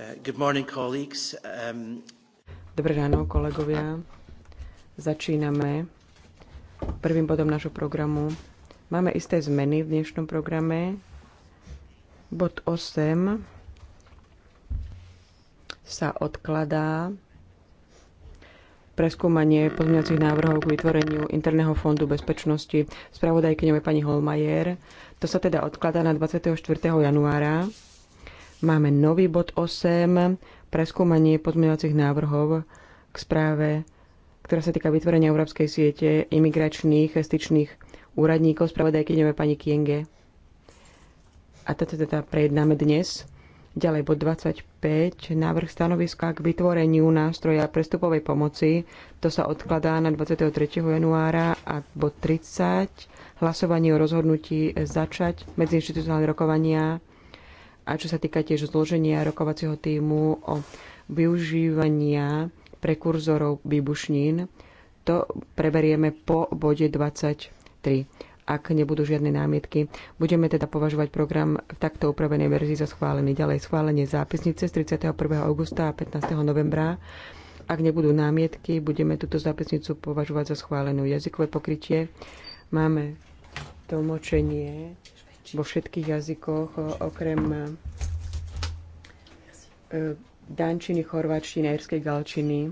Uh, um, Dobré ráno, kolegovia. Začíname prvým bodom našho programu. Máme isté zmeny v dnešnom programe. Bod 8 sa odkladá preskúmanie pozmeňovacích návrhov k vytvoreniu interného fondu bezpečnosti. Spravodajkyňou je pani Holmajer. To sa teda odkladá na 24. januára Máme nový bod 8, preskúmanie pozmeňovacích návrhov k správe, ktorá sa týka vytvorenia Európskej siete imigračných styčných úradníkov. Spravodajky ideme pani Kienge. A toto teda prejednáme dnes. Ďalej bod 25, návrh stanoviska k vytvoreniu nástroja prestupovej pomoci. To sa odkladá na 23. januára a bod 30, hlasovanie o rozhodnutí začať medziinstitucionálne rokovania a čo sa týka tiež zloženia rokovacieho týmu o využívania prekurzorov výbušnín, to preberieme po bode 23 ak nebudú žiadne námietky. Budeme teda považovať program v takto upravenej verzii za schválený. Ďalej schválenie zápisnice z 31. augusta a 15. novembra. Ak nebudú námietky, budeme túto zápisnicu považovať za schválenú. Jazykové pokrytie máme tlmočenie vo všetkých jazykoch, okrem e, dančiny, chorvačtiny, irskej galčiny.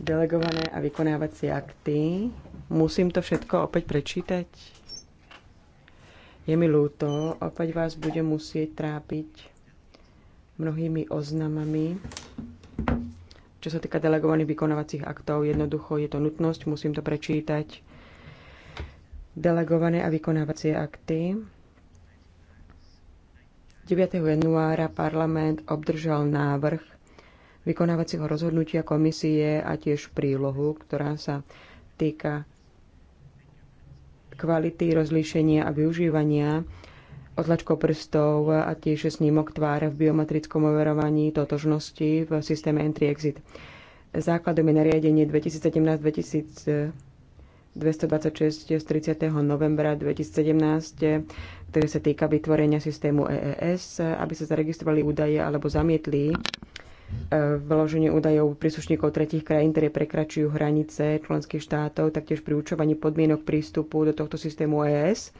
Delegované a vykonávacie akty. Musím to všetko opäť prečítať. Je mi ľúto, opäť vás budem musieť trápiť mnohými oznamami. Čo sa týka delegovaných vykonávacích aktov, jednoducho je to nutnosť, musím to prečítať delegované a vykonávacie akty. 9. januára parlament obdržal návrh vykonávacieho rozhodnutia komisie a tiež prílohu, ktorá sa týka kvality rozlíšenia a využívania odlačkov prstov a tiež snímok tváre v biometrickom overovaní totožnosti v systéme Entry-Exit. Základom je nariadenie 2017 226 z 30. novembra 2017, ktoré sa týka vytvorenia systému EES, aby sa zaregistrovali údaje alebo zamietli e, vloženie údajov príslušníkov tretich krajín, ktoré prekračujú hranice členských štátov, taktiež pri učovaní podmienok prístupu do tohto systému EES,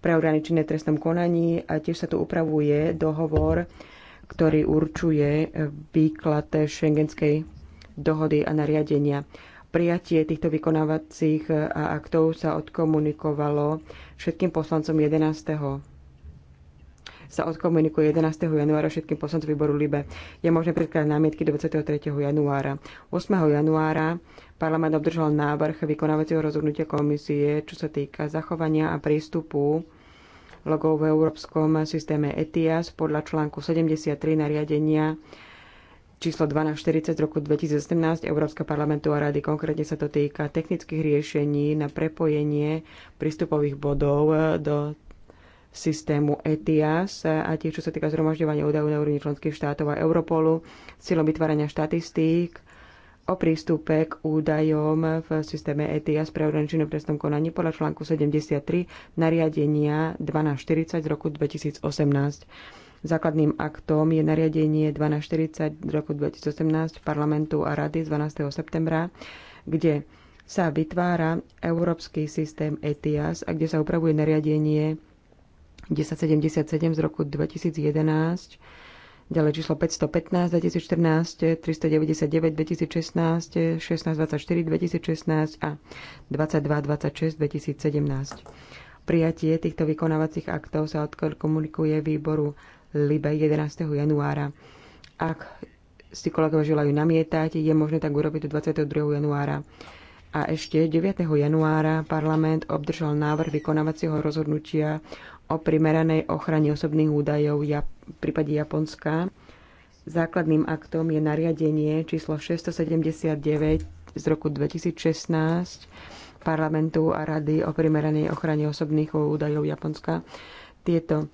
pre orgány činné trestnom konaní a tiež sa tu upravuje dohovor, ktorý určuje výklad šengenskej dohody a nariadenia prijatie týchto vykonávacích eh, aktov sa odkomunikovalo všetkým poslancom 11 sa odkomunikuje 11. januára všetkým poslancom výboru LIBE. Je možné predkladať námietky 23. januára. 8. januára parlament obdržal návrh vykonávacieho rozhodnutia komisie, čo sa týka zachovania a prístupu logov v európskom systéme ETIAS podľa článku 73 nariadenia číslo 1240 z roku 2017 Európskeho parlamentu a rady. Konkrétne sa to týka technických riešení na prepojenie prístupových bodov e, do systému ETIAS a tiež čo sa týka zhromažďovania údajov na úrovni členských štátov a Europolu s cieľom vytvárania štatistík o prístupe k údajom v systéme ETIAS pre organičnú prestom konaní podľa článku 73 nariadenia 1240 z roku 2018. Základným aktom je nariadenie 1240 roku 2018 parlamentu a rady z 12. septembra, kde sa vytvára európsky systém ETIAS a kde sa upravuje nariadenie 1077 z roku 2011, ďalej číslo 515 2014, 399 2016, 1624 2016 a 2226 2017. Prijatie týchto vykonávacích aktov sa odkomunikuje výboru Libe 11. januára. Ak si kolegovia želajú namietať, je možné tak urobiť do 22. januára. A ešte 9. januára parlament obdržal návrh vykonávacieho rozhodnutia o primeranej ochrane osobných údajov v prípade Japonska. Základným aktom je nariadenie číslo 679 z roku 2016 parlamentu a rady o primeranej ochrane osobných údajov Japonska. Tieto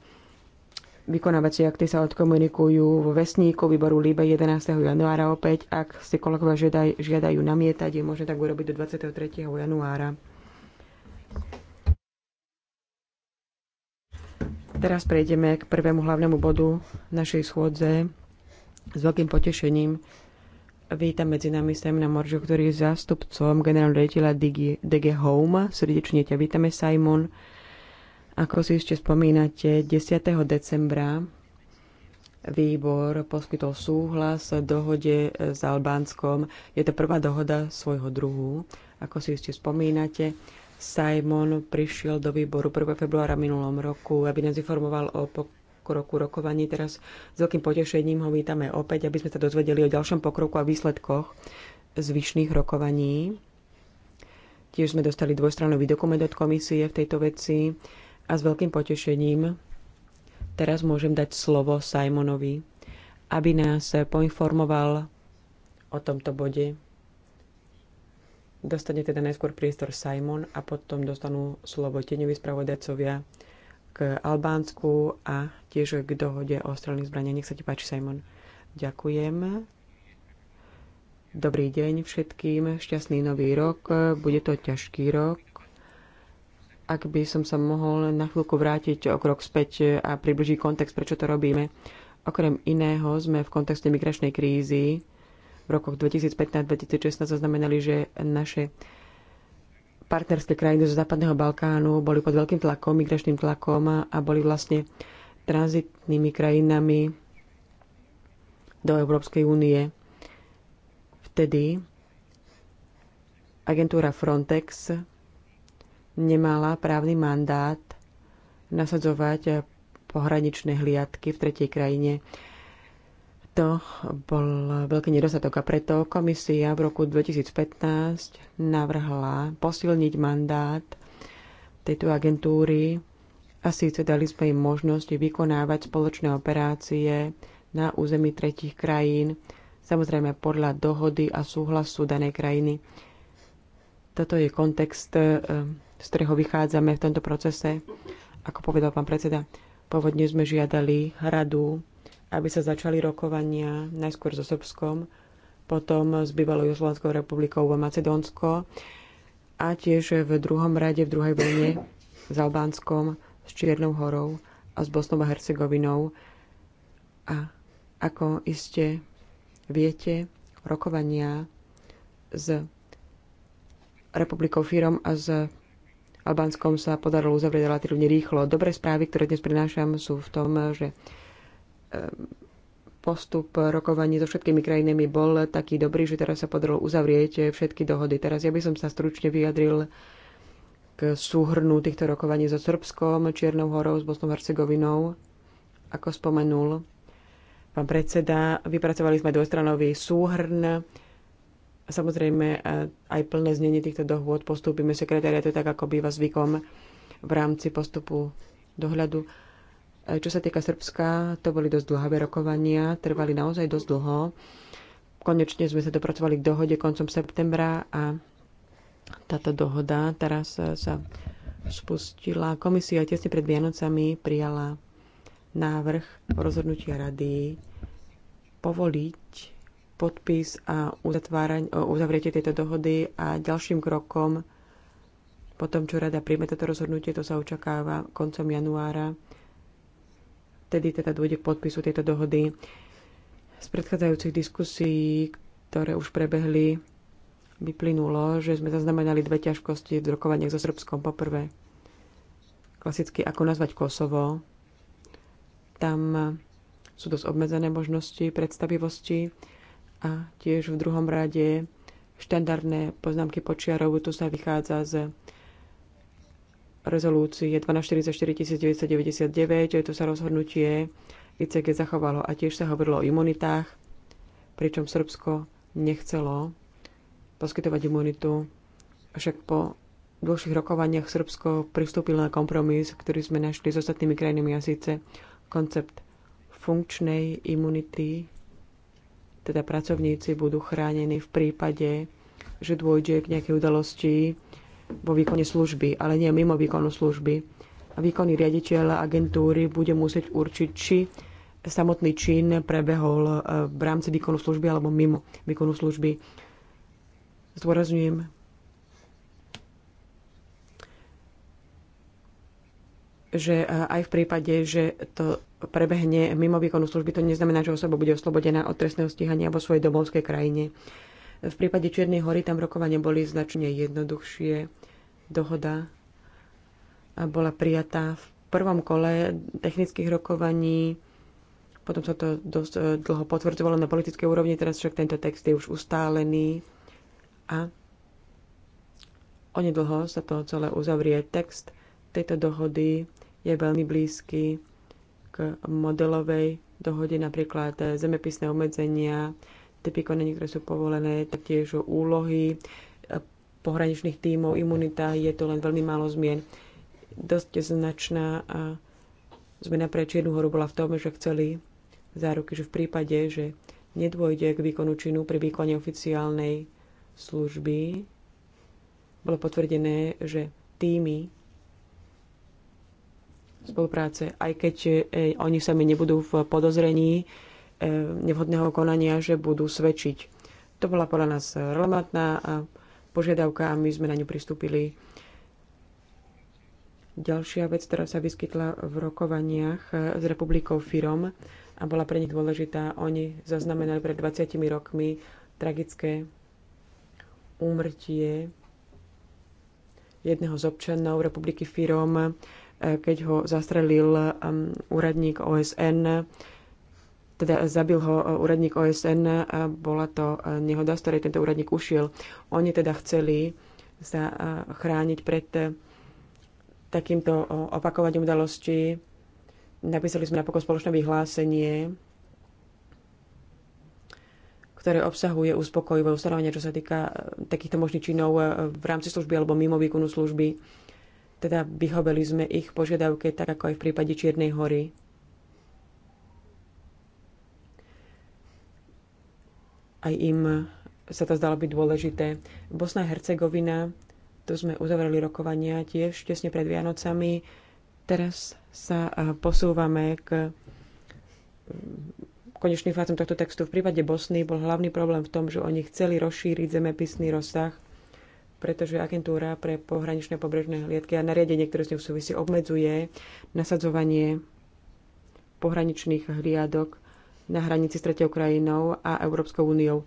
Vykonávacie akty sa odkomunikujú vo vesníku výboru Líbe 11. januára opäť. Ak si kolegovia žiadaj, žiadajú namietať, je možné tak urobiť do 23. januára. Teraz prejdeme k prvému hlavnému bodu našej schôdze. S veľkým potešením vítam medzi nami Simona Moržo, ktorý je zástupcom generálneho riaditeľa DG, DG Home. Srdečne ťa vítame, Simon. Ako si ešte spomínate, 10. decembra výbor poskytol súhlas dohode s Albánskom. Je to prvá dohoda svojho druhu. Ako si ešte spomínate, Simon prišiel do výboru 1. februára minulom roku, aby nás informoval o pokroku rokovaní. Teraz s veľkým potešením ho vítame opäť, aby sme sa dozvedeli o ďalšom pokroku a výsledkoch zvyšných rokovaní. Tiež sme dostali dvojstranový dokument od komisie v tejto veci. A s veľkým potešením teraz môžem dať slovo Simonovi, aby nás poinformoval o tomto bode. Dostane teda najskôr priestor Simon a potom dostanú slovo tieňoví spravodajcovia k Albánsku a tiež k dohode o strelných zbraniach. Nech sa ti páči, Simon. Ďakujem. Dobrý deň všetkým, šťastný nový rok. Bude to ťažký rok, ak by som sa mohol na chvíľku vrátiť o krok späť a približiť kontext, prečo to robíme. Okrem iného sme v kontexte migračnej krízy v rokoch 2015-2016 zaznamenali, že naše partnerské krajiny zo Západného Balkánu boli pod veľkým tlakom, migračným tlakom a boli vlastne tranzitnými krajinami do Európskej únie. Vtedy agentúra Frontex nemala právny mandát nasadzovať pohraničné hliadky v tretej krajine. To bol veľký nedostatok a preto komisia v roku 2015 navrhla posilniť mandát tejto agentúry a síce dali sme im možnosť vykonávať spoločné operácie na území tretich krajín, samozrejme podľa dohody a súhlasu danej krajiny. Toto je kontext eh, z ktorého vychádzame v tomto procese. Ako povedal pán predseda, pôvodne sme žiadali radu, aby sa začali rokovania najskôr so Srbskom, potom s bývalou Jugoslovanskou republikou Macedónsko a tiež v druhom rade, v druhej vlne s Albánskom, s Čiernou horou a s Bosnou a Hercegovinou. A ako iste viete, rokovania s republikou Fírom a s Albánskom sa podarilo uzavrieť relatívne rýchlo. Dobré správy, ktoré dnes prinášam, sú v tom, že eh, postup rokovaní so všetkými krajinami bol taký dobrý, že teraz sa podarilo uzavrieť všetky dohody. Teraz ja by som sa stručne vyjadril k súhrnu týchto rokovaní so Srbskom, Čiernou horou, s Bosnou Hercegovinou. Ako spomenul pán predseda, vypracovali sme dvojstranový súhrn Samozrejme, e, aj plné znenie týchto dohôd postúpime sekretariatu tak, ako býva zvykom v rámci postupu dohľadu. E, čo sa týka Srbska, to boli dosť dlhavé rokovania, trvali naozaj dosť dlho. Konečne sme sa dopracovali k dohode koncom septembra a táto dohoda teraz e, sa spustila. Komisia tesne pred Vianocami prijala návrh rozhodnutia rady povoliť podpis a e, uzavretie tejto dohody a ďalším krokom po tom, čo rada príjme toto rozhodnutie, to sa očakáva koncom januára. Vtedy teda dôjde k podpisu tejto dohody. Z predchádzajúcich diskusí, ktoré už prebehli, vyplynulo, že sme zaznamenali dve ťažkosti v rokovaniach so Srbskom. Poprvé, klasicky ako nazvať Kosovo. Tam sú dosť obmedzené možnosti predstavivosti a tiež v druhom rade štandardné poznámky počiarov, tu sa vychádza z rezolúcie 1244 999, je to sa rozhodnutie ICG zachovalo a tiež sa hovorilo o imunitách, pričom Srbsko nechcelo poskytovať imunitu, však po dlhších rokovaniach Srbsko pristúpilo na kompromis, ktorý sme našli s ostatnými krajinami a síce koncept funkčnej imunity teda pracovníci budú chránení v prípade, že dôjde k nejakej udalosti vo výkone služby, ale nie mimo výkonu služby. A výkonný riaditeľ agentúry bude musieť určiť, či samotný čin prebehol eh, v rámci výkonu služby alebo mimo výkonu služby. Zdôrazňujem, že e, aj v prípade, že to prebehne mimo výkonu služby, to neznamená, že osoba bude oslobodená od trestného stíhania vo svojej domovskej krajine. V prípade Čiernej hory tam rokovania boli značne jednoduchšie. Dohoda e, bola prijatá v prvom kole technických rokovaní, potom sa to dosť e, dlho potvrdzovalo na politickej úrovni, teraz však tento text je už ustálený a onedlho sa to celé uzavrie text tejto dohody je veľmi blízky k modelovej dohode, napríklad zemepisné obmedzenia, typy konení, ktoré sú povolené, taktiež úlohy eh, pohraničných tímov, imunita, je to len veľmi málo zmien. Dosť značná zmena pre Čiernu horu bola v tom, že chceli záruky, že v prípade, že nedôjde k výkonu činu pri výkone oficiálnej služby, bolo potvrdené, že týmy spolupráce, aj keď e, oni sami nebudú v podozrení e, nevhodného konania, že budú svedčiť. To bola podľa nás relevantná požiadavka a my sme na ňu pristúpili. Ďalšia vec, ktorá sa vyskytla v rokovaniach e, s republikou Firom a bola pre nich dôležitá, oni zaznamenali pred 20 rokmi tragické úmrtie jedného z občanov republiky Firom, keď ho zastrelil um, úradník OSN, teda zabil ho uh, úradník OSN a bola to uh, nehoda, z ktorej tento úradník ušiel. Oni teda chceli sa uh, chrániť pred takýmto opakovaním udalosti, Napísali sme napokon spoločné vyhlásenie, ktoré obsahuje uspokojivé ustanovenie, čo sa týka takýchto možných činov v rámci služby alebo mimo výkonu služby teda vyhoveli sme ich požiadavke tak ako aj v prípade Čiernej hory. Aj im sa to zdalo byť dôležité. Bosna a Hercegovina, tu sme uzavreli rokovania tiež tesne pred Vianocami. Teraz sa eh, posúvame k mm, konečným fázom tohto textu. V prípade Bosny bol hlavný problém v tom, že oni chceli rozšíriť zemepisný rozsah pretože agentúra pre pohraničné pobrežné hliadky a nariadenie, ktoré s ňou súvisí, obmedzuje nasadzovanie pohraničných hliadok na hranici s tretiou krajinou a Európskou úniou.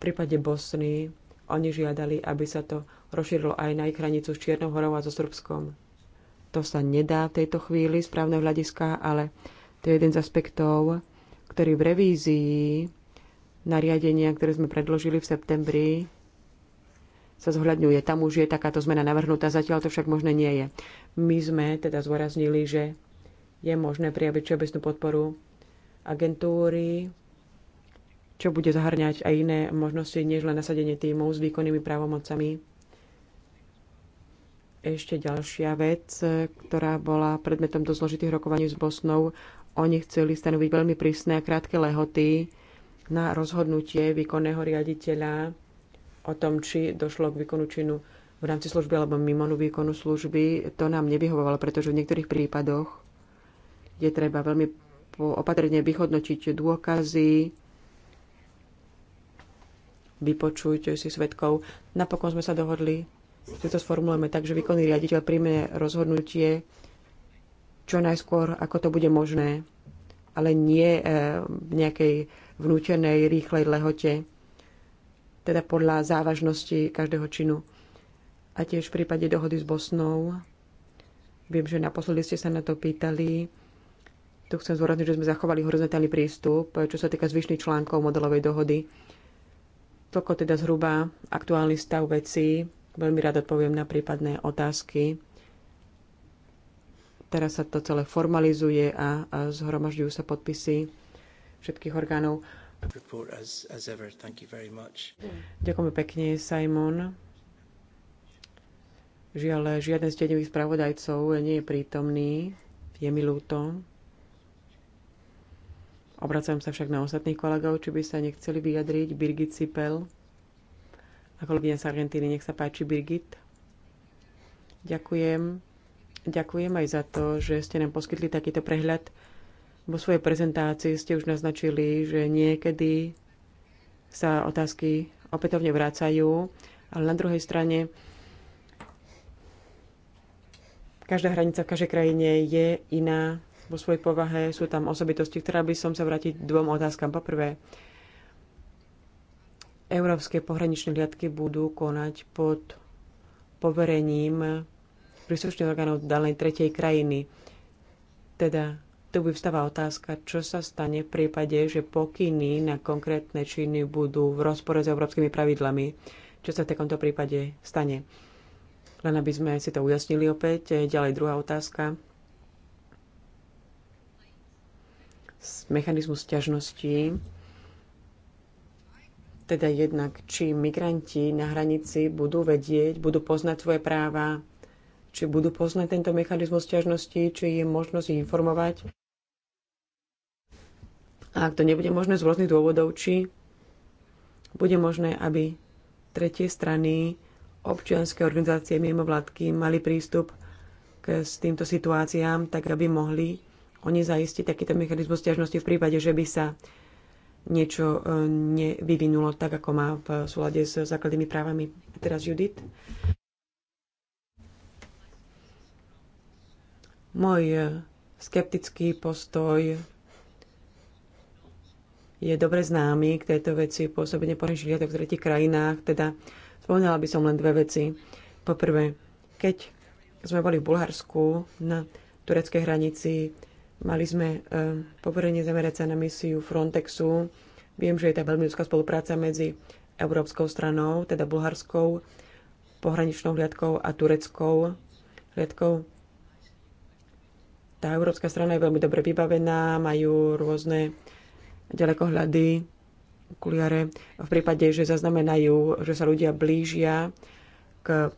V prípade Bosny oni žiadali, aby sa to rozšírilo aj na ich hranicu s Čiernou horou a so Srbskom. To sa nedá v tejto chvíli z právneho hľadiska, ale to je jeden z aspektov, ktorý v revízii nariadenia, ktoré sme predložili v septembri, sa zohľadňuje. Tam už je takáto zmena navrhnutá, zatiaľ to však možné nie je. My sme teda zvoraznili, že je možné prijaviť všeobecnú podporu agentúry, čo bude zahrňať aj iné možnosti, než len nasadenie týmov s výkonnými právomocami. Ešte ďalšia vec, ktorá bola predmetom do zložitých rokovaní s Bosnou. Oni chceli stanoviť veľmi prísne a krátke lehoty na rozhodnutie výkonného riaditeľa o tom, či došlo k výkonu činu v rámci služby alebo mimo výkonu služby, to nám nevyhovovalo, pretože v niektorých prípadoch je treba veľmi opatrne vyhodnotiť dôkazy, vypočuť si svetkov. Napokon sme sa dohodli, že to sformulujeme tak, že výkonný riaditeľ príjme rozhodnutie čo najskôr, ako to bude možné, ale nie eh, v nejakej vnútenej rýchlej lehote teda podľa závažnosti každého činu. A tiež v prípade dohody s Bosnou, viem, že naposledy ste sa na to pýtali, tu chcem zvorazniť, že sme zachovali horizontálny prístup, čo sa týka zvyšných článkov modelovej dohody. Toľko teda zhruba aktuálny stav vecí. Veľmi rád odpoviem na prípadné otázky. Teraz sa to celé formalizuje a, a zhromažďujú sa podpisy všetkých orgánov. As, as Ďakujem pekne, Simon. Žiaľ, žiaden z tieňových spravodajcov nie je prítomný. Je mi ľúto. Obracujem sa však na ostatných kolegov, či by sa nechceli vyjadriť. Birgit Sipel a kolegyňa z Argentíny. Nech sa páči, Birgit. Ďakujem. Ďakujem aj za to, že ste nám poskytli takýto prehľad vo svojej prezentácii ste už naznačili, že niekedy sa otázky opätovne vracajú, ale na druhej strane každá hranica v každej krajine je iná vo svojej povahe, sú tam osobitosti. Chcela by som sa vrátiť dvom otázkam. Poprvé, európske pohraničné hliadky budú konať pod poverením príslušných orgánov danej tretej krajiny. Teda tu vyvstáva otázka, čo sa stane v prípade, že pokyny na konkrétne činy budú v rozpore s európskymi pravidlami. Čo sa v takomto prípade stane? Len aby sme si to ujasnili opäť. Ďalej druhá otázka. Mechanizmus ťažností teda jednak, či migranti na hranici budú vedieť, budú poznať svoje práva, či budú poznať tento mechanizmus ťažnosti, či je možnosť ich informovať a ak to nebude možné z rôznych dôvodov, či bude možné, aby tretie strany, občianské organizácie, mimovládky mali prístup k s týmto situáciám, tak aby mohli oni zaistiť takýto mechanizmus ťažnosti v prípade, že by sa niečo e, nevyvinulo tak, ako má v súlade s základnými právami. A teraz Judith. Môj e, skeptický postoj je dobre známy k tejto veci pôsobenie pohraničných žiliatok v tretich krajinách. Teda spomínala by som len dve veci. Poprvé, keď sme boli v Bulharsku na tureckej hranici, mali sme e, poverenie zamerať sa na misiu Frontexu. Viem, že je tá veľmi úzka spolupráca medzi európskou stranou, teda bulharskou pohraničnou hliadkou a tureckou hliadkou. Tá európska strana je veľmi dobre vybavená, majú rôzne ďalekohľady, okuliare, v prípade, že zaznamenajú, že sa ľudia blížia k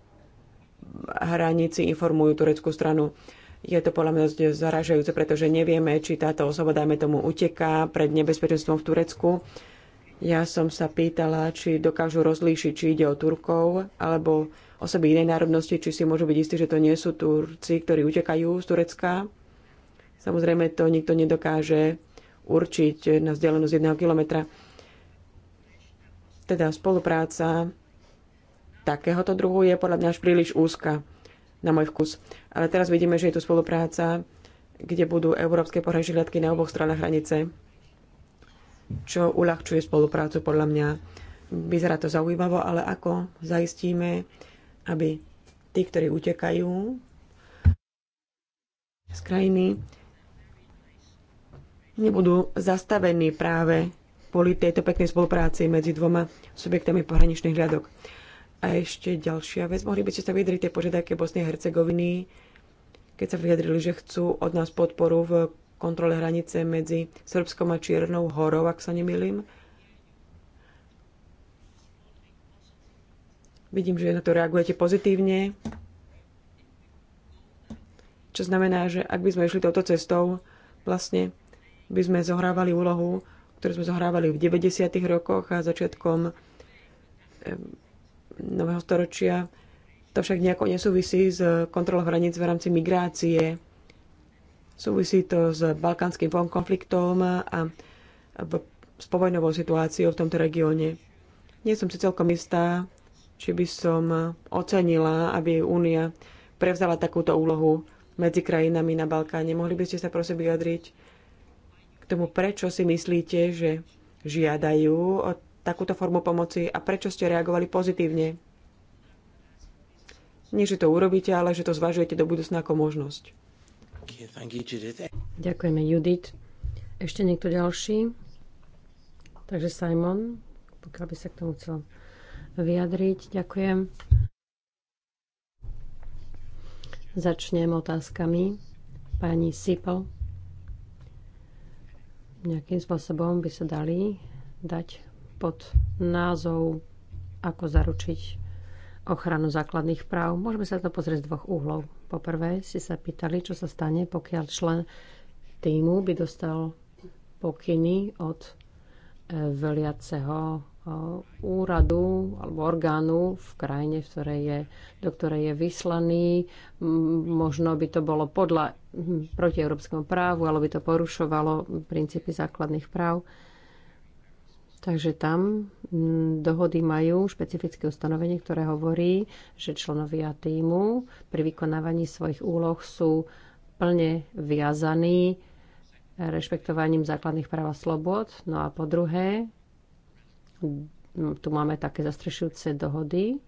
hranici, informujú tureckú stranu. Je to podľa mňa zaražajúce, pretože nevieme, či táto osoba, dajme tomu, uteká pred nebezpečenstvom v Turecku. Ja som sa pýtala, či dokážu rozlíšiť, či ide o Turkov alebo osoby inej národnosti, či si môžu byť istí, že to nie sú Turci, ktorí utekajú z Turecka. Samozrejme, to nikto nedokáže určiť na vzdialenosť jedného kilometra. Teda spolupráca takéhoto druhu je podľa mňa až príliš úzka na môj vkus. Ale teraz vidíme, že je tu spolupráca, kde budú európske pohraničné hliadky na oboch stranách hranice, čo uľahčuje spoluprácu podľa mňa. Vyzerá to zaujímavo, ale ako zaistíme, aby tí, ktorí utekajú z krajiny, nebudú zastavení práve kvôli tejto peknej spolupráci medzi dvoma subjektami pohraničných hľadok. A ešte ďalšia vec. Mohli by ste sa vyjadriť tie požiadavky Bosnej a Hercegoviny, keď sa vyjadrili, že chcú od nás podporu v kontrole hranice medzi Srbskom a Čiernou horou, ak sa nemýlim. Vidím, že na to reagujete pozitívne, čo znamená, že ak by sme išli touto cestou, vlastne by sme zohrávali úlohu, ktorú sme zohrávali v 90. rokoch a začiatkom nového storočia. To však nejako nesúvisí s kontrolou hraníc v rámci migrácie. Súvisí to s balkánskym konfliktom a s povojnovou situáciou v tomto regióne. Nie som si celkom istá, či by som ocenila, aby Únia prevzala takúto úlohu medzi krajinami na Balkáne. Mohli by ste sa prosím vyjadriť tomu, prečo si myslíte, že žiadajú o takúto formu pomoci a prečo ste reagovali pozitívne. Nie, že to urobíte, ale že to zvažujete do budúcna ako možnosť. Ďakujeme, Judith. Ešte niekto ďalší? Takže Simon, pokiaľ by sa k tomu chcel vyjadriť, ďakujem. Začnem otázkami pani Sipo. Nejakým spôsobom by sa dali dať pod názov, ako zaručiť ochranu základných práv. Môžeme sa to pozrieť z dvoch uhlov. Poprvé ste sa pýtali, čo sa stane, pokiaľ člen týmu by dostal pokyny od e, veliaceho Eh, úradu alebo orgánu v krajine, v ktorej je, do ktorej je vyslaný. Možno by to bolo podľa hm, proti európskemu právu, alebo by to porušovalo princípy základných práv. Takže tam hm, dohody majú špecifické ustanovenie, ktoré hovorí, že členovia týmu pri vykonávaní svojich úloh sú plne viazaní rešpektovaním základných práv a slobod. No a po druhé, No, tu máme také zastrešujúce dohody,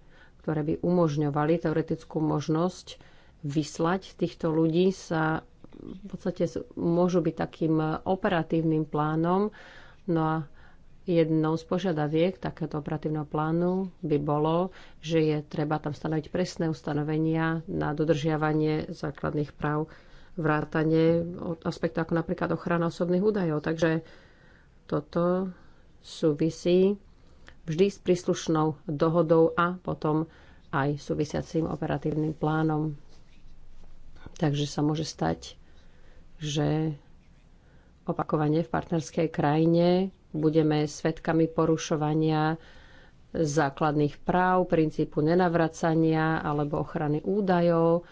ktoré by umožňovali teoretickú možnosť vyslať týchto ľudí sa v podstate môžu byť takým e, operatívnym plánom. No a jednou z požiadaviek takéto operatívneho plánu by bolo, že je treba tam stanoviť presné ustanovenia na dodržiavanie základných práv, vrátanie aspektu ako napríklad ochrana osobných údajov. Takže toto súvisí vždy s príslušnou dohodou a potom aj súvisiacím operatívnym plánom. Takže sa môže stať, že opakovane v partnerskej krajine budeme svetkami porušovania základných práv, princípu nenavracania alebo ochrany údajov.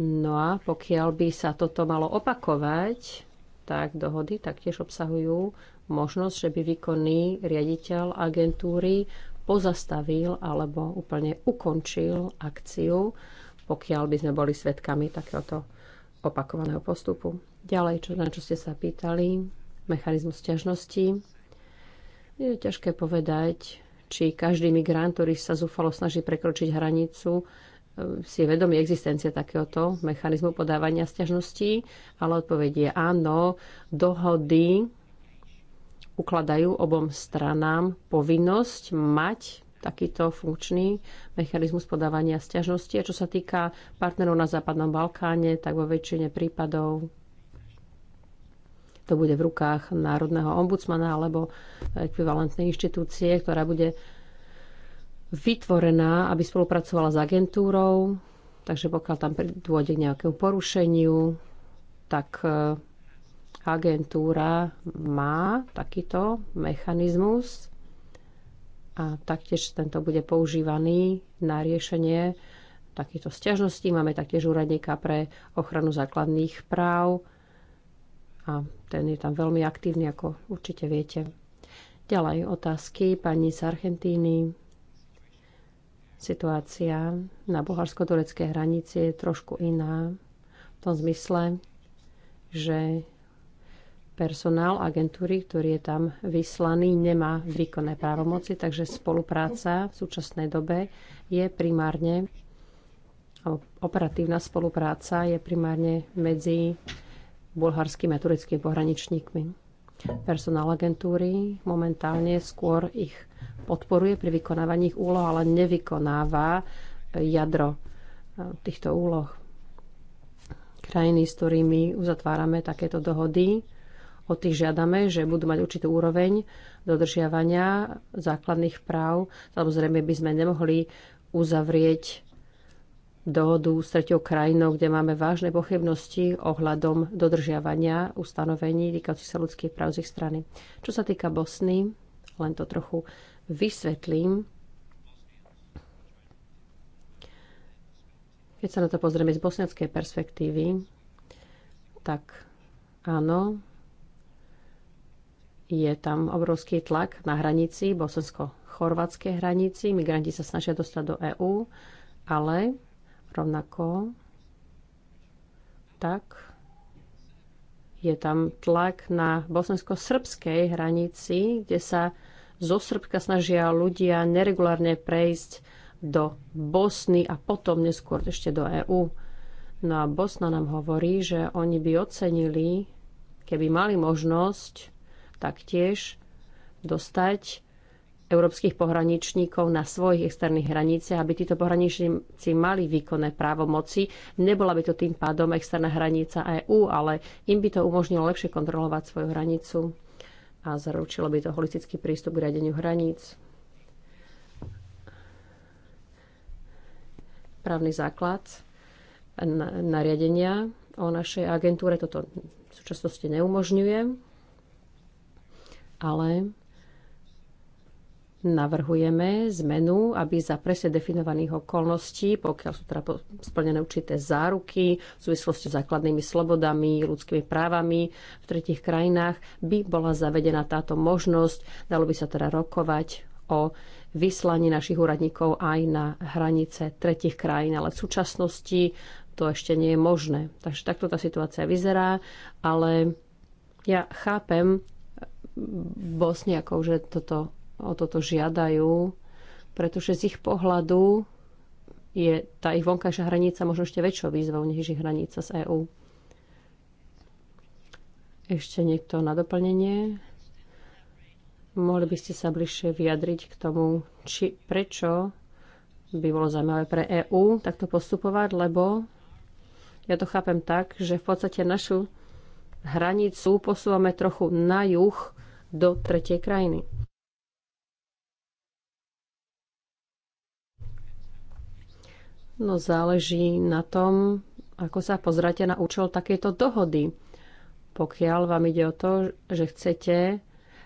No a pokiaľ by sa toto malo opakovať, tak dohody taktiež obsahujú možnosť, že by výkonný riaditeľ agentúry pozastavil alebo úplne ukončil akciu, pokiaľ by sme boli svetkami takéhoto opakovaného postupu. Ďalej, čo, na čo ste sa pýtali, mechanizmus ťažnosti. Je ťažké povedať, či každý migrant, ktorý sa zúfalo snaží prekročiť hranicu, e, si je vedomý existencie takéhoto mechanizmu podávania sťažností, ale odpovedie áno. Dohody ukladajú obom stranám povinnosť mať takýto funkčný mechanizmus podávania sťažnosti. A čo sa týka partnerov na Západnom Balkáne, tak vo väčšine prípadov to bude v rukách Národného ombudsmana alebo ekvivalentnej inštitúcie, ktorá bude vytvorená, aby spolupracovala s agentúrou. Takže pokiaľ tam dôjde k nejakému porušeniu, tak agentúra má takýto mechanizmus a taktiež tento bude používaný na riešenie takýchto sťažností. Máme taktiež úradníka pre ochranu základných práv a ten je tam veľmi aktívny, ako určite viete. Ďalej otázky pani z Argentíny. Situácia na bulharsko-tureckej hranici je trošku iná v tom zmysle, že personál agentúry, ktorý je tam vyslaný, nemá výkonné právomoci, takže spolupráca v súčasnej dobe je primárne, operatívna spolupráca je primárne medzi bulharskými a tureckými pohraničníkmi. Personál agentúry momentálne skôr ich podporuje pri vykonávaní ich úloh, ale nevykonáva jadro e, týchto úloh krajiny, s ktorými uzatvárame takéto dohody, od tých žiadame, že budú mať určitú úroveň dodržiavania základných práv. Samozrejme by sme nemohli uzavrieť dohodu s tretou krajinou, kde máme vážne pochybnosti ohľadom dodržiavania ustanovení týkajúcich sa ľudských práv z ich strany. Čo sa týka Bosny, len to trochu vysvetlím. Keď sa na to pozrieme z bosniackej perspektívy, tak áno, je tam obrovský tlak na hranici, bosensko-chorvátskej hranici. Migranti sa snažia dostať do EÚ, ale rovnako tak je tam tlak na bosensko-srbskej hranici, kde sa zo Srbka snažia ľudia neregulárne prejsť do Bosny a potom neskôr ešte do EÚ. No a Bosna nám hovorí, že oni by ocenili, keby mali možnosť taktiež dostať európskych pohraničníkov na svojich externých hraniciach, aby títo pohraničníci mali výkonné právomoci. Nebola by to tým pádom externá hranica EÚ, ale im by to umožnilo lepšie kontrolovať svoju hranicu a zaručilo by to holistický prístup k riadeniu hraníc. Právny základ nariadenia o našej agentúre toto v súčasnosti neumožňuje ale navrhujeme zmenu, aby za presne definovaných okolností, pokiaľ sú teda splnené určité záruky v súvislosti s základnými slobodami, ľudskými právami v tretich krajinách, by bola zavedená táto možnosť. Dalo by sa teda rokovať o vyslaní našich úradníkov aj na hranice tretich krajín, ale v súčasnosti to ešte nie je možné. Takže takto tá situácia vyzerá, ale ja chápem Bosniakov, že toto, o toto žiadajú, pretože z ich pohľadu je tá ich vonkajšia hranica možno ešte väčšou výzvou, než ich hranica z EÚ. Ešte niekto na doplnenie? Mohli by ste sa bližšie vyjadriť k tomu, či, prečo by bolo zaujímavé pre EÚ takto postupovať, lebo ja to chápem tak, že v podstate našu hranicu posúvame trochu na juh do tretej krajiny. No záleží na tom, ako sa pozráte na účel takéto dohody. Pokiaľ vám ide o to, že chcete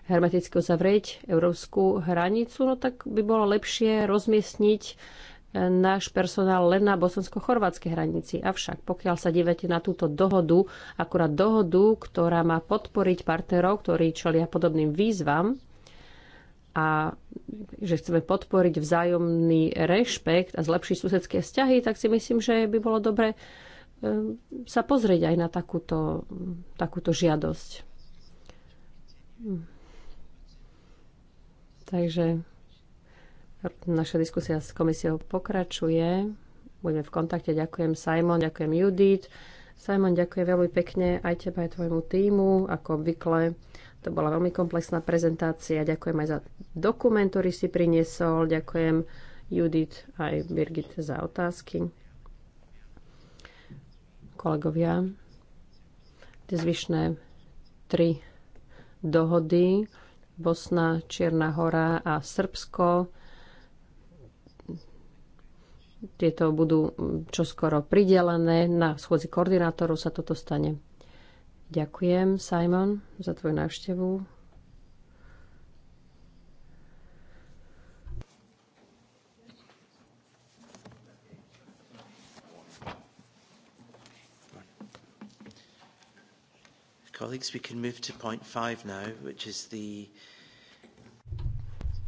hermeticky uzavrieť európsku hranicu, no tak by bolo lepšie rozmiestniť náš personál len na bosonsko chorvátskej hranici. Avšak pokiaľ sa dívate na túto dohodu, akurát dohodu, ktorá má podporiť partnerov, ktorí čelia podobným výzvam a že chceme podporiť vzájomný rešpekt a zlepšiť susedské vzťahy, tak si myslím, že by bolo dobre e, sa pozrieť aj na takúto, takúto žiadosť. Hm. Takže Naša diskusia s komisiou pokračuje. Budeme v kontakte. Ďakujem Simon, ďakujem Judith. Simon, ďakujem veľmi pekne aj teba, aj tvojmu týmu, ako obvykle. To bola veľmi komplexná prezentácia. Ďakujem aj za dokument, ktorý si priniesol. Ďakujem Judith aj Birgit za otázky. Kolegovia, tie zvyšné tri dohody Bosna, Čierna hora a Srbsko tieto budú mm, čoskoro pridelené. Na schôdzi koordinátorov sa toto stane. Ďakujem, Simon, za tvoju návštevu. Colleagues, we can move to point five now, which is the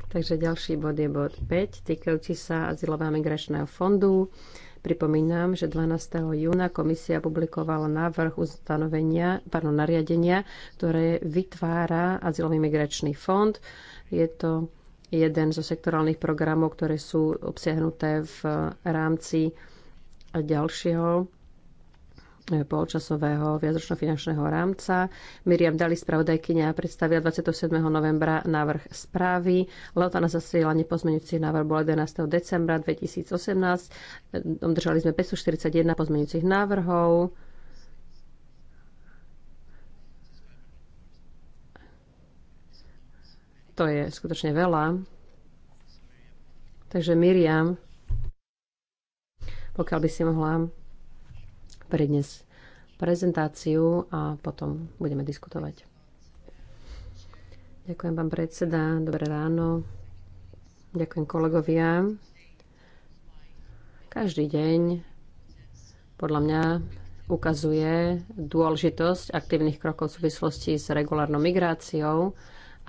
Takže ďalší bod je bod 5, týkajúci sa Azylového migračného fondu. Pripomínam, že 12. júna komisia publikovala návrh ustanovenia, pardon, nariadenia, ktoré vytvára Azylový migračný fond. Je to jeden zo sektorálnych programov, ktoré sú obsiahnuté v rámci ďalšieho polčasového viacročno finančného rámca. Miriam Dali, spravodajkynia, predstavila 27. novembra návrh správy. Lota na zasielanie pozmeňujúcich návrh bola 11. decembra 2018. Obdržali sme 541 pozmenujúcich návrhov. To je skutočne veľa. Takže Miriam, pokiaľ by si mohla prednes prezentáciu a potom budeme diskutovať. Ďakujem, pán predseda. Dobré ráno. Ďakujem kolegovia. Každý deň podľa mňa ukazuje dôležitosť aktívnych krokov v súvislosti s regulárnou migráciou.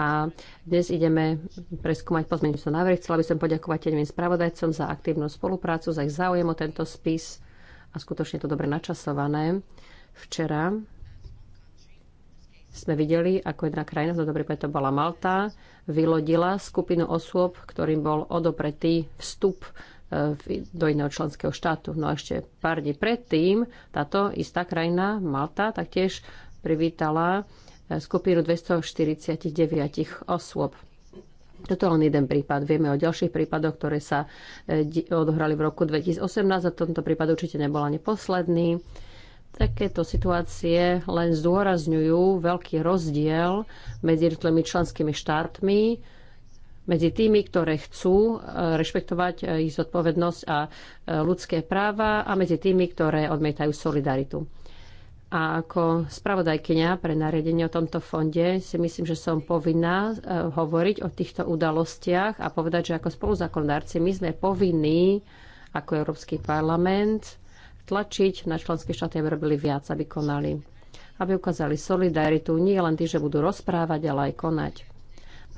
A dnes ideme preskúmať pozmeňujúce návrhy. Chcela by som poďakovať tým spravodajcom za aktívnu spoluprácu, za ich záujem o tento spis a skutočne to dobre načasované. Včera sme videli, ako jedna krajina, v tomto preto bola Malta, vylodila skupinu osôb, ktorým bol odopretý vstup e, do iného členského štátu. No a ešte pár dní predtým táto istá krajina, Malta, taktiež privítala e, skupinu 249 osôb. Toto je len jeden prípad. Vieme o ďalších prípadoch, ktoré sa e, odohrali v roku 2018 a tomto prípad určite nebol ani posledný. Takéto situácie len zdôrazňujú veľký rozdiel medzi jednotlivými členskými štátmi, medzi tými, ktoré chcú e, rešpektovať e, ich zodpovednosť a ľudské práva a medzi tými, ktoré odmietajú solidaritu. A ako spravodajkynia pre nariadenie o tomto fonde si myslím, že som povinná e, hovoriť o týchto udalostiach a povedať, že ako spoluzákonodárci my sme povinní ako Európsky parlament tlačiť na členské štáty, aby robili viac, aby konali. Aby ukázali solidaritu nie len tí, že budú rozprávať, ale aj konať.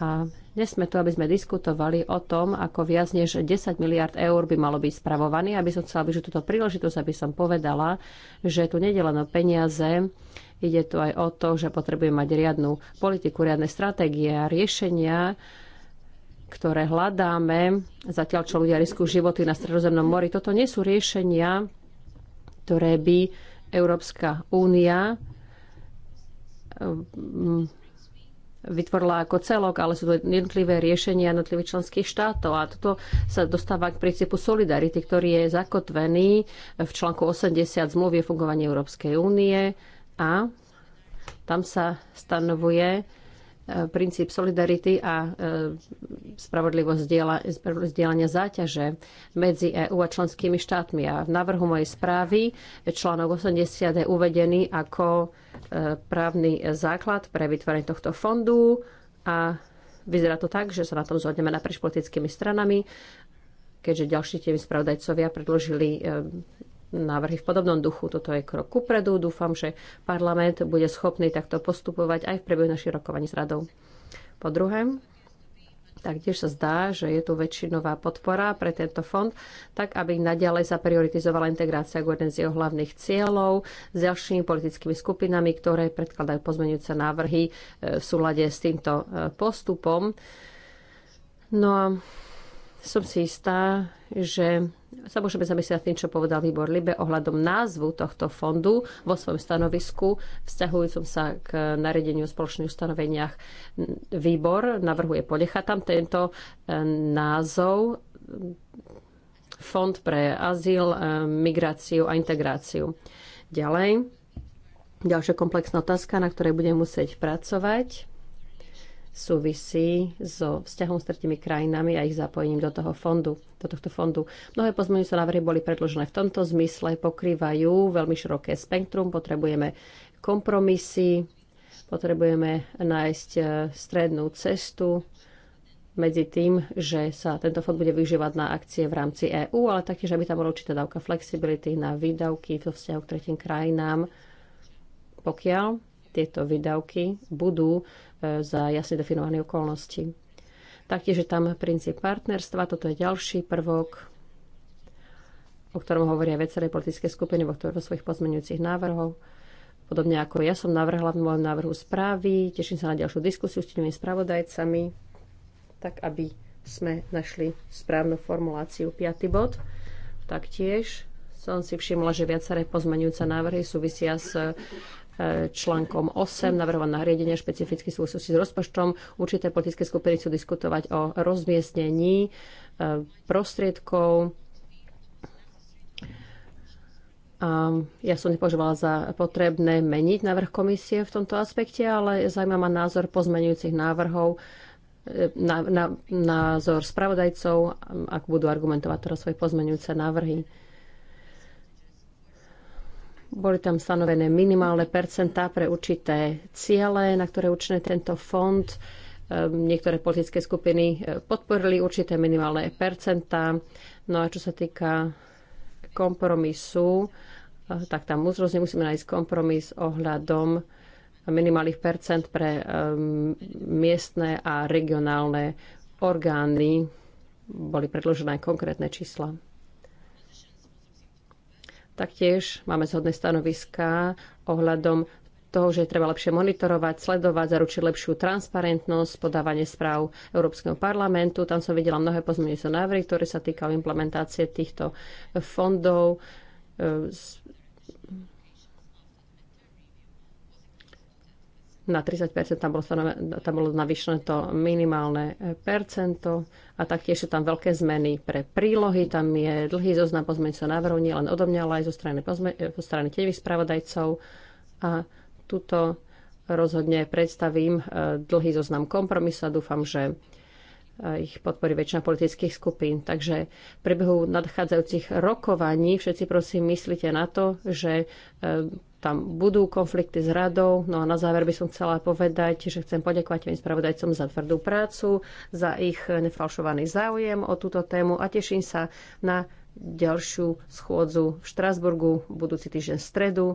A dnes sme tu, aby sme diskutovali o tom, ako viac než 10 miliard eur by malo byť spravovaný. Aby som chcela využiť túto príležitosť, aby som povedala, že tu nedeleno peniaze, ide tu aj o to, že potrebujeme mať riadnu politiku, riadne stratégie a riešenia, ktoré hľadáme, zatiaľ čo ľudia riskujú životy na Stredozemnom mori. Toto nie sú riešenia, ktoré by Európska únia vytvorila ako celok, ale sú to jednotlivé riešenia jednotlivých členských štátov. A toto sa dostáva k princípu solidarity, ktorý je zakotvený v článku 80 zmluvy o fungovaní Európskej únie a tam sa stanovuje, princíp solidarity a e, spravodlivosť zdieľania záťaže medzi EÚ a členskými štátmi. A v návrhu mojej správy článok 80 je uvedený ako e, právny základ pre vytvorenie tohto fondu a vyzerá to tak, že sa na tom zhodneme naprieč politickými stranami keďže ďalší tie spravodajcovia predložili e, návrhy v podobnom duchu. Toto je krok kupredu. Dúfam, že parlament bude schopný takto postupovať aj v priebehu našich rokovaní s radou. Po druhé, Taktiež sa zdá, že je tu väčšinová podpora pre tento fond, tak aby naďalej sa prioritizovala integrácia ako jeden z jeho hlavných cieľov s ďalšími politickými skupinami, ktoré predkladajú pozmeňujúce návrhy e, v súlade s týmto e, postupom. No a som si istá, že sa môžeme zamyslieť tým, čo povedal Libor Libe ohľadom názvu tohto fondu vo svojom stanovisku, vzťahujúcom sa k naredeniu spoločných ustanoveniach. Výbor navrhuje ponechať tam tento e, názov Fond pre azyl, e, migráciu a integráciu. Ďalej, ďalšia komplexná otázka, na ktorej budem musieť pracovať, súvisí so vzťahom s tretimi krajinami a ich zapojením do, toho fondu, do tohto fondu. Mnohé pozmeňujúce návrhy boli predložené v tomto zmysle, pokrývajú veľmi široké spektrum, potrebujeme kompromisy, potrebujeme nájsť e, strednú cestu medzi tým, že sa tento fond bude využívať na akcie v rámci EÚ, ale taktiež, aby tam bola určitá dávka flexibility na výdavky vo vzťahu k tretím krajinám, pokiaľ tieto výdavky budú e, za jasne definované okolnosti. Taktiež je tam princíp partnerstva, toto je ďalší prvok, o ktorom hovoria viaceré politické skupiny vo svojich pozmeňujúcich návrhov. Podobne ako ja som navrhla v môjom návrhu správy, teším sa na ďalšiu diskusiu s tými spravodajcami, tak aby sme našli správnu formuláciu. 5. bod. Taktiež som si všimla, že viaceré pozmeňujúce návrhy súvisia s článkom 8 navrhované nariadenie špecificky súvislosti s rozpočtom. Určité politické skupiny chcú diskutovať o rozmiestnení e, prostriedkov a ja som nepovažovala za potrebné meniť návrh komisie v tomto aspekte, ale zaujíma ma názor pozmenujúcich návrhov, e, na, na, názor spravodajcov, ak budú argumentovať teraz svoje pozmenujúce návrhy. Boli tam stanovené minimálne percentá pre určité ciele, na ktoré určené tento fond. Ehm, niektoré politické skupiny e, podporili určité minimálne percentá. No a čo sa týka kompromisu, e, tak tam rozhodne musíme nájsť kompromis ohľadom minimálnych percent pre ehm, miestne a regionálne orgány. Boli predložené konkrétne čísla. Taktiež máme zhodné stanoviska ohľadom toho, že treba lepšie monitorovať, sledovať, zaručiť lepšiu transparentnosť, podávanie správ Európskeho parlamentu. Tam som videla mnohé pozmeňujúce návrhy, ktoré sa týkajú implementácie týchto fondov. E, na 30 tam bolo, tam bolo navýšené to minimálne percento a taktiež sú tam veľké zmeny pre prílohy. Tam je dlhý zoznam pozmeňujúceho návrhu, nie len odo mňa, ale aj zo strany, pozme, zo strany tieňových spravodajcov. A tuto rozhodne predstavím e, dlhý zoznam kompromisu a dúfam, že Eh, ich podporí väčšina politických skupín. Takže v priebehu nadchádzajúcich rokovaní všetci prosím myslíte na to, že eh, tam budú konflikty s radou. No a na záver by som chcela povedať, že chcem poďakovať tým spravodajcom za tvrdú prácu, za ich nefalšovaný záujem o túto tému a teším sa na ďalšiu schôdzu v Štrásburgu budúci týždeň v stredu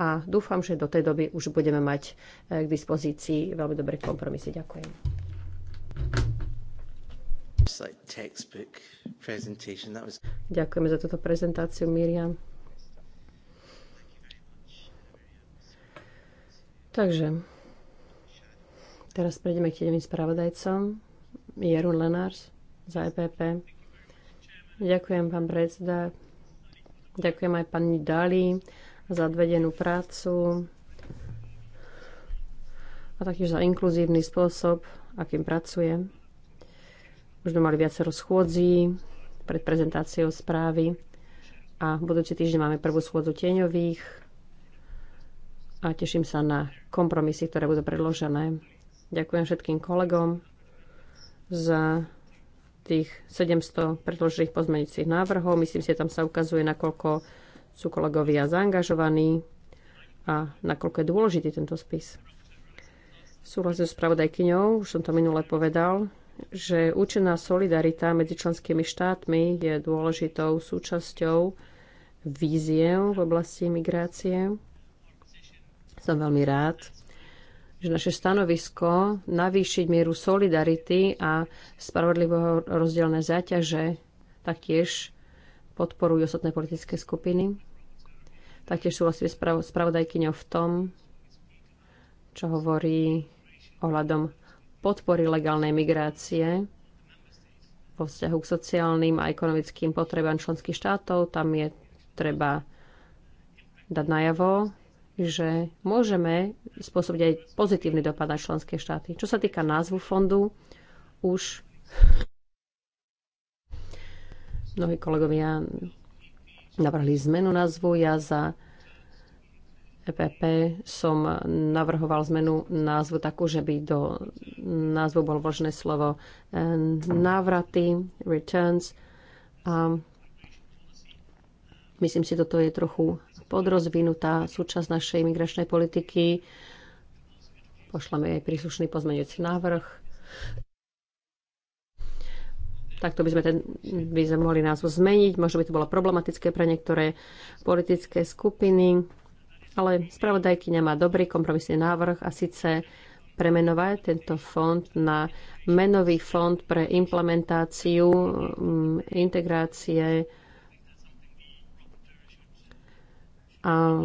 a dúfam, že do tej doby už budeme mať eh, k dispozícii veľmi dobré kompromisy. Ďakujem. Ďakujeme za túto prezentáciu, Miriam. Takže, teraz prejdeme k tým spravodajcom. Jerun Lenárs za EPP. Ďakujem, pán predseda. Ďakujem aj pani Dali za odvedenú prácu a taktiež za inkluzívny spôsob, akým pracujem. Už sme mali viacero schôdzí pred prezentáciou správy a budúci týždeň máme prvú schôdzu tieňových a teším sa na kompromisy, ktoré budú predložené. Ďakujem všetkým kolegom za tých 700 predložených pozmeňujúcich návrhov. Myslím si, že tam sa ukazuje, nakoľko sú kolegovia zaangažovaní a nakoľko je dôležitý tento spis. Súhlasím s pravodajkyňou, už som to minule povedal, že účinná solidarita medzi členskými štátmi je dôležitou súčasťou víziev v oblasti migrácie. Som veľmi rád, že naše stanovisko navýšiť mieru solidarity a spravodlivého rozdielne záťaže taktiež podporujú ostatné politické skupiny. Taktiež sú vlastne spravodajkyňou v tom, čo hovorí ohľadom podpory legálnej migrácie vo vzťahu k sociálnym a ekonomickým potrebám členských štátov. Tam je treba dať najavo, že môžeme spôsobiť aj pozitívny dopad na členské štáty. Čo sa týka názvu fondu, už mnohí kolegovia navrhli zmenu názvu. Ja za EPP som navrhoval zmenu názvu takú, že by do názvu bolo vložené slovo e, návraty, returns. A myslím si, toto je trochu podrozvinutá súčasť našej migračnej politiky. Pošleme aj príslušný pozmeňujúci návrh. Takto by sme, ten, by sme mohli názvu zmeniť. Možno by to bolo problematické pre niektoré politické skupiny ale spravodajkyňa má dobrý kompromisný návrh a síce premenovať tento fond na menový fond pre implementáciu mm, integrácie a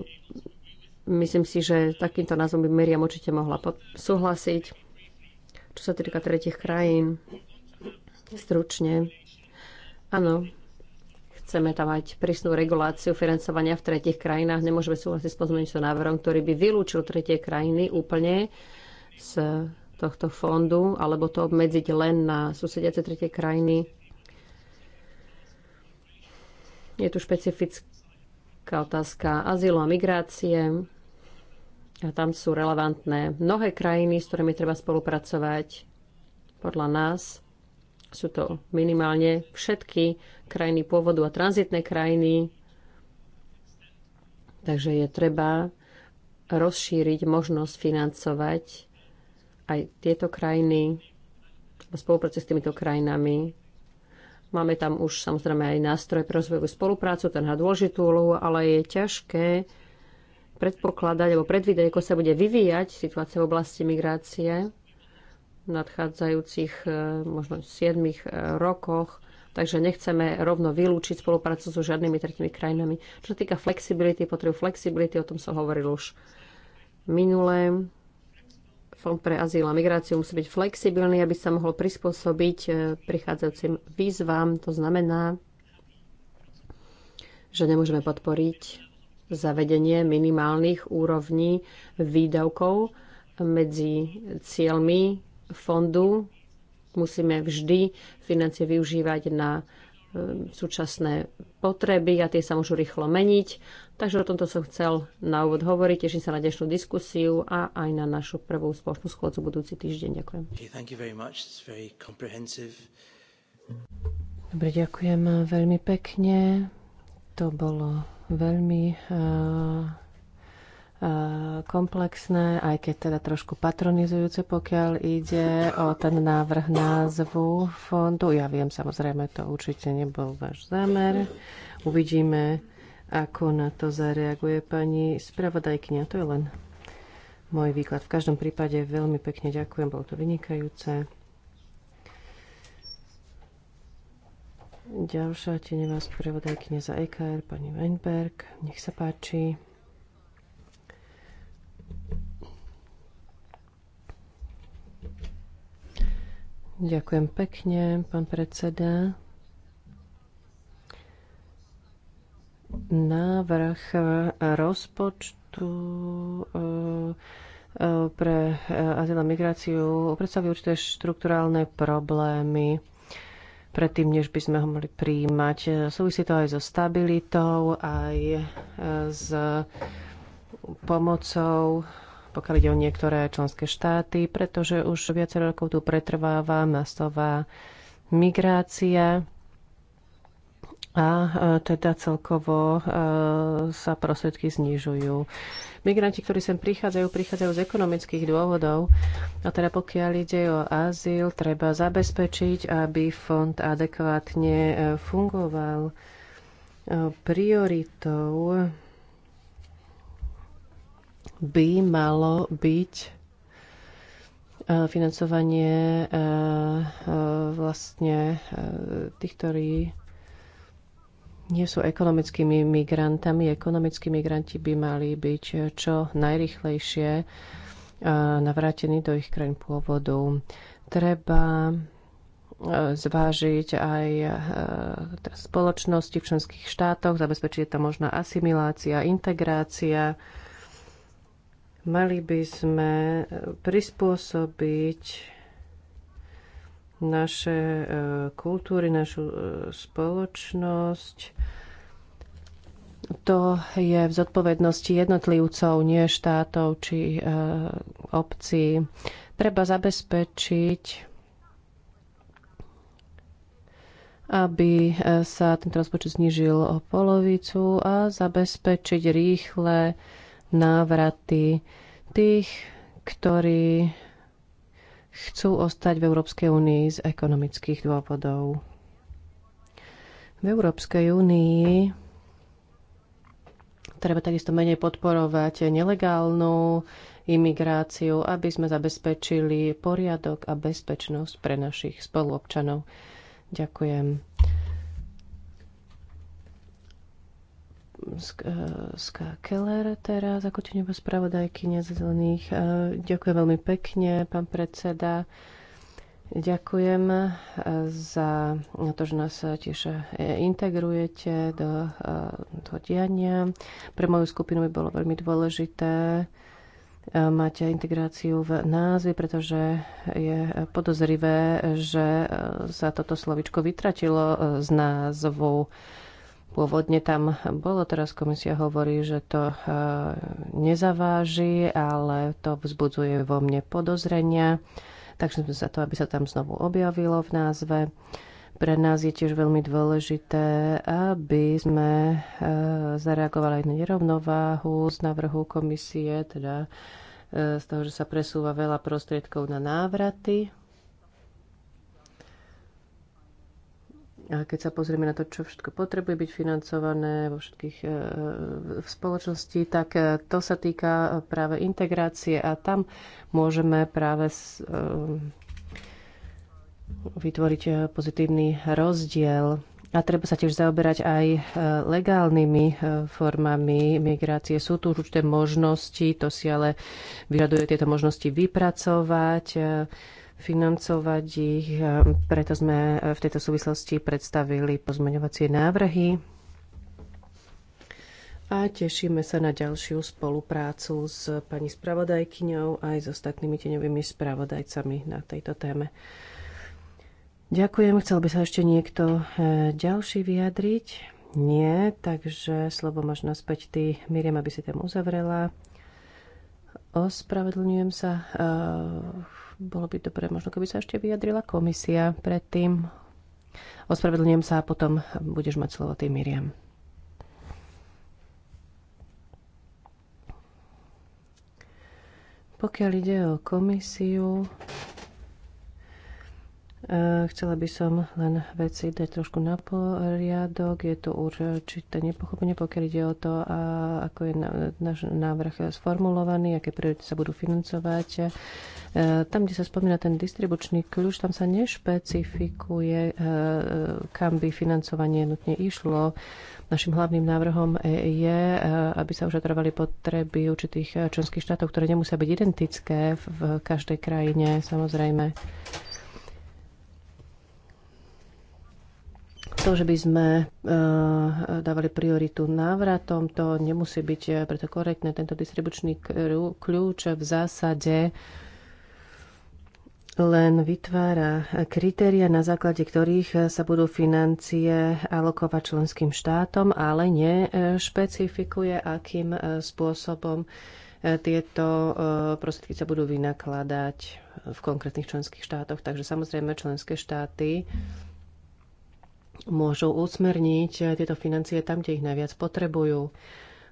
myslím si, že takýmto názvom by Miriam určite mohla súhlasiť. Čo sa týka tretich krajín, stručne. Áno, Chceme tam mať prísnu reguláciu financovania v tretich krajinách. Nemôžeme súhlasiť s pozmeňujúcim návrhom, ktorý by vylúčil tretie krajiny úplne z tohto fondu, alebo to obmedziť len na susediace tretie krajiny. Je tu špecifická otázka azylu a migrácie. A tam sú relevantné mnohé krajiny, s ktorými treba spolupracovať podľa nás. Sú to minimálne všetky krajiny pôvodu a tranzitné krajiny. Takže je treba rozšíriť možnosť financovať aj tieto krajiny, spolupráce s týmito krajinami. Máme tam už samozrejme aj nástroj pre rozvojovú spoluprácu, ten má dôležitú úlohu, ale je ťažké predpokladať alebo predvídať, ako sa bude vyvíjať situácia v oblasti migrácie v nadchádzajúcich e, možno 7 e, rokoch. Takže nechceme rovno vylúčiť spoluprácu so žiadnymi tretími krajinami. Čo sa týka flexibility, potrebu flexibility, o tom som hovoril už minulé. Fond pre azyl a migráciu musí byť flexibilný, aby sa mohol prispôsobiť e, prichádzajúcim výzvam. To znamená, že nemôžeme podporiť zavedenie minimálnych úrovní výdavkov medzi cieľmi fondu musíme vždy financie využívať na e, súčasné potreby a tie sa môžu rýchlo meniť. Takže o tomto som chcel na úvod hovoriť. Teším sa na dnešnú diskusiu a aj na našu prvú spoločnú schôdzu budúci týždeň. Ďakujem. Dobre, ďakujem e, veľmi pekne. To bolo veľmi uh komplexné, aj keď teda trošku patronizujúce, pokiaľ ide o ten návrh názvu fondu. Ja viem, samozrejme, to určite nebol váš zámer. Uvidíme, ako na to zareaguje pani spravodajkňa. To je len môj výklad. V každom prípade veľmi pekne ďakujem, bolo to vynikajúce. Ďalšia tenevá spravodajkňa za EKR, pani Weinberg. Nech sa páči. Ďakujem pekne, pán predseda. Návrh rozpočtu e, e, pre e, azyl a migráciu predstavuje určité štruktúrálne problémy predtým, než by sme ho mohli príjmať. Súvisí to aj so stabilitou, aj s pomocou pokiaľ ide o niektoré členské štáty, pretože už viacero rokov tu pretrváva masová migrácia a e, teda celkovo e, sa prostriedky znižujú. Migranti, ktorí sem prichádzajú, prichádzajú z ekonomických dôvodov. A teda pokiaľ ide o azyl, treba zabezpečiť, aby fond adekvátne e, fungoval. Prioritou by malo byť e, financovanie e, e, vlastne tých, ktorí nie sú ekonomickými migrantami. Ekonomickí migranti by mali byť čo najrychlejšie navrátení do ich krajín pôvodu. Treba zvážiť aj teda spoločnosti v členských štátoch, zabezpečiť tam možná asimilácia, integrácia, Mali by sme e, prispôsobiť naše e, kultúry, našu e, spoločnosť. To je v zodpovednosti jednotlivcov, nie štátov či obcí. Treba zabezpečiť aby sa tento rozpočet znižil o polovicu a zabezpečiť rýchle návraty tých, ktorí chcú ostať v Európskej únii z ekonomických dôvodov. V Európskej únii treba takisto menej podporovať nelegálnu imigráciu, aby sme zabezpečili poriadok a bezpečnosť pre našich spoluobčanov. Ďakujem. Eh, Ska Keller teraz ako nebo spravodajky zelených. Eh, ďakujem veľmi pekne, pán predseda. Ďakujem eh, za to, že nás tiež integrujete do toho diania. Pre moju skupinu by bolo veľmi dôležité mať integráciu v názve, pretože je podozrivé, že sa toto slovičko vytratilo z názvu Pôvodne tam bolo, teraz komisia hovorí, že to e, nezaváži, ale to vzbudzuje vo mne podozrenia. Takže sme za to, aby sa tam znovu objavilo v názve. Pre nás je tiež veľmi dôležité, aby sme e, zareagovali aj na nerovnováhu z návrhu komisie, teda e, z toho, že sa presúva veľa prostriedkov na návraty A keď sa pozrieme na to, čo všetko potrebuje byť financované vo všetkých e, v spoločnosti, tak e, to sa týka e, práve integrácie a tam môžeme práve vytvoriť pozitívny rozdiel. A treba sa tiež zaoberať aj legálnymi formami migrácie. Sú tu určité možnosti, to si ale vyžaduje tieto možnosti vypracovať financovať ich. Preto sme v tejto súvislosti predstavili pozmeňovacie návrhy a tešíme sa na ďalšiu spoluprácu s pani spravodajkyňou aj s ostatnými teňovými spravodajcami na tejto téme. Ďakujem. Chcel by sa ešte niekto e, ďalší vyjadriť? Nie, takže slovo máš naspäť ty, Miriam, aby si tam uzavrela. Ospravedlňujem sa. Eh, bolo by dobre, možno keby sa ešte vyjadrila komisia predtým. Ospravedlňujem sa a potom budeš mať slovo tým Miriam. Pokiaľ ide o komisiu, Eh, chcela by som len veci dať trošku na poriadok. Je to určité nepochopenie, pokiaľ ide o to, ako je náš návrh sformulovaný, aké priority sa budú financovať. Eh, tam, kde sa spomína ten distribučný kľúč, tam sa nešpecifikuje, eh, kam by financovanie nutne išlo. Našim hlavným návrhom je, aby sa ošetrovali potreby určitých členských štátov, ktoré nemusia byť identické v každej krajine, samozrejme. to, že by sme e, dávali prioritu návratom, to nemusí byť eh, preto korektné. Tento distribučný kľúč v zásade len vytvára kritéria, na základe ktorých eh, sa budú financie alokovať členským štátom, ale nešpecifikuje, akým spôsobom tieto prostriedky sa budú vynakladať v konkrétnych členských štátoch. Takže samozrejme členské štáty mm môžu usmerniť eh, tieto financie tam, kde ich najviac potrebujú.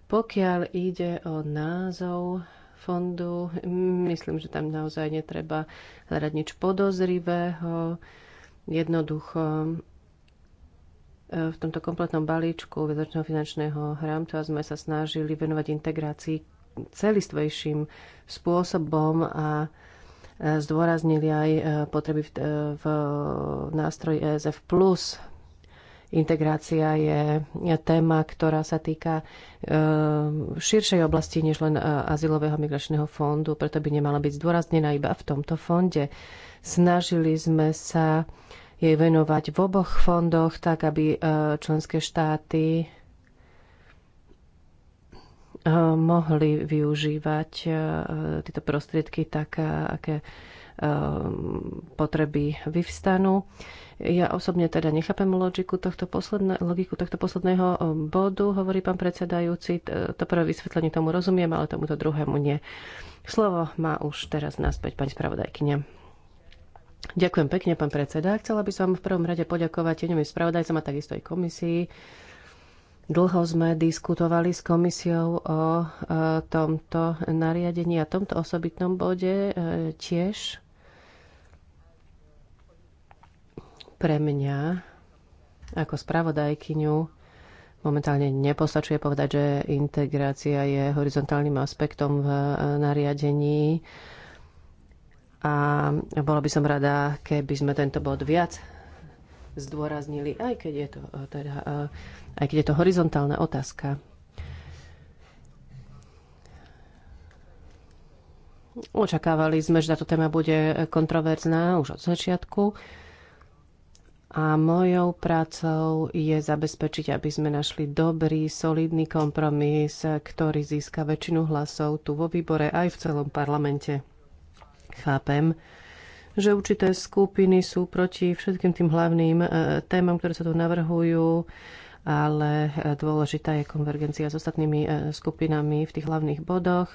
Pokiaľ ide o názov fondu, mm, myslím, že tam naozaj netreba hľadať nič podozrivého. Jednoducho eh, v tomto kompletnom balíčku vedočného finančného rámca sme sa snažili venovať integrácii celistvejším spôsobom a eh, zdôraznili aj potreby v, v nástroji ESF+, Integrácia je téma, ktorá sa týka e, širšej oblasti než len e, azylového migračného fondu, preto by nemala byť zdôraznená iba v tomto fonde. Snažili sme sa jej venovať v oboch fondoch, tak aby e, členské štáty mohli využívať tieto prostriedky tak, aké Ehm, potreby vyvstanú. Ja osobne teda nechápem logiku tohto, posledne, logiku tohto posledného ehm, bodu, hovorí pán predsedajúci. To prvé vysvetlenie tomu rozumiem, ale tomuto druhému nie. Slovo má už teraz naspäť pani spravodajkyňa. Ďakujem pekne, pán predseda. Chcela by som v prvom rade poďakovať tieňovým spravodajcom a takisto aj komisii. Dlho sme diskutovali s komisiou o e, tomto nariadení a tomto osobitnom bode e, tiež Pre mňa ako spravodajkyňu momentálne nepostačuje povedať, že integrácia je horizontálnym aspektom v e, nariadení a bola by som rada, keby sme tento bod viac zdôraznili, aj keď je to, e, teda, e, aj keď je to horizontálna otázka. Očakávali sme, že táto téma bude kontroverzná už od začiatku a mojou prácou je zabezpečiť, aby sme našli dobrý, solidný kompromis, ktorý získa väčšinu hlasov tu vo výbore aj v celom parlamente. Chápem, že určité skupiny sú proti všetkým tým hlavným e, témam, ktoré sa tu navrhujú, ale dôležitá je konvergencia s ostatnými e, skupinami v tých hlavných bodoch.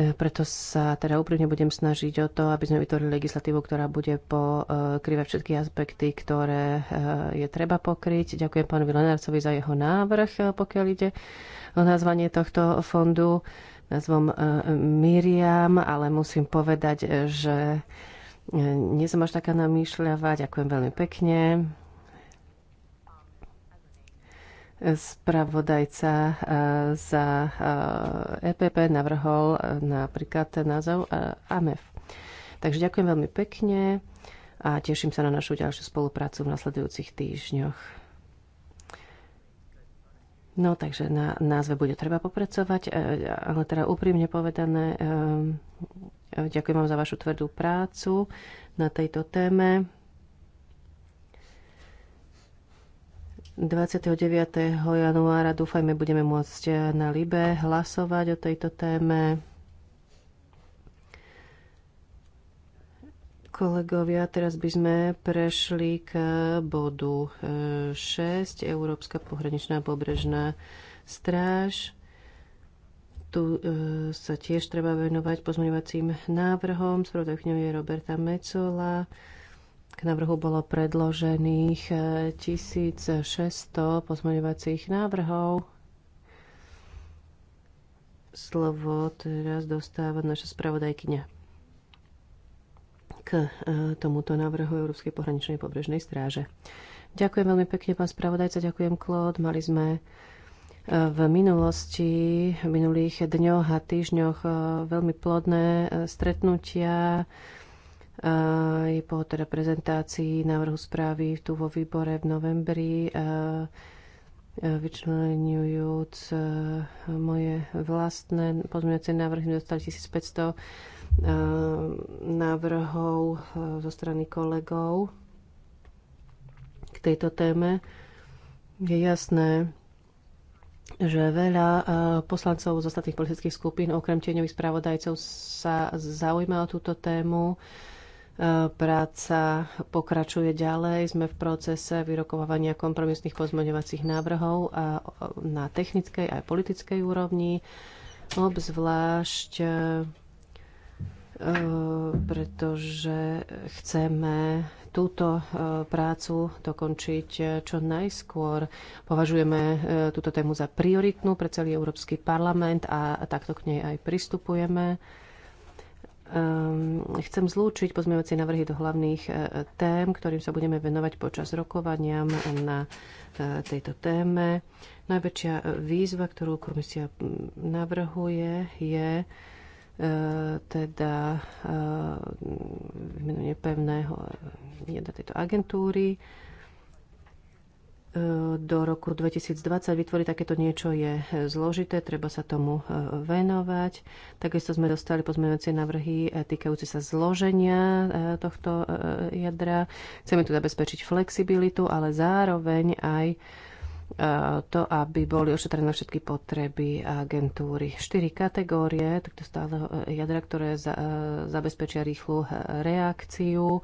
E, preto sa teda úprimne budem snažiť o to, aby sme vytvorili legislatívu, ktorá bude pokrývať všetky aspekty, ktoré e, je treba pokryť. Ďakujem pánovi Lenárcovi za jeho návrh, e, pokiaľ ide o nazvanie tohto fondu nazvom Miriam, ale musím povedať, že nie som až taká namýšľavá. Ďakujem veľmi pekne. Spravodajca e, za EPP e navrhol napríklad ten názov e, AMEF. Takže ďakujem veľmi pekne a teším sa na našu ďalšiu spoluprácu v nasledujúcich týždňoch. No, takže na názve bude treba popracovať, ale teda úprimne povedané, ďakujem vám za vašu tvrdú prácu na tejto téme. 29. januára dúfajme budeme môcť eh, na Libe hlasovať o tejto téme. Kolegovia, teraz by sme prešli k bodu 6, eh, Európska pohraničná pobrežná stráž. Tu eh, sa tiež treba venovať pozmeňovacím návrhom. Spravodajkňou je Roberta Mecola. K návrhu bolo predložených 1600 e, pozmeňovacích návrhov. Slovo teraz dostáva naša spravodajkyňa k e, tomuto návrhu Európskej pohraničnej pobrežnej stráže. Ďakujem veľmi pekne, pán spravodajca, ďakujem, Klod, Mali sme e, v minulosti, v minulých dňoch a týždňoch veľmi plodné stretnutia Eh, je po teda prezentácii návrhu správy tu vo výbore v novembri eh, eh, vyčlenujúc moje vlastné pozmeňujúce návrhy, sme dostali 1500 návrhov zo strany kolegov k tejto téme. Je jasné, že veľa poslancov z ostatných politických skupín, okrem tieňových správodajcov, sa zaujíma o túto tému Práca pokračuje ďalej. Sme v procese vyrokovávania kompromisných pozmeňovacích návrhov a na technickej aj politickej úrovni, obzvlášť e, pretože chceme túto e, prácu dokončiť e, čo najskôr. Považujeme túto tému za prioritnú pre celý Európsky parlament a takto k nej aj pristupujeme. Ehm, chcem zlúčiť pozmeňovacie návrhy do hlavných e, tém, ktorým sa budeme venovať počas rokovania na e, tejto téme. Najväčšia e, výzva, ktorú komisia mm, navrhuje, je teda vymenovanie pevného jedna tejto agentúry E, do roku 2020 vytvoriť takéto niečo je e, zložité, treba sa tomu e, venovať. Takisto sme dostali pozmeňujúce návrhy týkajúce sa zloženia tohto jadra. Chceme tu zabezpečiť flexibilitu, ale zároveň aj to, aby boli ošetrené všetky potreby agentúry. Štyri kategórie takto stále jadra, ktoré zabezpečia rýchlu reakciu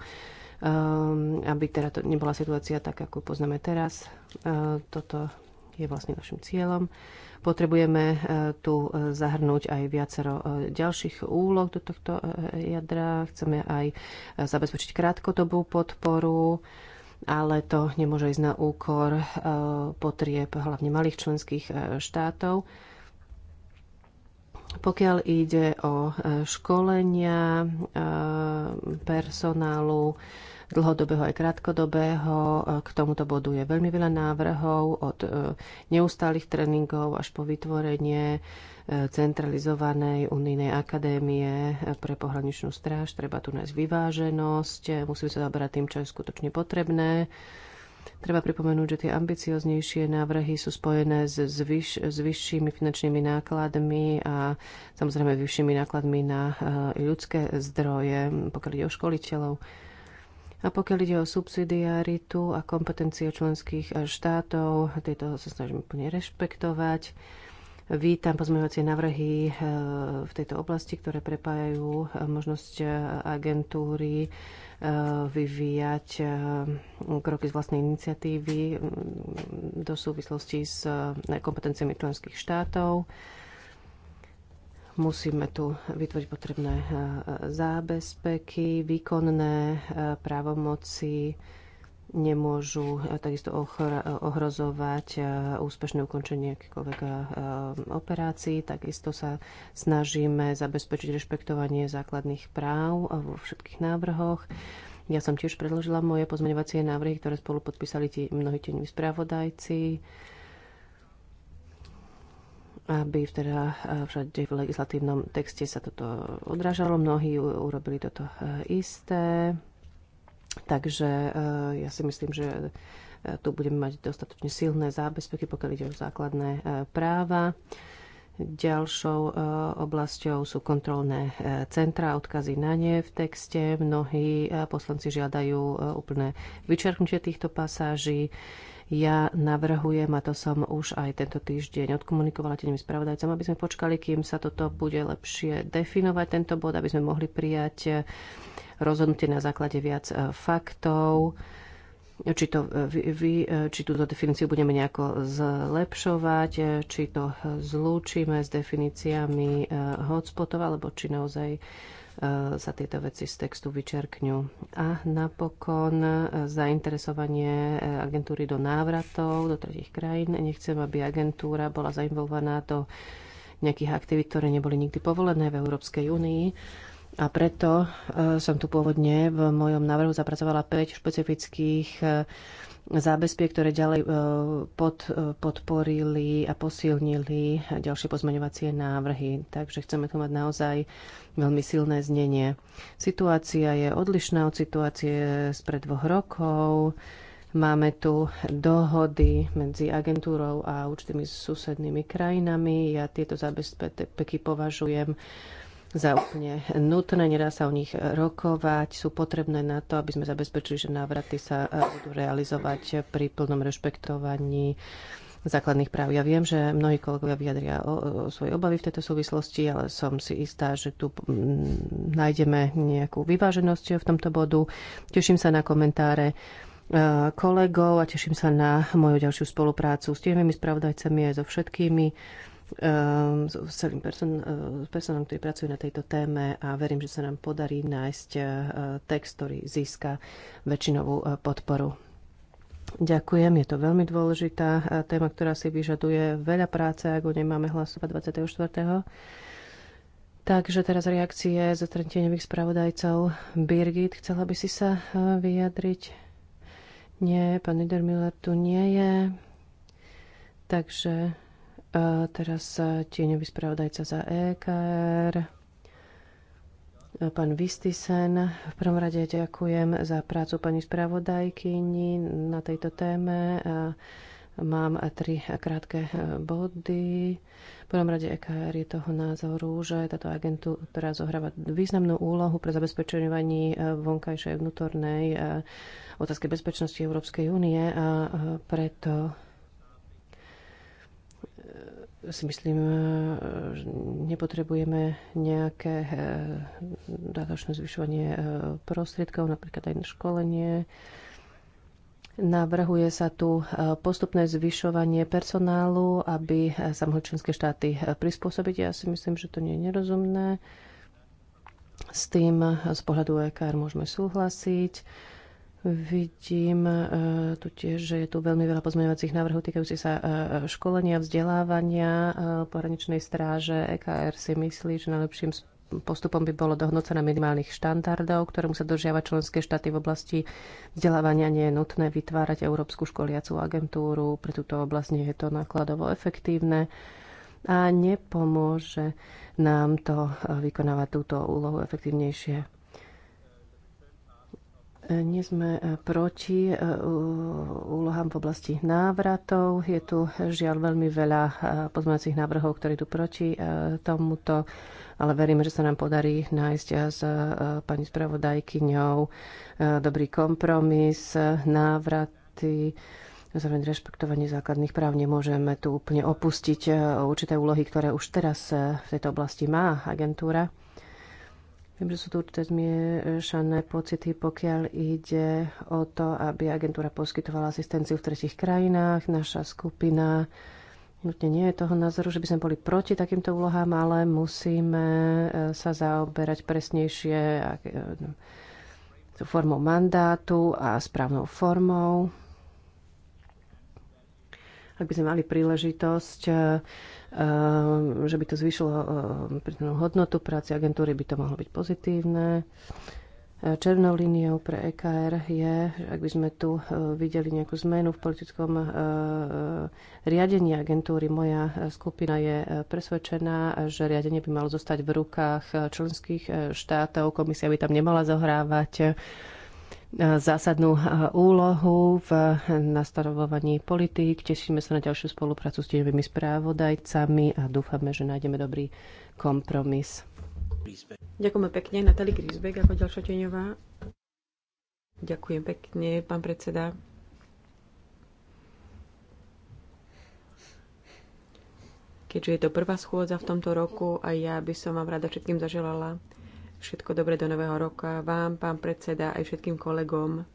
Ehm, aby teda to nebola situácia tak, ako poznáme teraz. Ehm, toto je vlastne našim cieľom. Potrebujeme eh, tu eh, zahrnúť aj viacero eh, ďalších úloh do tohto jadra. Chceme aj zabezpečiť krátkodobú podporu, ale to nemôže ísť na úkor potrieb hlavne malých členských štátov. Pokiaľ ide o e, školenia e, personálu, dlhodobého aj krátkodobého. E, k tomuto bodu je veľmi veľa návrhov od neustálych tréningov až po vytvorenie centralizovanej unijnej akadémie pre pohraničnú stráž. Treba tu nájsť vyváženosť, musíme sa zabrať tým, čo je skutočne potrebné Treba pripomenúť, že tie ambicioznejšie návrhy sú spojené s, vyš, s vyššími finančnými nákladmi a samozrejme vyššími nákladmi na eh, ľudské zdroje, pokiaľ ide o školiteľov. A pokiaľ ide o subsidiaritu a kompetencie členských eh, štátov, tieto sa snažím úplne rešpektovať. Vítam pozmeňovacie návrhy eh, v tejto oblasti, ktoré prepájajú možnosť agentúry Eh, vyvíjať eh, kroky z vlastnej iniciatívy mm, do súvislosti s eh, kompetenciami členských štátov. Musíme tu vytvoriť potrebné zábezpeky, výkonné právomoci, nemôžu e, takisto e, ohrozovať e, úspešné ukončenie akýkoľvek operácií. Takisto sa snažíme zabezpečiť rešpektovanie základných práv vo všetkých návrhoch. Ja som tiež predložila moje pozmeňovacie návrhy, ktoré spolu podpísali tí mnohí teňoví správodajci aby teda všade v legislatívnom texte sa toto odrážalo. Mnohí urobili toto isté. Takže eh, ja si myslím, že eh, tu budeme mať dostatočne silné zábezpeky, pokiaľ ide o základné eh, práva. Ďalšou oblasťou sú kontrolné centra, odkazy na ne v texte. Mnohí poslanci žiadajú úplné vyčerknutie týchto pasáží. Ja navrhujem, a to som už aj tento týždeň odkomunikovala tým spravodajcom, aby sme počkali, kým sa toto bude lepšie definovať, tento bod, aby sme mohli prijať rozhodnutie na základe viac e, faktov či, to, e, vy, e, či túto definíciu budeme nejako zlepšovať, či to zlúčime s definíciami hotspotov, alebo či naozaj E, sa tieto veci z textu vyčerkňu. A napokon e, zainteresovanie e, agentúry do návratov do tretich krajín. Nechcem, aby agentúra bola zainvolvaná do nejakých aktivít, ktoré neboli nikdy povolené v Európskej únii. A preto som tu pôvodne v mojom návrhu zapracovala 5 špecifických zábezpie, ktoré ďalej e, pod, e, podporili a posilnili ďalšie pozmeňovacie návrhy. Takže chceme tu mať naozaj veľmi silné znenie. Situácia je odlišná od situácie spred dvoch rokov. Máme tu dohody medzi agentúrou a určitými susednými krajinami. Ja tieto zábezpeky považujem za úplne nutné, nedá sa o nich rokovať, sú potrebné na to, aby sme zabezpečili, že návraty sa e, budú realizovať pri plnom rešpektovaní základných práv. Ja viem, že mnohí kolegovia vyjadria o, o svoje obavy v tejto súvislosti, ale som si istá, že tu mm, nájdeme nejakú vyváženosť v tomto bodu. Teším sa na komentáre e, kolegov a teším sa na moju ďalšiu spoluprácu s tými spravodajcami aj so všetkými Ehm, s celým person, e, personom, ktorí na tejto téme a verím, že sa nám podarí nájsť e, text, ktorý získa väčšinovú e, podporu. Ďakujem, je to veľmi dôležitá téma, ktorá si vyžaduje veľa práce, ak o nej máme hlasovať 24. Takže teraz reakcie zo tretieňových spravodajcov. Birgit, chcela by si sa vyjadriť? Nie, pán Niedermüller tu nie je. Takže Teraz e, tieňový spravodajca za EKR. E, pán Vistisen, v prvom rade ďakujem za prácu pani spravodajkyni na tejto téme. Mám tri krátke e, body. V prvom rade EKR je toho názoru, že táto agentúra zohráva významnú úlohu pre zabezpečovanie vonkajšej vnútornej otázky bezpečnosti Európskej únie a preto si myslím, e, že nepotrebujeme nejaké e, dodatočné zvyšovanie e, prostriedkov, napríklad aj na školenie. Navrhuje sa tu postupné zvyšovanie personálu, aby sa mohli členské štáty prispôsobiť. Ja si myslím, že to nie je nerozumné. S tým z pohľadu EKR môžeme súhlasiť. Vidím e, tu tiež, že je tu veľmi veľa pozmeňovacích návrhov týkajúcich sa e, školenia, vzdelávania e, pohraničnej stráže. EKR si myslí, že najlepším postupom by bolo dohnúť sa na minimálnych štandardov, ktorému sa držiava členské štáty v oblasti vzdelávania. Nie je nutné vytvárať Európsku školiacu agentúru. Pre túto oblasť nie je to nákladovo efektívne a nepomôže nám to vykonávať túto úlohu efektívnejšie nie sme e, proti e, úlohám v oblasti návratov. Je tu e, žiaľ veľmi veľa pozmeňujúcich návrhov, ktorí tu proti tomuto, ale veríme, že sa nám podarí nájsť s pani spravodajkyňou dobrý kompromis, návraty, zároveň rešpektovanie základných práv. Nemôžeme tu úplne opustiť určité úlohy, ktoré už teraz v tejto oblasti má agentúra Viem, že sú tu určite zmiešané pocity, pokiaľ ide o to, aby agentúra poskytovala asistenciu v tretich krajinách. Naša skupina nutne nie je toho názoru, že by sme boli proti takýmto úlohám, ale musíme e, sa zaoberať presnejšie e, no, formou mandátu a správnou formou. Ak by sme mali príležitosť e, Ehm, že by to zvýšilo ehm, pridanú hodnotu práce agentúry, by to mohlo byť pozitívne. Ehm, černou líniou pre EKR je, že ak by sme tu videli nejakú zmenu v politickom riadení agentúry, moja skupina je presvedčená, že riadenie by malo zostať v rukách členských štátov. Komisia by tam nemala zohrávať zásadnú e, úlohu v nastavovaní politík. Tešíme sa na ďalšiu spoluprácu s tiežovými správodajcami a dúfame, že nájdeme dobrý kompromis. Ďakujeme pekne. Natali Grisbeck ako ďalšia teňová. Ďakujem pekne, pán predseda. Keďže je to prvá schôdza v tomto roku a ja by som vám rada všetkým zaželala Všetko dobre do nového roka vám, pán predseda, aj všetkým kolegom,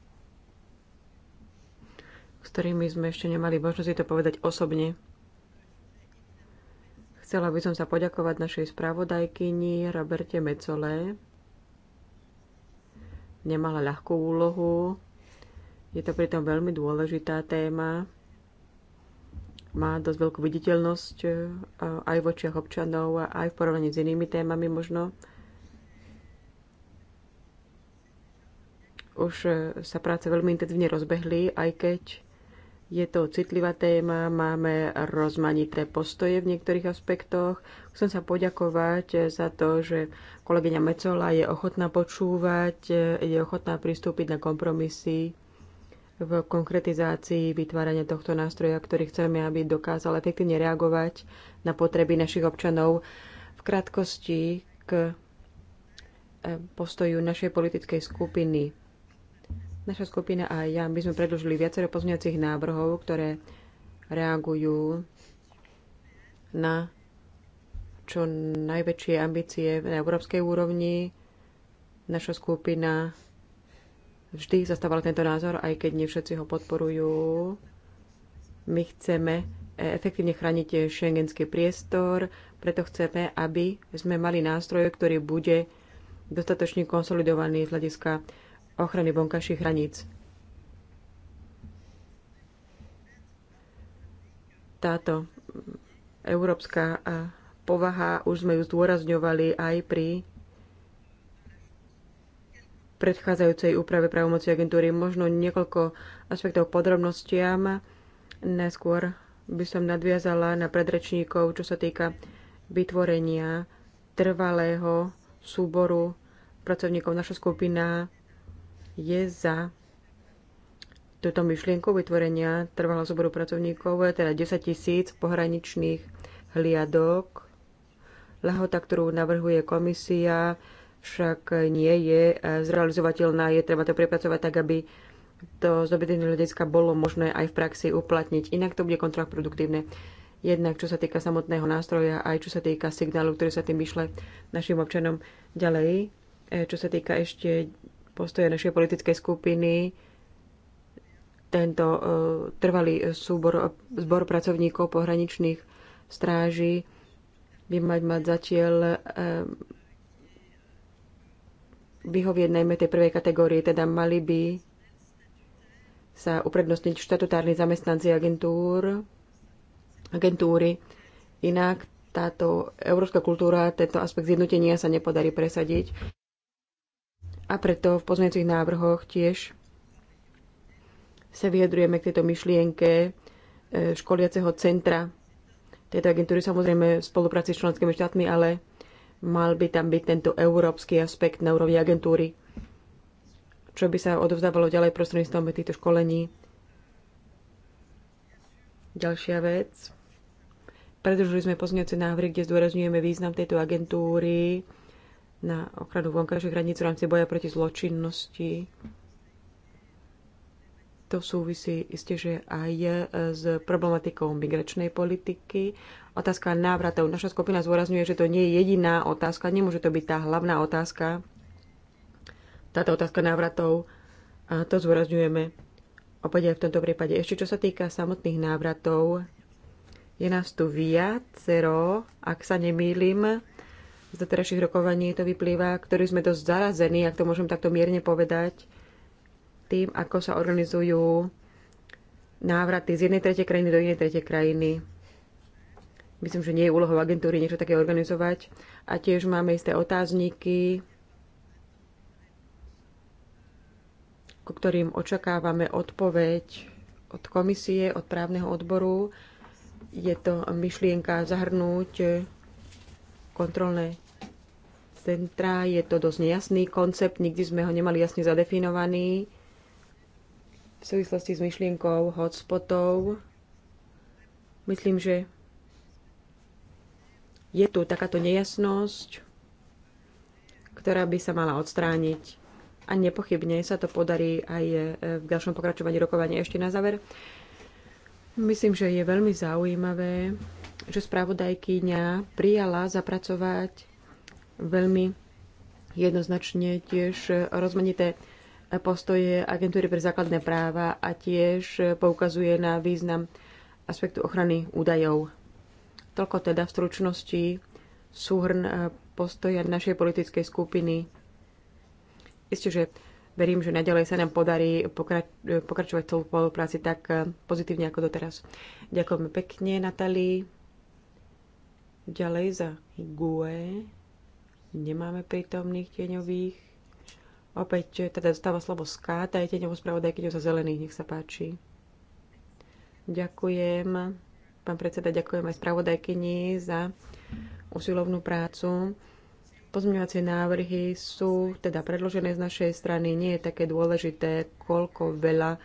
s ktorými sme ešte nemali možnosť si to povedať osobne. Chcela by som sa poďakovať našej spravodajkyni Roberte Mecole. Nemala ľahkú úlohu. Je to pritom veľmi dôležitá téma má dosť veľkú viditeľnosť eh, aj v očiach občanov, aj v porovnaní s inými témami možno. už e, sa práce veľmi intenzívne rozbehli, aj keď je to citlivá téma, máme rozmanité postoje v niektorých aspektoch. Chcem sa poďakovať e, za to, že kolegyňa Mecola je ochotná počúvať, e, je ochotná pristúpiť na kompromisy v konkretizácii vytvárania tohto nástroja, ktorý chceme, aby dokázal efektívne reagovať na potreby našich občanov. V krátkosti k postoju našej politickej skupiny Naša skupina a ja, by sme predložili viacero pozmeňovacích návrhov, ktoré reagujú na čo najväčšie ambície na európskej úrovni. Naša skupina vždy zastávala tento názor, aj keď nie všetci ho podporujú. My chceme efektívne chrániť šengenský priestor, preto chceme, aby sme mali nástroj, ktorý bude dostatočne konsolidovaný z hľadiska ochrany vonkajších hraníc. Táto európska povaha už sme ju zdôrazňovali aj pri predchádzajúcej úprave právomoci agentúry. Možno niekoľko aspektov podrobnostiam. Neskôr by som nadviazala na predrečníkov, čo sa týka vytvorenia trvalého súboru pracovníkov. Naša skupina je za túto myšlienku vytvorenia trvalého súboru pracovníkov, teda 10 tisíc pohraničných hliadok. lehota, ktorú navrhuje komisia, však nie je eh, zrealizovateľná. Je treba to prepracovať tak, aby to z obedného hľadiska bolo možné aj v praxi uplatniť. Inak to bude kontraproduktívne. Jednak čo sa týka samotného nástroja, aj čo sa týka signálu, ktorý sa tým vyšle našim občanom ďalej. Eh, čo sa týka ešte postoje našej politickej skupiny tento e, trvalý súbor, zbor pracovníkov pohraničných stráží by mať mať zatiaľ e, vyhovieť najmä tej prvej kategórii, teda mali by sa uprednostniť štatutárni zamestnanci agentúr, agentúry. Inak táto európska kultúra, tento aspekt zjednotenia sa nepodarí presadiť. A preto v pozmeňujúcich návrhoch tiež sa vyjadrujeme k tejto myšlienke e, školiaceho centra tejto agentúry, samozrejme v spolupráci s členskými štátmi, ale mal by tam byť tento európsky aspekt na úrovni agentúry, čo by sa odovzdávalo ďalej prostredníctvom týchto školení. Ďalšia vec. Predržili sme pozmeňujúce návrhy, kde zdôrazňujeme význam tejto agentúry na ochranu vonkajších hraníc v rámci boja proti zločinnosti. To súvisí isté, že aj s problematikou migračnej politiky. Otázka návratov. Naša skupina zvorazňuje, že to nie je jediná otázka, nemôže to byť tá hlavná otázka. Táto otázka návratov, a to zvorazňujeme opäť aj v tomto prípade. Ešte čo sa týka samotných návratov, je nás tu viacero, ak sa nemýlim, z doterajších rokovaní to vyplýva, ktorí sme dosť zarazení, ak to môžem takto mierne povedať, tým, ako sa organizujú návraty z jednej tretej krajiny do inej tretej krajiny. Myslím, že nie je úlohou agentúry niečo také organizovať. A tiež máme isté otázniky, ku ktorým očakávame odpoveď od komisie, od právneho odboru. Je to myšlienka zahrnúť kontrolné centra. Je to dosť nejasný koncept, nikdy sme ho nemali jasne zadefinovaný. V súvislosti s myšlienkou hotspotov myslím, že je tu takáto nejasnosť, ktorá by sa mala odstrániť. A nepochybne sa to podarí aj e, v ďalšom pokračovaní rokovania. Ešte na záver. Myslím, že je veľmi zaujímavé, že spravodajkyňa prijala zapracovať veľmi jednoznačne tiež rozmanité postoje agentúry pre základné práva a tiež poukazuje na význam aspektu ochrany údajov. Toľko teda v stručnosti súhrn eh, postoja našej politickej skupiny. Isté, že verím, že naďalej sa nám podarí pokračovať v spolupráci tak eh, pozitívne ako doteraz. Ďakujeme pekne, Natali. Ďalej za GUE nemáme prítomných tieňových. Opäť eh, teda dostáva slovo SK, tá je tieňovú spravodajkyňu za zelených, nech sa páči. Ďakujem, pán predseda, ďakujem aj spravodajkyni za usilovnú prácu. Pozmeňovacie návrhy sú teda predložené z našej strany. Nie je také dôležité, koľko veľa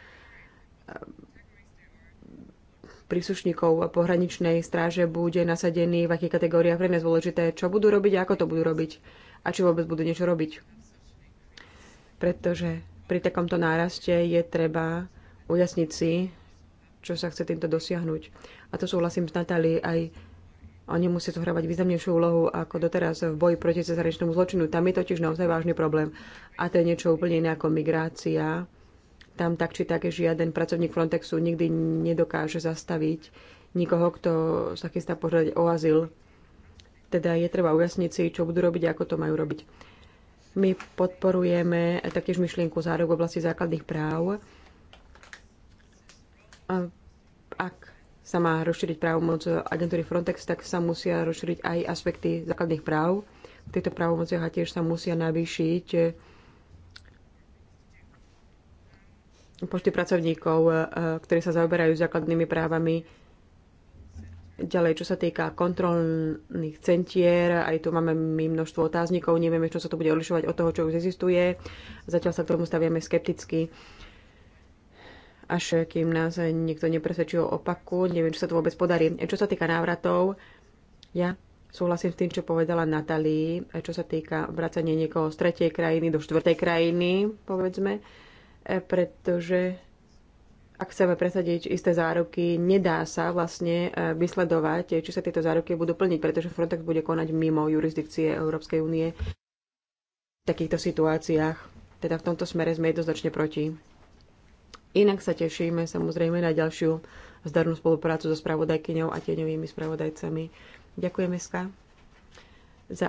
príslušníkov pohraničnej stráže bude nasadený, v akých kategóriách pre nás dôležité, čo budú robiť a ako to budú robiť a či vôbec budú niečo robiť. Pretože pri takomto náraste je treba ujasniť si, čo sa chce týmto dosiahnuť. A to súhlasím s Natali, aj oni musia zohrávať významnejšiu úlohu ako doteraz v boji proti cezhraničnému zločinu. Tam je totiž naozaj vážny problém. A to je niečo úplne iné ako migrácia tam tak či tak žiaden pracovník Frontexu nikdy nedokáže zastaviť nikoho, kto sa chystá požiadať o azyl. Teda je treba ujasniť si, čo budú robiť, ako to majú robiť. My podporujeme taktiež myšlienku zárok v oblasti základných práv. A ak sa má rozšíriť právomoc agentúry Frontex, tak sa musia rozšíriť aj aspekty základných práv. V týchto právomociach tiež sa musia navýšiť počty pracovníkov, e, ktorí sa zaoberajú základnými právami. Ďalej, čo sa týka kontrolných centier, aj tu máme my množstvo otáznikov, nevieme, čo sa to bude odlišovať od toho, čo už existuje. Zatiaľ sa k tomu staviame skepticky. Až kým nás niekto nepresvedčí o opaku, neviem, čo sa to vôbec podarí. E, čo sa týka návratov, ja súhlasím s tým, čo povedala Natalí, e, čo sa týka vracania niekoho z tretej krajiny do štvrtej krajiny, povedzme E, pretože ak chceme presadiť isté záruky, nedá sa vlastne e, vysledovať, e, či sa tieto záruky budú plniť, pretože Frontex bude konať mimo jurisdikcie Európskej únie v takýchto situáciách. Teda v tomto smere sme jednoznačne proti. Inak sa tešíme samozrejme na ďalšiu zdarnú spoluprácu so spravodajkyňou a tieňovými spravodajcami. Ďakujem, Ska. Za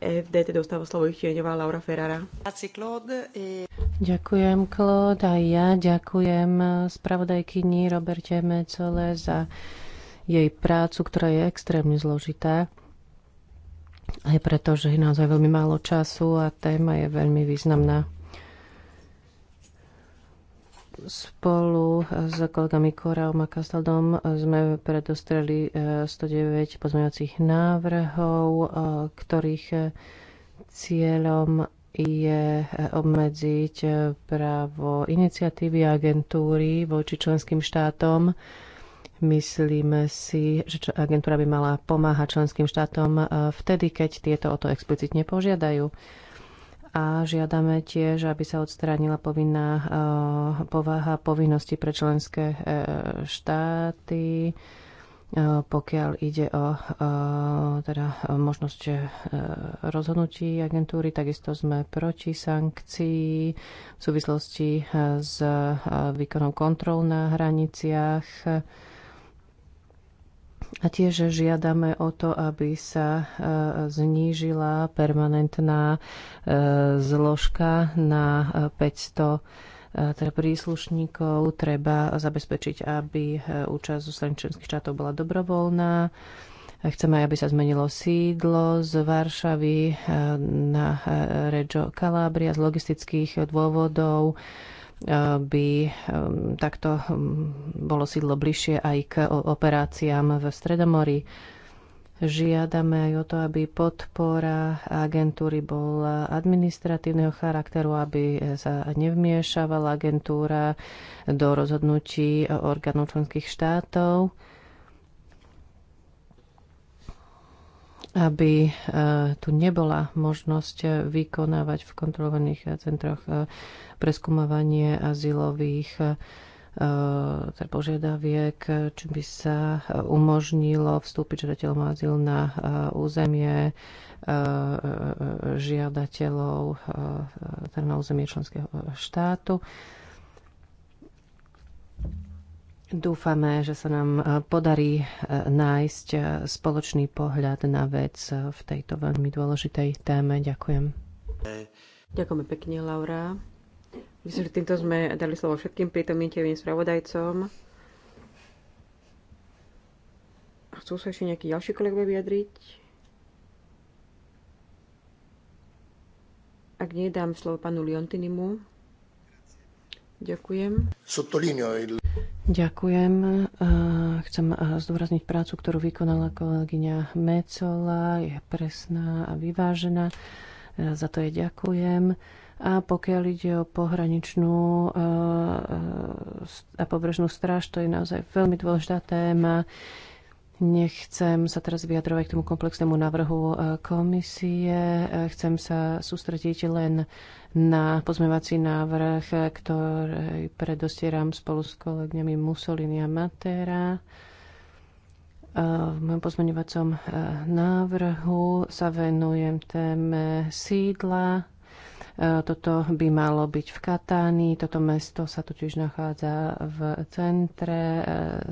FDT teda dostáva slovo ich tieňová Laura Ferrara. E- ďakujem, Claude, a ja ďakujem spravodajkyni Roberte Mecole za jej prácu, ktorá je extrémne zložitá. Aj preto, že je naozaj veľmi málo času a téma je veľmi významná. Spolu s kolegami Korau a Kastaldom sme predostreli 109 e, pozmeňovacích návrhov, e, ktorých e, cieľom je obmedziť právo iniciatívy agentúry voči členským štátom. Myslíme si, že agentúra by mala pomáhať členským štátom vtedy, keď tieto o to explicitne požiadajú a žiadame tiež, aby sa odstránila povinná eh, povaha povinnosti pre členské eh, štáty, eh, pokiaľ ide o teda možnosť rozhodnutí agentúry. Takisto sme proti sankcií v súvislosti s výkonom kontrol na hraniciach a tiež žiadame o to, aby sa e, znížila permanentná e, zložka na 500 e, teda príslušníkov. Treba zabezpečiť, aby účasť zo strany členských štátov bola dobrovoľná. Chceme, aby sa zmenilo sídlo z Varšavy na Reggio Calabria z logistických dôvodov by um, takto um, bolo sídlo bližšie aj k operáciám v Stredomorí. Žiadame aj o to, aby podpora agentúry bola administratívneho charakteru, aby sa nevmiešavala agentúra do rozhodnutí orgánov členských štátov aby e, tu nebola možnosť vykonávať v kontrolovaných centroch e, preskumovanie azylových e, požiadaviek, či by sa umožnilo vstúpiť žiadateľom azyl na územie žiadateľov teda na územie členského štátu Dúfame, že sa nám e, podarí e, nájsť e, spoločný pohľad na vec v tejto veľmi dôležitej téme. Ďakujem. Ďakujeme pekne, Laura. Myslím, že týmto sme dali slovo všetkým prítomným tevým spravodajcom. Chcú sa ešte nejakí ďalší kolegovia vyjadriť? Ak nie, dám slovo panu Liontinimu. Ďakujem. Ďakujem. E, chcem e, zdôrazniť prácu, ktorú vykonala kolegyňa Mecola. Je presná a vyvážená. E, za to jej ďakujem. A pokiaľ ide o pohraničnú a pobrežnú stráž, to je naozaj veľmi dôležitá téma. Nechcem sa teraz vyjadrovať k tomu komplexnému návrhu e, komisie. E, chcem sa sústrediť len na pozmevací návrh, e, ktorý predostieram spolu s kolegňami Mussolini a Matera. V mojom pozmeňovacom návrhu sa venujem téme sídla E, toto by malo byť v Katáni. Toto mesto sa totiž nachádza v centre e,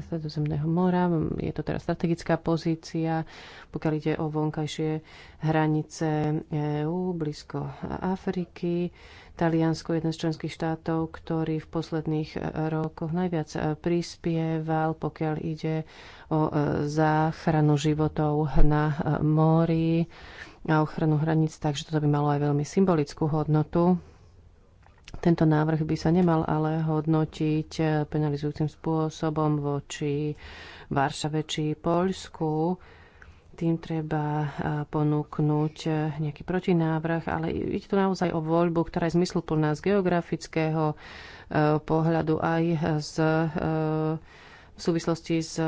Stredozemného mora. Je to teraz strategická pozícia, pokiaľ ide o vonkajšie hranice EÚ, blízko Afriky. Taliansko je jeden z členských štátov, ktorý v posledných rokoch najviac e, prispieval, pokiaľ ide o záchranu životov na mori a ochranu hraníc, takže toto by malo aj veľmi symbolickú hodnotu. Tento návrh by sa nemal ale hodnotiť eh, penalizujúcim spôsobom voči Varšave či Poľsku. Tým treba eh, ponúknuť eh, nejaký protinávrh, ale ide tu naozaj o voľbu, ktorá je zmysluplná z geografického pohľadu aj z v súvislosti s e,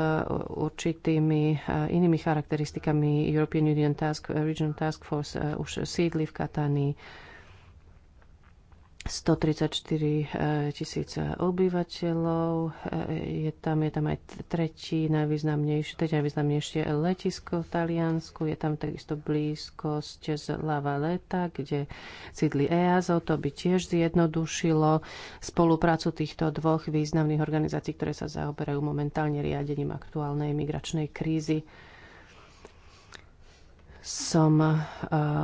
určitými e, inými charakteristikami European Union Task, Regional Task Force e, už sídli v Katani 134 eh, tisíc eh, obyvateľov. Eh, je tam, je tam aj tretí najvýznamnejšie, teď najvýznamnejšie letisko v Taliansku. Je tam takisto blízkosť z Lava Leta, kde sídli EASO. To by tiež zjednodušilo spoluprácu týchto dvoch významných organizácií, ktoré sa zaoberajú momentálne riadením aktuálnej migračnej krízy som eh,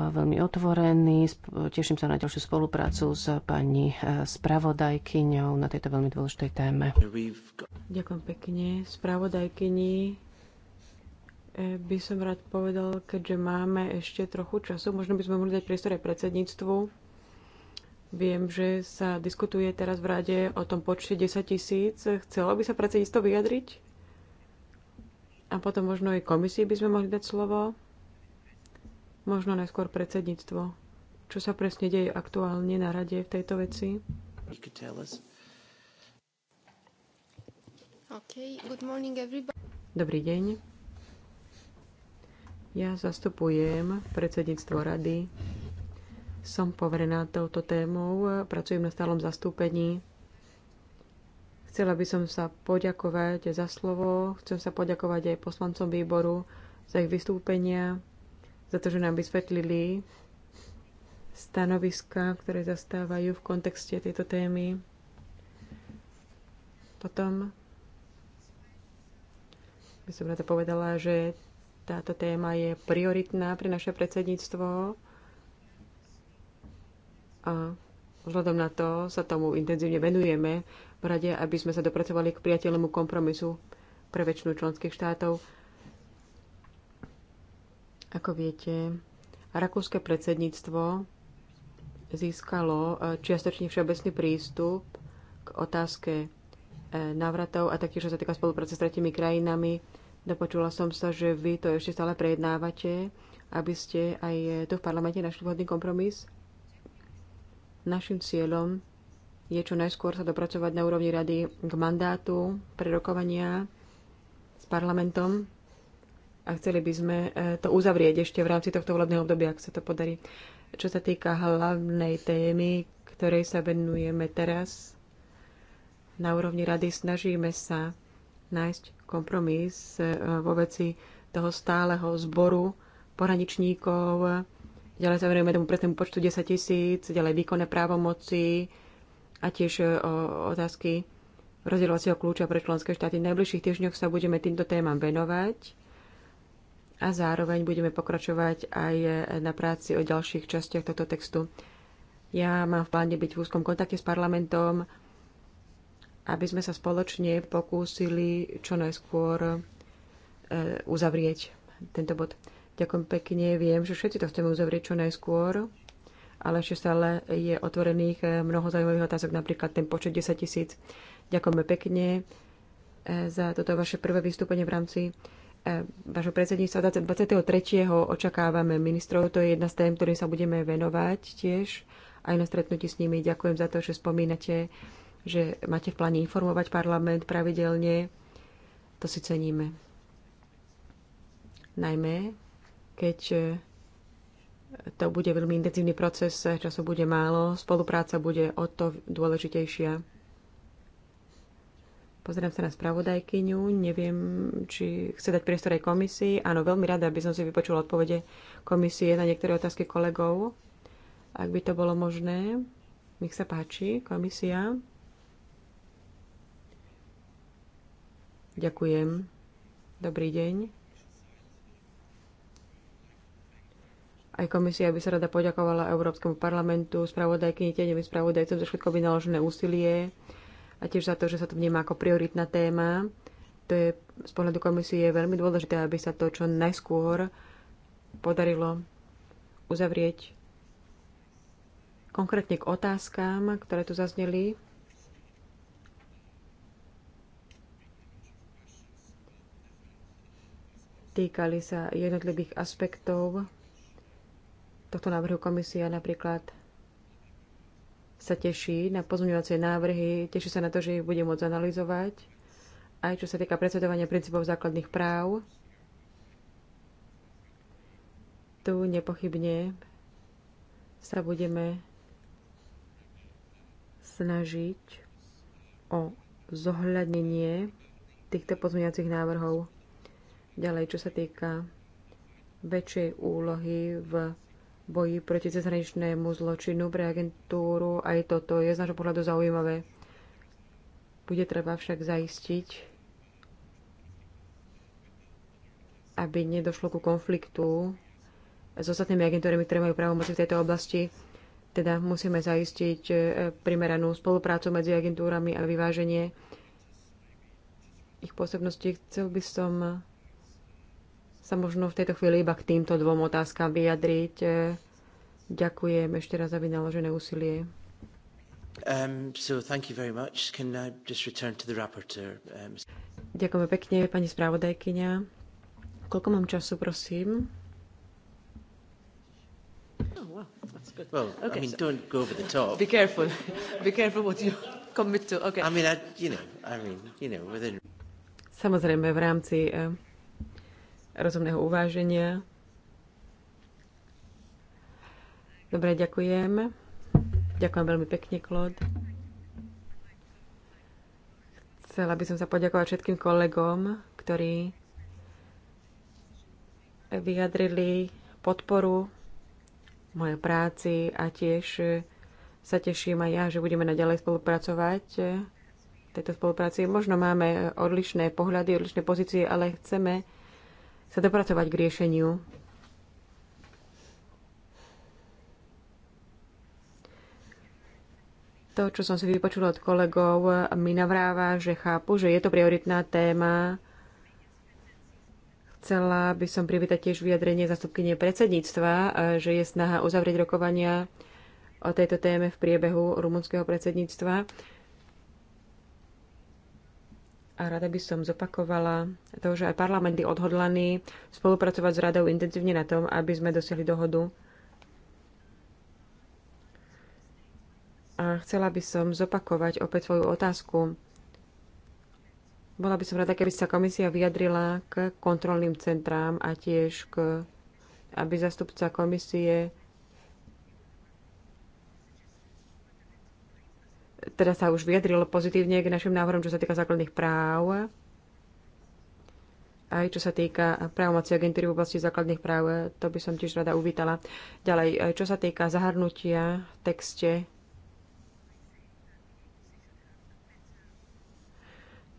veľmi otvorený. Teším sa na ďalšiu spoluprácu s pani eh, spravodajkyňou na tejto veľmi dôležitej téme. Ďakujem pekne. Spravodajkyni eh, by som rád povedal, keďže máme ešte trochu času, možno by sme mohli dať priestor aj predsedníctvu. Viem, že sa diskutuje teraz v rade o tom počte 10 tisíc. Chcelo by sa predsedníctvo vyjadriť? A potom možno aj komisii by sme mohli dať slovo. Možno najskôr predsedníctvo. Čo sa presne deje aktuálne na rade v tejto veci? Dobrý deň. Ja zastupujem predsedníctvo rady. Som poverená touto témou, pracujem na stálom zastúpení Chcela by som sa poďakovať za slovo, chcem sa poďakovať aj poslancom výboru za ich vystúpenia za to, že nám vysvetlili stanoviska, ktoré zastávajú v kontexte tejto témy. Potom by som na to povedala, že táto téma je prioritná pre naše predsedníctvo a vzhľadom na to sa tomu intenzívne venujeme v rade, aby sme sa dopracovali k priateľnému kompromisu pre väčšinu členských štátov. Ako viete, rakúske predsedníctvo získalo eh, čiastočne všeobecný prístup k otázke eh, návratov a taktiež, sa týka spolupráce s tretimi krajinami. Dopočula som sa, že vy to ešte stále prejednávate, aby ste aj tu v parlamente našli vhodný kompromis. Našim cieľom je čo najskôr sa dopracovať na úrovni rady k mandátu prerokovania s parlamentom a chceli by sme e, to uzavrieť ešte v rámci tohto volebného obdobia, ak sa to podarí. Čo sa týka hlavnej témy, ktorej sa venujeme teraz, na úrovni rady snažíme sa nájsť kompromis e, vo veci toho stáleho zboru poraničníkov, ďalej sa venujeme tomu presnému počtu 10 tisíc, ďalej výkonné právomoci a tiež e, o otázky rozdielovacieho kľúča pre členské štáty. V najbližších týždňoch sa budeme týmto témam venovať a zároveň budeme pokračovať aj na práci o ďalších častiach tohto textu. Ja mám v pláne byť v úzkom kontakte s parlamentom, aby sme sa spoločne pokúsili čo najskôr e, uzavrieť tento bod. Ďakujem pekne, viem, že všetci to chceme uzavrieť čo najskôr, ale ešte stále je otvorených e, mnoho zaujímavých otázok, napríklad ten počet 10 tisíc. Ďakujeme pekne e, za toto vaše prvé vystúpenie v rámci E, vašho predsedníctva 23. Teda očakávame ministrov. To je jedna z tém, ktorým sa budeme venovať tiež aj na stretnutí s nimi. Ďakujem za to, že spomínate, že máte v pláne informovať parlament pravidelne. To si ceníme. Najmä, keď e, to bude veľmi intenzívny proces, času bude málo, spolupráca bude o to dôležitejšia Pozerám sa na spravodajkyňu, neviem, či chce dať priestor aj komisii. Áno, veľmi rada aby som si vypočula odpovede komisie na niektoré otázky kolegov, ak by to bolo možné. Nech sa páči, komisia. Ďakujem. Dobrý deň. Aj komisia by sa rada poďakovala Európskemu parlamentu, spravodajkyni, tieňovým spravodajcom za všetko vynaložené úsilie a tiež za to, že sa to vníma ako prioritná téma. To je z pohľadu komisie je veľmi dôležité, aby sa to čo najskôr podarilo uzavrieť konkrétne k otázkám, ktoré tu zazneli. Týkali sa jednotlivých aspektov tohto návrhu komisia, napríklad sa teší na pozmeňovacie návrhy, teší sa na to, že ich bude môcť analyzovať, aj čo sa týka predsedovania princípov základných práv. Tu nepochybne sa budeme snažiť o zohľadnenie týchto pozmeňovacích návrhov. Ďalej, čo sa týka väčšej úlohy v boji proti cezhraničnému zločinu pre agentúru. Aj toto je z nášho pohľadu zaujímavé. Bude treba však zaistiť, aby nedošlo ku konfliktu s ostatnými agentúrami, ktoré majú právomoci v tejto oblasti. Teda musíme zaistiť e, primeranú spoluprácu medzi agentúrami a vyváženie ich pôsobnosti. Chcel by som sa možno v tejto chvíli iba k týmto dvom otázkam vyjadriť. Ďakujem ešte raz za vynaložené úsilie. Um, so thank you very much. Can I just return to the rapporteur? Um... Ďakujeme pekne, pani správodajkyňa. Koľko mám času, prosím? Oh, wow. That's good. Well, okay, I mean, so don't go over the top. Be careful. Be careful what you commit to. Okay. I mean, I, you know, I mean, you know, within... Samozrejme, v rámci uh, rozumného uváženia. Dobre, ďakujem. Ďakujem veľmi pekne, Klod. Chcela by som sa poďakovať všetkým kolegom, ktorí vyjadrili podporu mojej práci a tiež sa teším aj ja, že budeme naďalej spolupracovať v tejto spolupráci. Možno máme odlišné pohľady, odlišné pozície, ale chceme sa dopracovať k riešeniu. To, čo som si vypočula od kolegov, mi navráva, že chápu, že je to prioritná téma. Chcela by som privítať tiež vyjadrenie zastupkynie predsedníctva, že je snaha uzavrieť rokovania o tejto téme v priebehu rumunského predsedníctva a rada by som zopakovala to, že aj parlament je odhodlaný spolupracovať s radou intenzívne na tom, aby sme dosiahli dohodu. A chcela by som zopakovať opäť svoju otázku. Bola by som rada, keby sa komisia vyjadrila k kontrolným centrám a tiež k, aby zastupca komisie teda sa už vyjadrilo pozitívne k našim návrhom, čo sa týka základných práv, aj čo sa týka právomoci agentúry v oblasti základných práv, to by som tiež rada uvítala. Ďalej, čo sa týka zahrnutia v texte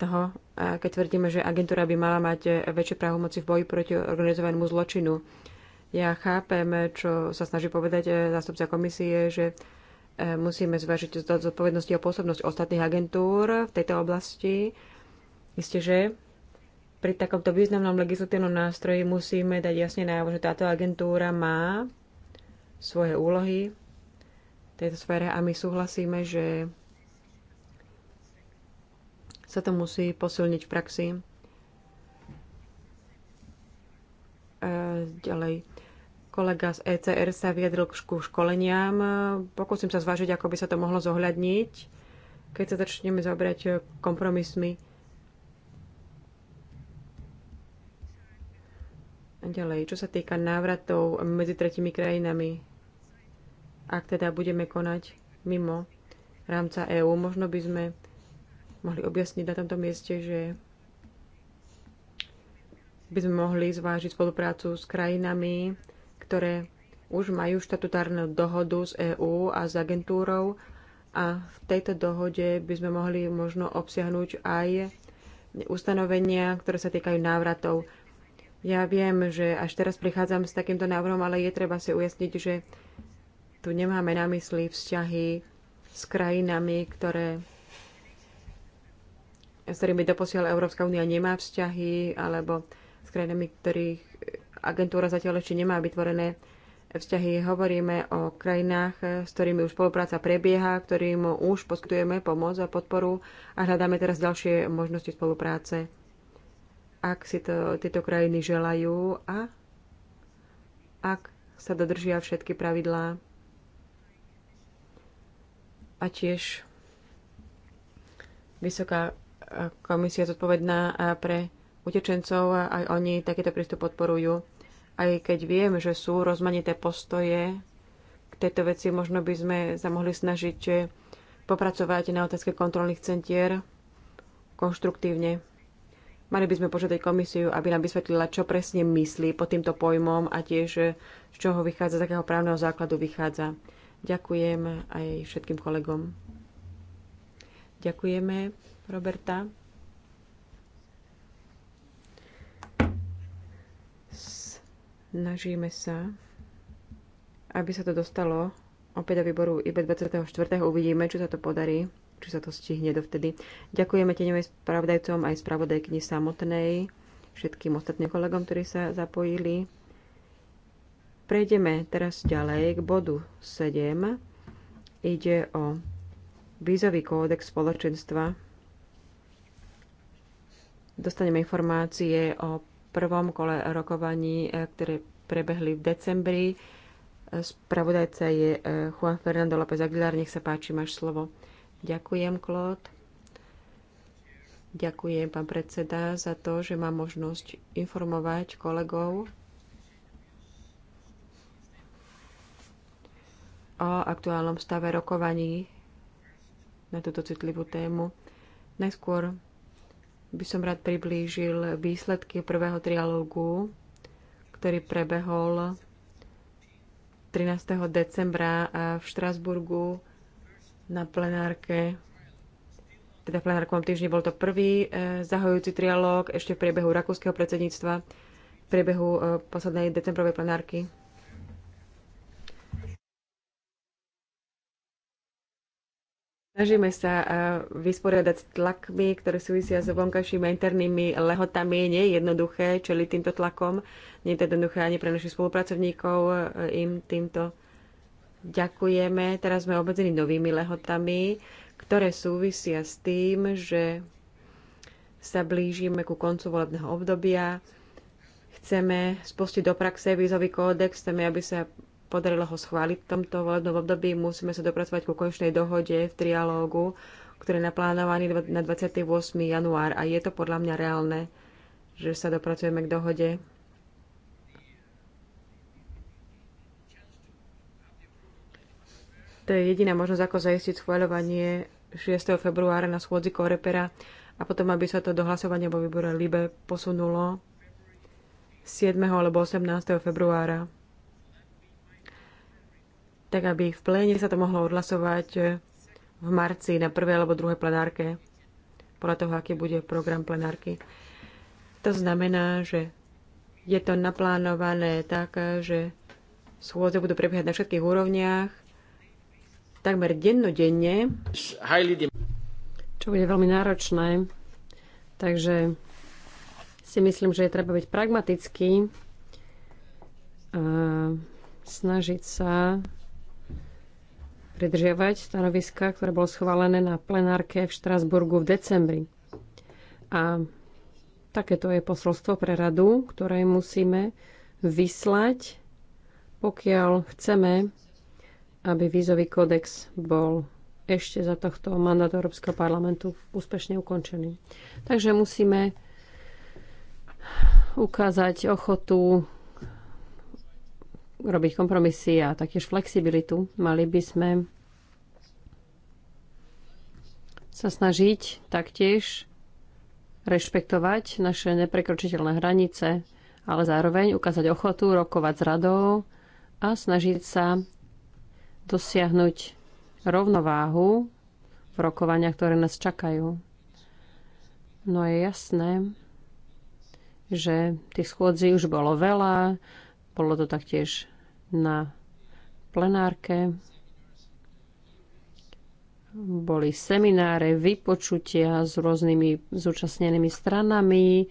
toho, keď tvrdíme, že agentúra by mala mať väčšie právomoci v boji proti organizovanému zločinu. Ja chápem, čo sa snaží povedať eh, zástupca komisie, že musíme zvážiť zodpovednosti a pôsobnosť ostatných agentúr v tejto oblasti. Isté, že pri takomto významnom legislatívnom nástroji musíme dať jasne najavo, že táto agentúra má svoje úlohy v tejto sfére a my súhlasíme, že sa to musí posilniť v praxi. E, ďalej Kolega z ECR sa vyjadril k školeniam. Pokúsim sa zvážiť, ako by sa to mohlo zohľadniť, keď sa začneme zaoberať kompromismi. A ďalej, čo sa týka návratov medzi tretimi krajinami, ak teda budeme konať mimo rámca EÚ, možno by sme mohli objasniť na tomto mieste, že by sme mohli zvážiť spoluprácu s krajinami, ktoré už majú štatutárnu dohodu z EÚ a s agentúrou a v tejto dohode by sme mohli možno obsiahnuť aj ustanovenia, ktoré sa týkajú návratov. Ja viem, že až teraz prichádzam s takýmto návrhom, ale je treba si ujasniť, že tu nemáme na mysli vzťahy s krajinami, ktoré s ktorými doposiaľ Európska únia nemá vzťahy, alebo s krajinami, ktorých agentúra zatiaľ ešte nemá vytvorené vzťahy. Hovoríme o krajinách, s ktorými už spolupráca prebieha, ktorým už poskytujeme pomoc a podporu a hľadáme teraz ďalšie možnosti spolupráce, ak si to tieto krajiny želajú a ak sa dodržia všetky pravidlá a tiež vysoká komisia zodpovedná eh, pre utečencov a aj oni takýto prístup podporujú. Aj keď viem, že sú rozmanité postoje k tejto veci, možno by sme sa mohli snažiť popracovať na otázke kontrolných centier konštruktívne. Mali by sme požiadať komisiu, aby nám vysvetlila, čo presne myslí pod týmto pojmom a tiež z čoho vychádza, z akého právneho základu vychádza. Ďakujem aj všetkým kolegom. Ďakujeme, Roberta. Snažíme sa, aby sa to dostalo opäť do výboru IB 24. Uvidíme, či sa to podarí, či sa to stihne dovtedy. Ďakujeme teňovej spravodajcom aj spravodajkni samotnej, všetkým ostatným kolegom, ktorí sa zapojili. Prejdeme teraz ďalej k bodu 7. Ide o vízový kódex spoločenstva. Dostaneme informácie o prvom kole rokovaní, e, ktoré prebehli v decembri. E, spravodajca je e, Juan Fernando López Aguilar. Nech sa páči, máš slovo. Ďakujem, Klód. Ďakujem, pán predseda, za to, že mám možnosť informovať kolegov o aktuálnom stave rokovaní na túto citlivú tému. Najskôr by som rád priblížil výsledky prvého trialógu, ktorý prebehol 13. decembra v Štrasburgu na plenárke teda v plenárkovom týždni bol to prvý e, zahojujúci trialóg ešte v priebehu rakúskeho predsedníctva, v priebehu e, poslednej decembrovej plenárky Snažíme sa eh, vysporiadať s tlakmi, ktoré súvisia s vonkajšími internými lehotami. Nie je jednoduché čeliť týmto tlakom. Nie je to jednoduché ani pre našich spolupracovníkov. Eh, Im týmto ďakujeme. Teraz sme obmedzení novými lehotami, ktoré súvisia s tým, že sa blížime ku koncu volebného obdobia. Chceme spustiť do praxe vízový kódex, chceme, aby sa Podarilo ho schváliť v tomto volebnom období. Musíme sa dopracovať ku končnej dohode v trialógu, ktorý je naplánovaný na 28. január a je to podľa mňa reálne, že sa dopracujeme k dohode. To je jediná možnosť, ako zaistiť schváľovanie 6. februára na schôdzi Korepera a potom, aby sa to do hlasovania vo výbore LIBE posunulo 7. alebo 18. februára tak aby v pléne sa to mohlo odhlasovať v marci na prvé alebo druhé plenárke, podľa toho, aký bude program plenárky. To znamená, že je to naplánované tak, že schôdze budú prebiehať na všetkých úrovniach, takmer dennodenne, čo bude veľmi náročné. Takže si myslím, že je treba byť pragmatický a snažiť sa pridržiavať stanoviska, ktoré bolo schválené na plenárke v Štrasburgu v decembri. A takéto je posolstvo pre radu, ktoré musíme vyslať, pokiaľ chceme, aby vízový kódex bol ešte za tohto mandátu Európskeho parlamentu úspešne ukončený. Takže musíme ukázať ochotu robiť kompromisy a taktiež flexibilitu. Mali by sme sa snažiť taktiež rešpektovať naše neprekročiteľné hranice, ale zároveň ukázať ochotu rokovať s radou a snažiť sa dosiahnuť rovnováhu v rokovaniach, ktoré nás čakajú. No je jasné, že tých schôdzí už bolo veľa, bolo to taktiež na plenárke. Boli semináre, vypočutia s rôznymi zúčastnenými stranami.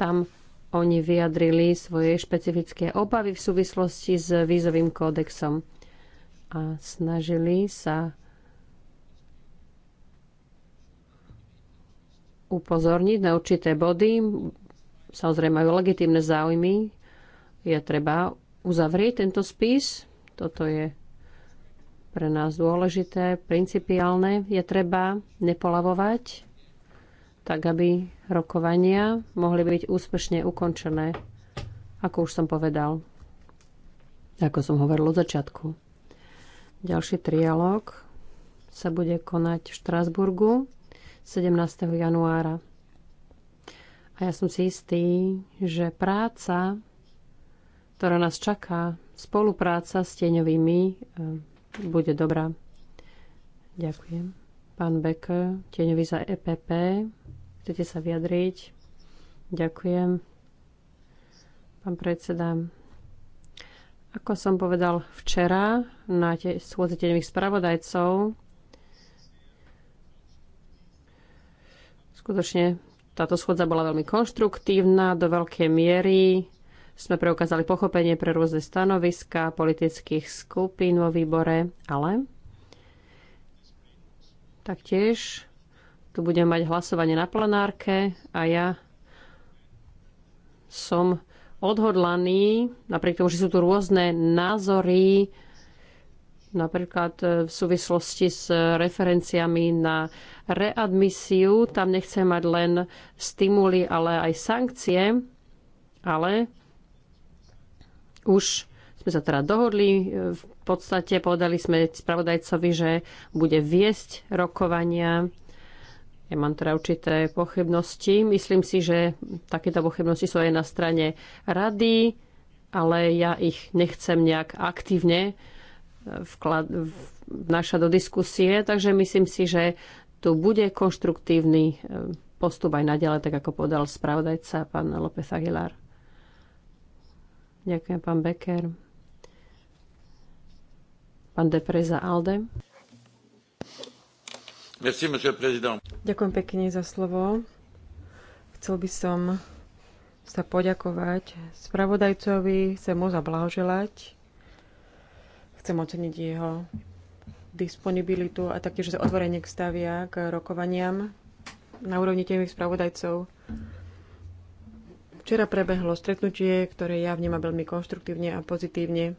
Tam oni vyjadrili svoje špecifické obavy v súvislosti s vízovým kódexom a snažili sa upozorniť na určité body. Samozrejme majú legitímne záujmy je treba uzavrieť tento spis. Toto je pre nás dôležité, principiálne. Je treba nepolavovať, tak aby rokovania mohli byť úspešne ukončené, ako už som povedal, ako som hovoril od začiatku. Ďalší trialog sa bude konať v Štrasburgu 17. januára. A ja som si istý, že práca ktorá nás čaká. Spolupráca s tieňovými e, bude dobrá. Ďakujem. Pán Becker, tieňový za EPP. Chcete sa vyjadriť? Ďakujem. Pán predseda, ako som povedal včera na te- schôdze tieňových spravodajcov, skutočne táto schôdza bola veľmi konštruktívna do veľkej miery sme preukázali pochopenie pre rôzne stanoviska politických skupín vo výbore, ale taktiež tu budem mať hlasovanie na plenárke a ja som odhodlaný, napriek tomu, že sú tu rôzne názory, napríklad e, v súvislosti s referenciami na readmisiu. Tam nechcem mať len stimuly, ale aj sankcie. Ale už sme sa teda dohodli, e, v podstate povedali sme spravodajcovi, že bude viesť rokovania. Ja mám teda určité pochybnosti. Myslím si, že takéto pochybnosti sú aj na strane rady, ale ja ich nechcem nejak aktívne e, vklad, vnášať do diskusie, takže myslím si, že tu bude konštruktívny e, postup aj naďalej, tak ako podal spravodajca pán López Aguilar. Ďakujem, pán Becker. Pán Depreza Alde. Merci, Ďakujem pekne za slovo. Chcel by som sa poďakovať spravodajcovi, chcem mu zablahoželať, chcem oceniť jeho disponibilitu a taktiež sa otvorenie stavia k rokovaniam na úrovni tých spravodajcov. Včera prebehlo stretnutie, ktoré ja vnímam veľmi konštruktívne a pozitívne.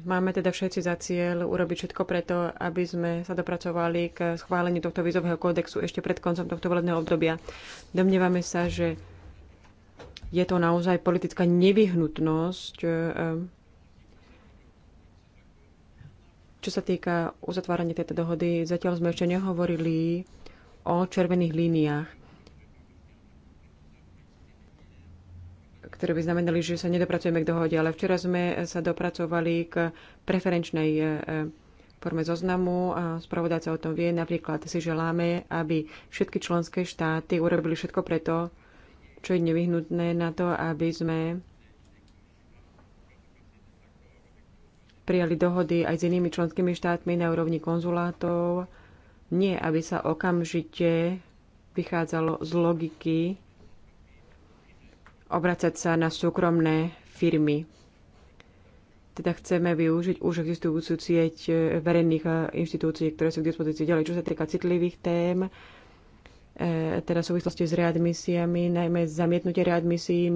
Máme teda všetci za cieľ urobiť všetko preto, aby sme sa dopracovali k schváleniu tohto vízového kódexu ešte pred koncom tohto volebného obdobia. Domnievame sa, že je to naozaj politická nevyhnutnosť, e, e, čo sa týka uzatvárania tejto dohody. Zatiaľ sme ešte nehovorili o červených líniách. ktoré by znamenali, že sa nedopracujeme k dohode, ale včera sme sa dopracovali k preferenčnej e, forme zoznamu a spravodajca o tom vie. Napríklad si želáme, aby všetky členské štáty urobili všetko preto, čo je nevyhnutné na to, aby sme prijali dohody aj s inými členskými štátmi na úrovni konzulátov. Nie, aby sa okamžite vychádzalo z logiky obracať sa na súkromné firmy. Teda chceme využiť už existujúcu sieť e, verejných e, inštitúcií, ktoré sú k dispozícii ďalej. Čo sa týka citlivých tém, e, teda v súvislosti s readmisiami, najmä zamietnutie readmisií,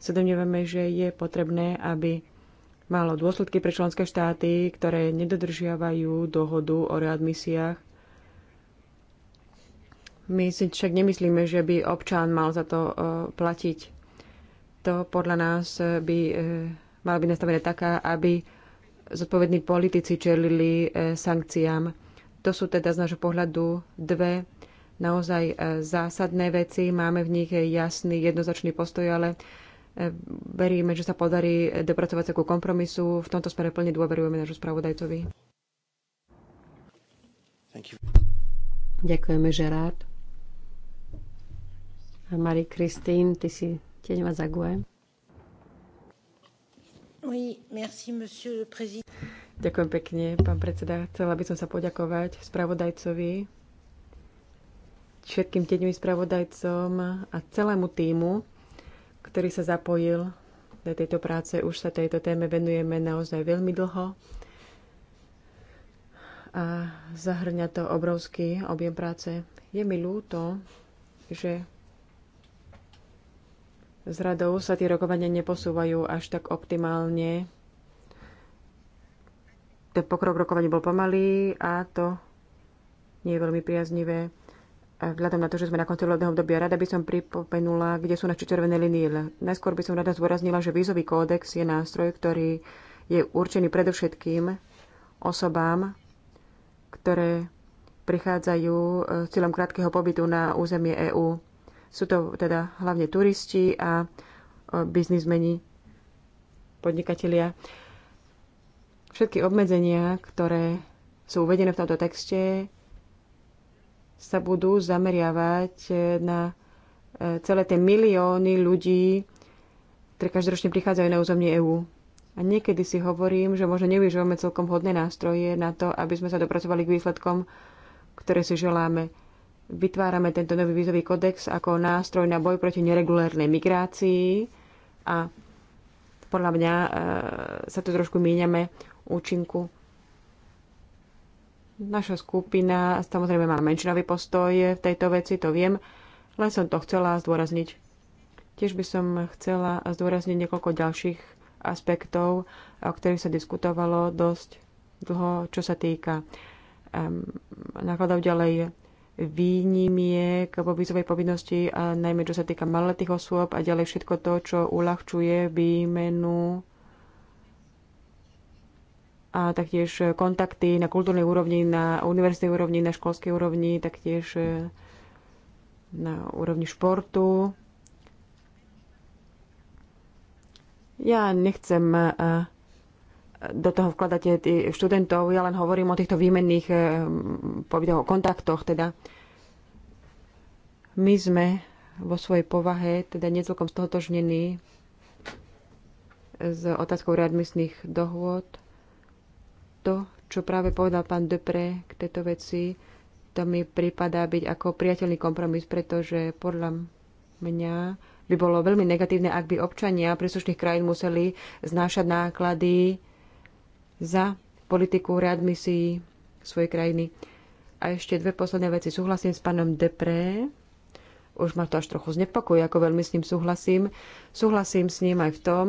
Sedomňujeme, sa že je potrebné, aby malo dôsledky pre členské štáty, ktoré nedodržiavajú dohodu o readmisiách. My si však nemyslíme, že by občan mal za to platiť to podľa nás eh, by eh, malo byť nastavené taká, aby zodpovední politici čelili eh, sankciám. To sú teda z nášho pohľadu dve naozaj zásadné veci. Máme v nich jasný, jednoznačný postoj, ale veríme, že sa podarí dopracovať sa ku kompromisu. V tomto smere plne dôverujeme nášmu spravodajcovi. Ďakujeme, Žerát. A Marie christine ty si Tieňva Zague. Oui, merci, monsieur le président. Ďakujem pekne, pán predseda. Chcela by som sa poďakovať spravodajcovi, všetkým tieňovým spravodajcom a celému týmu, ktorý sa zapojil do tejto práce. Už sa tejto téme venujeme naozaj veľmi dlho a zahrňa to obrovský objem práce. Je mi ľúto, že s radou sa tie rokovania neposúvajú až tak optimálne. Ten pokrok rokovaní bol pomalý a to nie je veľmi priaznivé. Vzhľadom na to, že sme na konci volebného obdobia, rada by som pripomenula, kde sú naše červené linie. Najskôr by som rada zdôraznila, že vízový kódex je nástroj, ktorý je určený predovšetkým osobám, ktoré prichádzajú e, s cieľom krátkeho pobytu na územie EÚ. Sú to teda hlavne turisti a e, biznismeni, podnikatelia. Všetky obmedzenia, ktoré sú uvedené v tomto texte, sa budú zameriavať e, na e, celé tie milióny ľudí, ktoré každoročne prichádzajú na územie EÚ. A niekedy si hovorím, že možno nevyžívame celkom hodné nástroje na to, aby sme sa dopracovali k výsledkom, ktoré si želáme vytvárame tento nový vízový kodex ako nástroj na boj proti neregulárnej migrácii a podľa mňa e, sa tu trošku míňame účinku. Naša skupina samozrejme má menšinový postoj v tejto veci, to viem, len som to chcela zdôrazniť. Tiež by som chcela zdôrazniť niekoľko ďalších aspektov, o ktorých sa diskutovalo dosť dlho, čo sa týka um, nákladov ďalej výnimiek vo vízovej povinnosti, a najmä čo sa týka maletých osôb a ďalej všetko to, čo uľahčuje výmenu a taktiež kontakty na kultúrnej úrovni, na univerzitnej úrovni, na školskej úrovni, taktiež e, na úrovni športu. Ja nechcem e, do toho vkladáte tých študentov. Ja len hovorím o týchto výmenných eh, povedal, o kontaktoch. Teda. My sme vo svojej povahe teda necelkom žnení s otázkou readmisných dohôd. To, čo práve povedal pán Depre k tejto veci, to mi prípada byť ako priateľný kompromis, pretože podľa mňa by bolo veľmi negatívne, ak by občania príslušných krajín museli znášať náklady za politiku readmisií svojej krajiny. A ešte dve posledné veci. Súhlasím s pánom Depré. Už ma to až trochu znepokojí, ako veľmi s ním súhlasím. Súhlasím s ním aj v tom,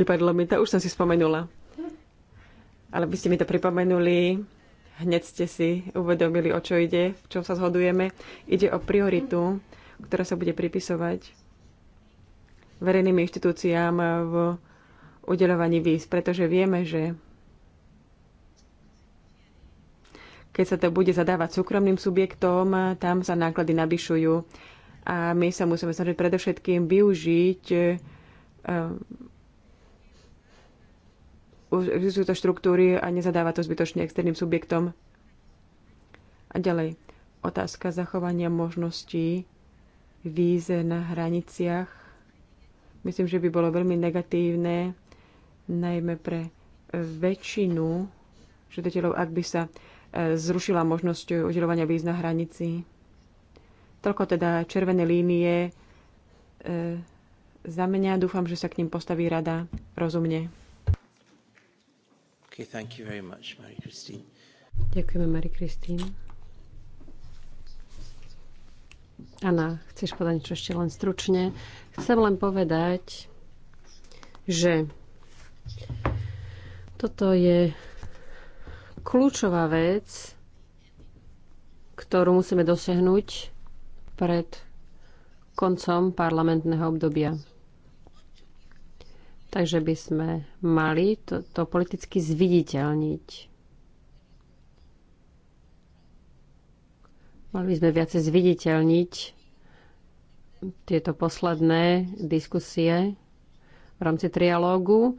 Vypadlo mi to, už som si spomenula. Ale by ste mi to pripomenuli, hneď ste si uvedomili, o čo ide, v čom sa zhodujeme. Ide o prioritu, ktorá sa bude pripisovať verejným inštitúciám v udeľovaní víz, pretože vieme, že keď sa to bude zadávať súkromným subjektom, tam sa náklady navyšujú a my sa musíme snažiť predovšetkým využiť eh, existujú to štruktúry a nezadáva to zbytočne externým subjektom. A ďalej, otázka zachovania možností víze na hraniciach. Myslím, že by bolo veľmi negatívne, najmä pre väčšinu žiadateľov, ak by sa e, zrušila možnosť udelovania víz na hranici. Toľko teda červené línie. E, za mňa dúfam, že sa k ním postaví rada rozumne. Okay, thank you very much, Marie Christine. Ďakujeme, Marie Christine. Anna, chceš povedať niečo ešte len stručne? Chcem len povedať, že toto je kľúčová vec, ktorú musíme dosiahnuť pred koncom parlamentného obdobia. Takže by sme mali to, to politicky zviditeľniť. Mali by sme viacej zviditeľniť tieto posledné diskusie v rámci trialógu.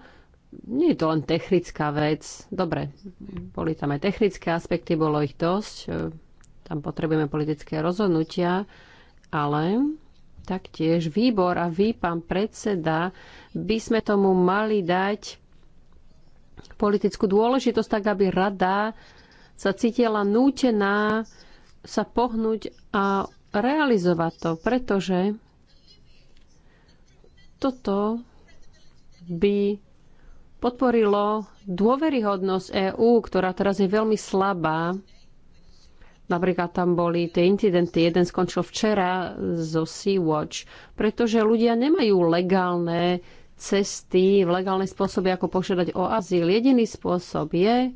Nie je to len technická vec. Dobre, boli tam aj technické aspekty, bolo ich dosť. Tam potrebujeme politické rozhodnutia, ale taktiež výbor a vy, pán predseda, by sme tomu mali dať politickú dôležitosť, tak aby rada sa cítila nútená sa pohnúť a realizovať to, pretože toto by podporilo dôveryhodnosť EÚ, ktorá teraz je veľmi slabá Napríklad tam boli tie incidenty, jeden skončil včera zo Sea-Watch, pretože ľudia nemajú legálne cesty, legálne spôsoby, ako požiadať o azyl. Jediný spôsob je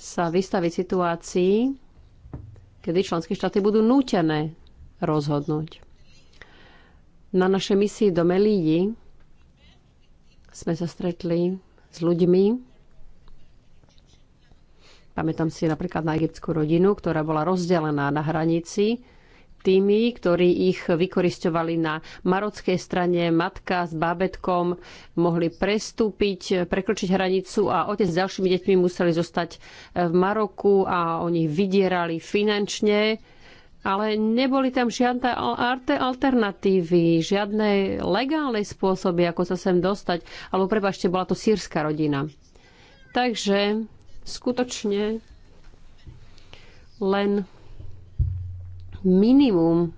sa vystaviť situácii, kedy členské štáty budú nútené rozhodnúť. Na našej misii do Melídi sme sa stretli s ľuďmi, Pamätám si napríklad na egyptskú rodinu, ktorá bola rozdelená na hranici tými, ktorí ich vykoristovali na marockej strane. Matka s bábetkom mohli prestúpiť, prekročiť hranicu a otec s ďalšími deťmi museli zostať v Maroku a oni vydierali finančne. Ale neboli tam žiadne alternatívy, žiadne legálne spôsoby, ako sa sem dostať. Alebo prepašte, bola to sírska rodina. Takže skutočne len minimum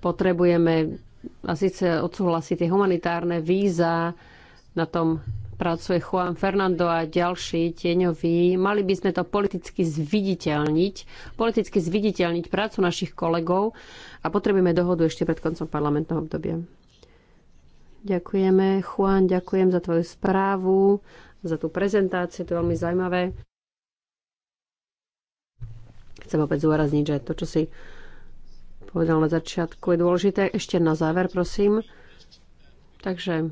potrebujeme a síce odsúhlasí tie humanitárne víza, na tom pracuje Juan Fernando a ďalší tieňoví. Mali by sme to politicky zviditeľniť, politicky zviditeľniť prácu našich kolegov a potrebujeme dohodu ešte pred koncom parlamentného obdobia. Ďakujeme, Juan, ďakujem za tvoju správu za tú prezentáciu, to je veľmi zaujímavé. Chcem opäť zúrazniť, že to, čo si povedal na začiatku, je dôležité. Ešte na záver, prosím. Takže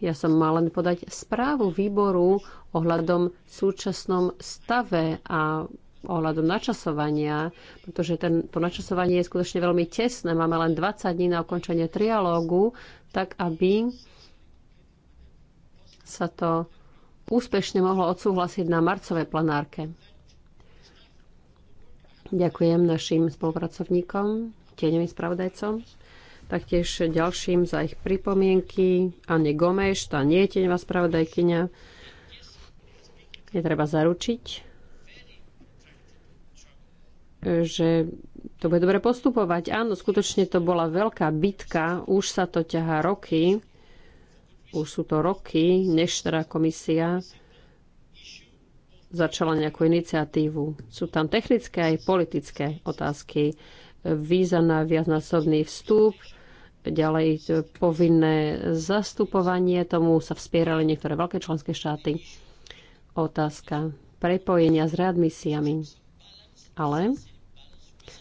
ja som mal len podať správu výboru ohľadom súčasnom stave a ohľadom načasovania, pretože ten, to načasovanie je skutočne veľmi tesné. Máme len 20 dní na ukončenie trialógu, tak aby sa to úspešne mohlo odsúhlasiť na marcové planárke. Ďakujem našim spolupracovníkom, tieňovým spravodajcom, taktiež ďalším za ich pripomienky. Anne Gomeš, tá nie je tieňová spravodajkyňa. Je treba zaručiť, že to bude dobre postupovať. Áno, skutočne to bola veľká bitka, už sa to ťahá roky už sú to roky, než teda komisia začala nejakú iniciatívu. Sú tam technické aj politické otázky. Víza na viacnásobný vstup, ďalej povinné zastupovanie, tomu sa vspierali niektoré veľké členské štáty. Otázka prepojenia s readmisiami. Ale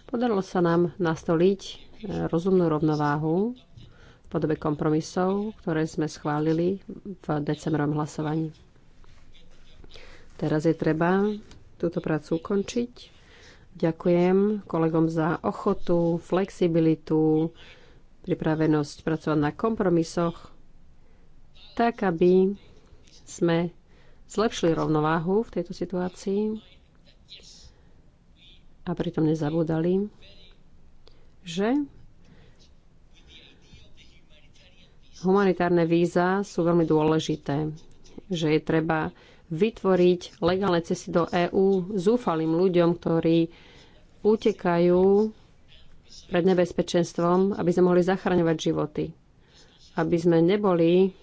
podarilo sa nám nastoliť eh, rozumnú rovnováhu podobe kompromisov, ktoré sme schválili v decembrovom hlasovaní. Teraz je treba túto prácu ukončiť. Ďakujem kolegom za ochotu, flexibilitu, pripravenosť pracovať na kompromisoch, tak aby sme zlepšili rovnováhu v tejto situácii a pritom nezabúdali, že humanitárne víza sú veľmi dôležité, že je treba vytvoriť legálne cesty do EÚ zúfalým ľuďom, ktorí utekajú pred nebezpečenstvom, aby sme mohli zachraňovať životy. Aby sme neboli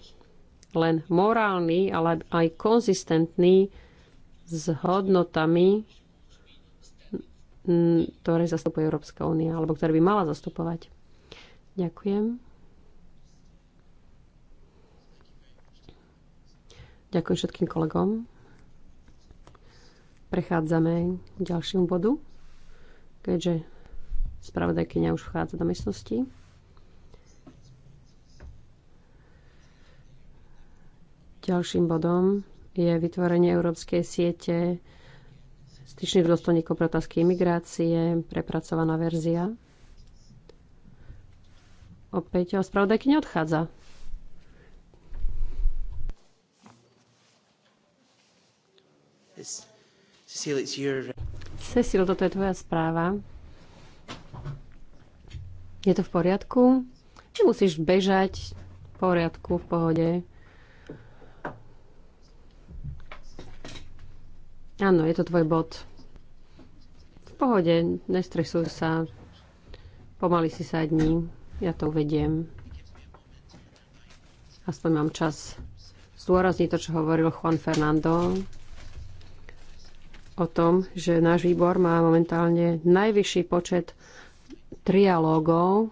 len morálni, ale aj konzistentní s hodnotami, ktoré zastupuje Európska únia, alebo ktoré by mala zastupovať. Ďakujem. Ďakujem všetkým kolegom. Prechádzame k ďalšiemu bodu, keďže spravodajkyňa už vchádza do miestnosti. Ďalším bodom je vytvorenie európskej siete styčných dôstojníkov pre otázky imigrácie, prepracovaná verzia. Opäť spravodajky neodchádza. Cecil, it's your... Cecil, toto je tvoja správa. Je to v poriadku? Nemusíš bežať v poriadku, v pohode. Áno, je to tvoj bod. V pohode, nestresuj sa. Pomaly si sadni, ja to uvediem. Aspoň mám čas zdôrazniť to, čo hovoril Juan Fernando o tom, že náš výbor má momentálne najvyšší počet trialógov.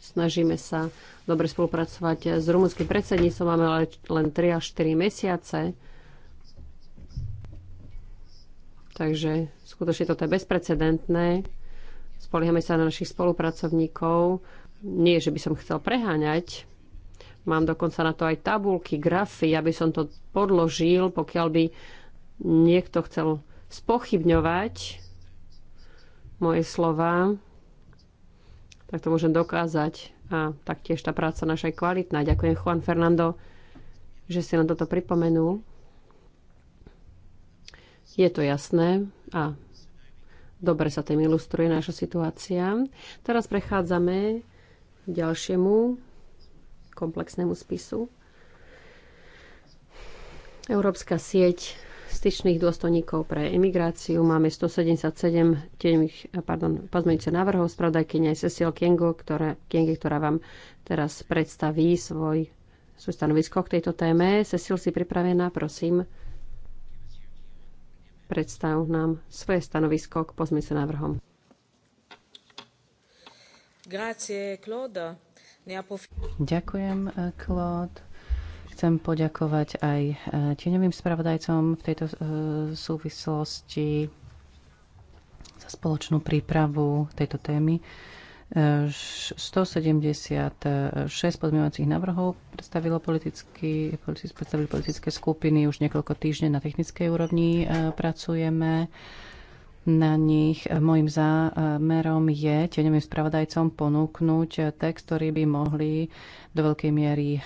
Snažíme sa dobre spolupracovať s rumunským predsedníctvom, máme len 3 až 4 mesiace. Takže skutočne toto je bezprecedentné. Spoliehame sa na našich spolupracovníkov. Nie, že by som chcel preháňať. Mám dokonca na to aj tabulky, grafy, aby som to podložil, pokiaľ by niekto chcel spochybňovať moje slova, tak to môžem dokázať. A taktiež tá práca naša je kvalitná. Ďakujem Juan Fernando, že si nám toto pripomenul. Je to jasné a dobre sa tým ilustruje naša situácia. Teraz prechádzame k ďalšiemu komplexnému spisu. Európska sieť styčných dôstojníkov pre imigráciu. Máme 177 tieňových, eh, pardon, pozmeňujúce návrhov spravodajkyne Cecil Kiengo, ktorá, Kienge, ktorá vám teraz predstaví svoj, svoj stanovisko k tejto téme. Cecil, si pripravená, prosím. Predstav nám svoje stanovisko k pozmeňujúce návrhom. Grazie, Claude. Ďakujem, eh, Claude. Chcem poďakovať aj e, tieňovým spravodajcom v tejto e, súvislosti za spoločnú prípravu tejto témy. 176 e, pozmeňovacích návrhov predstavilo politicky, predstavili politické skupiny. Už niekoľko týždňov na technickej úrovni pracujeme na nich. mojim zámerom je tieňovým spravodajcom ponúknuť text, ktorý by mohli do veľkej miery e,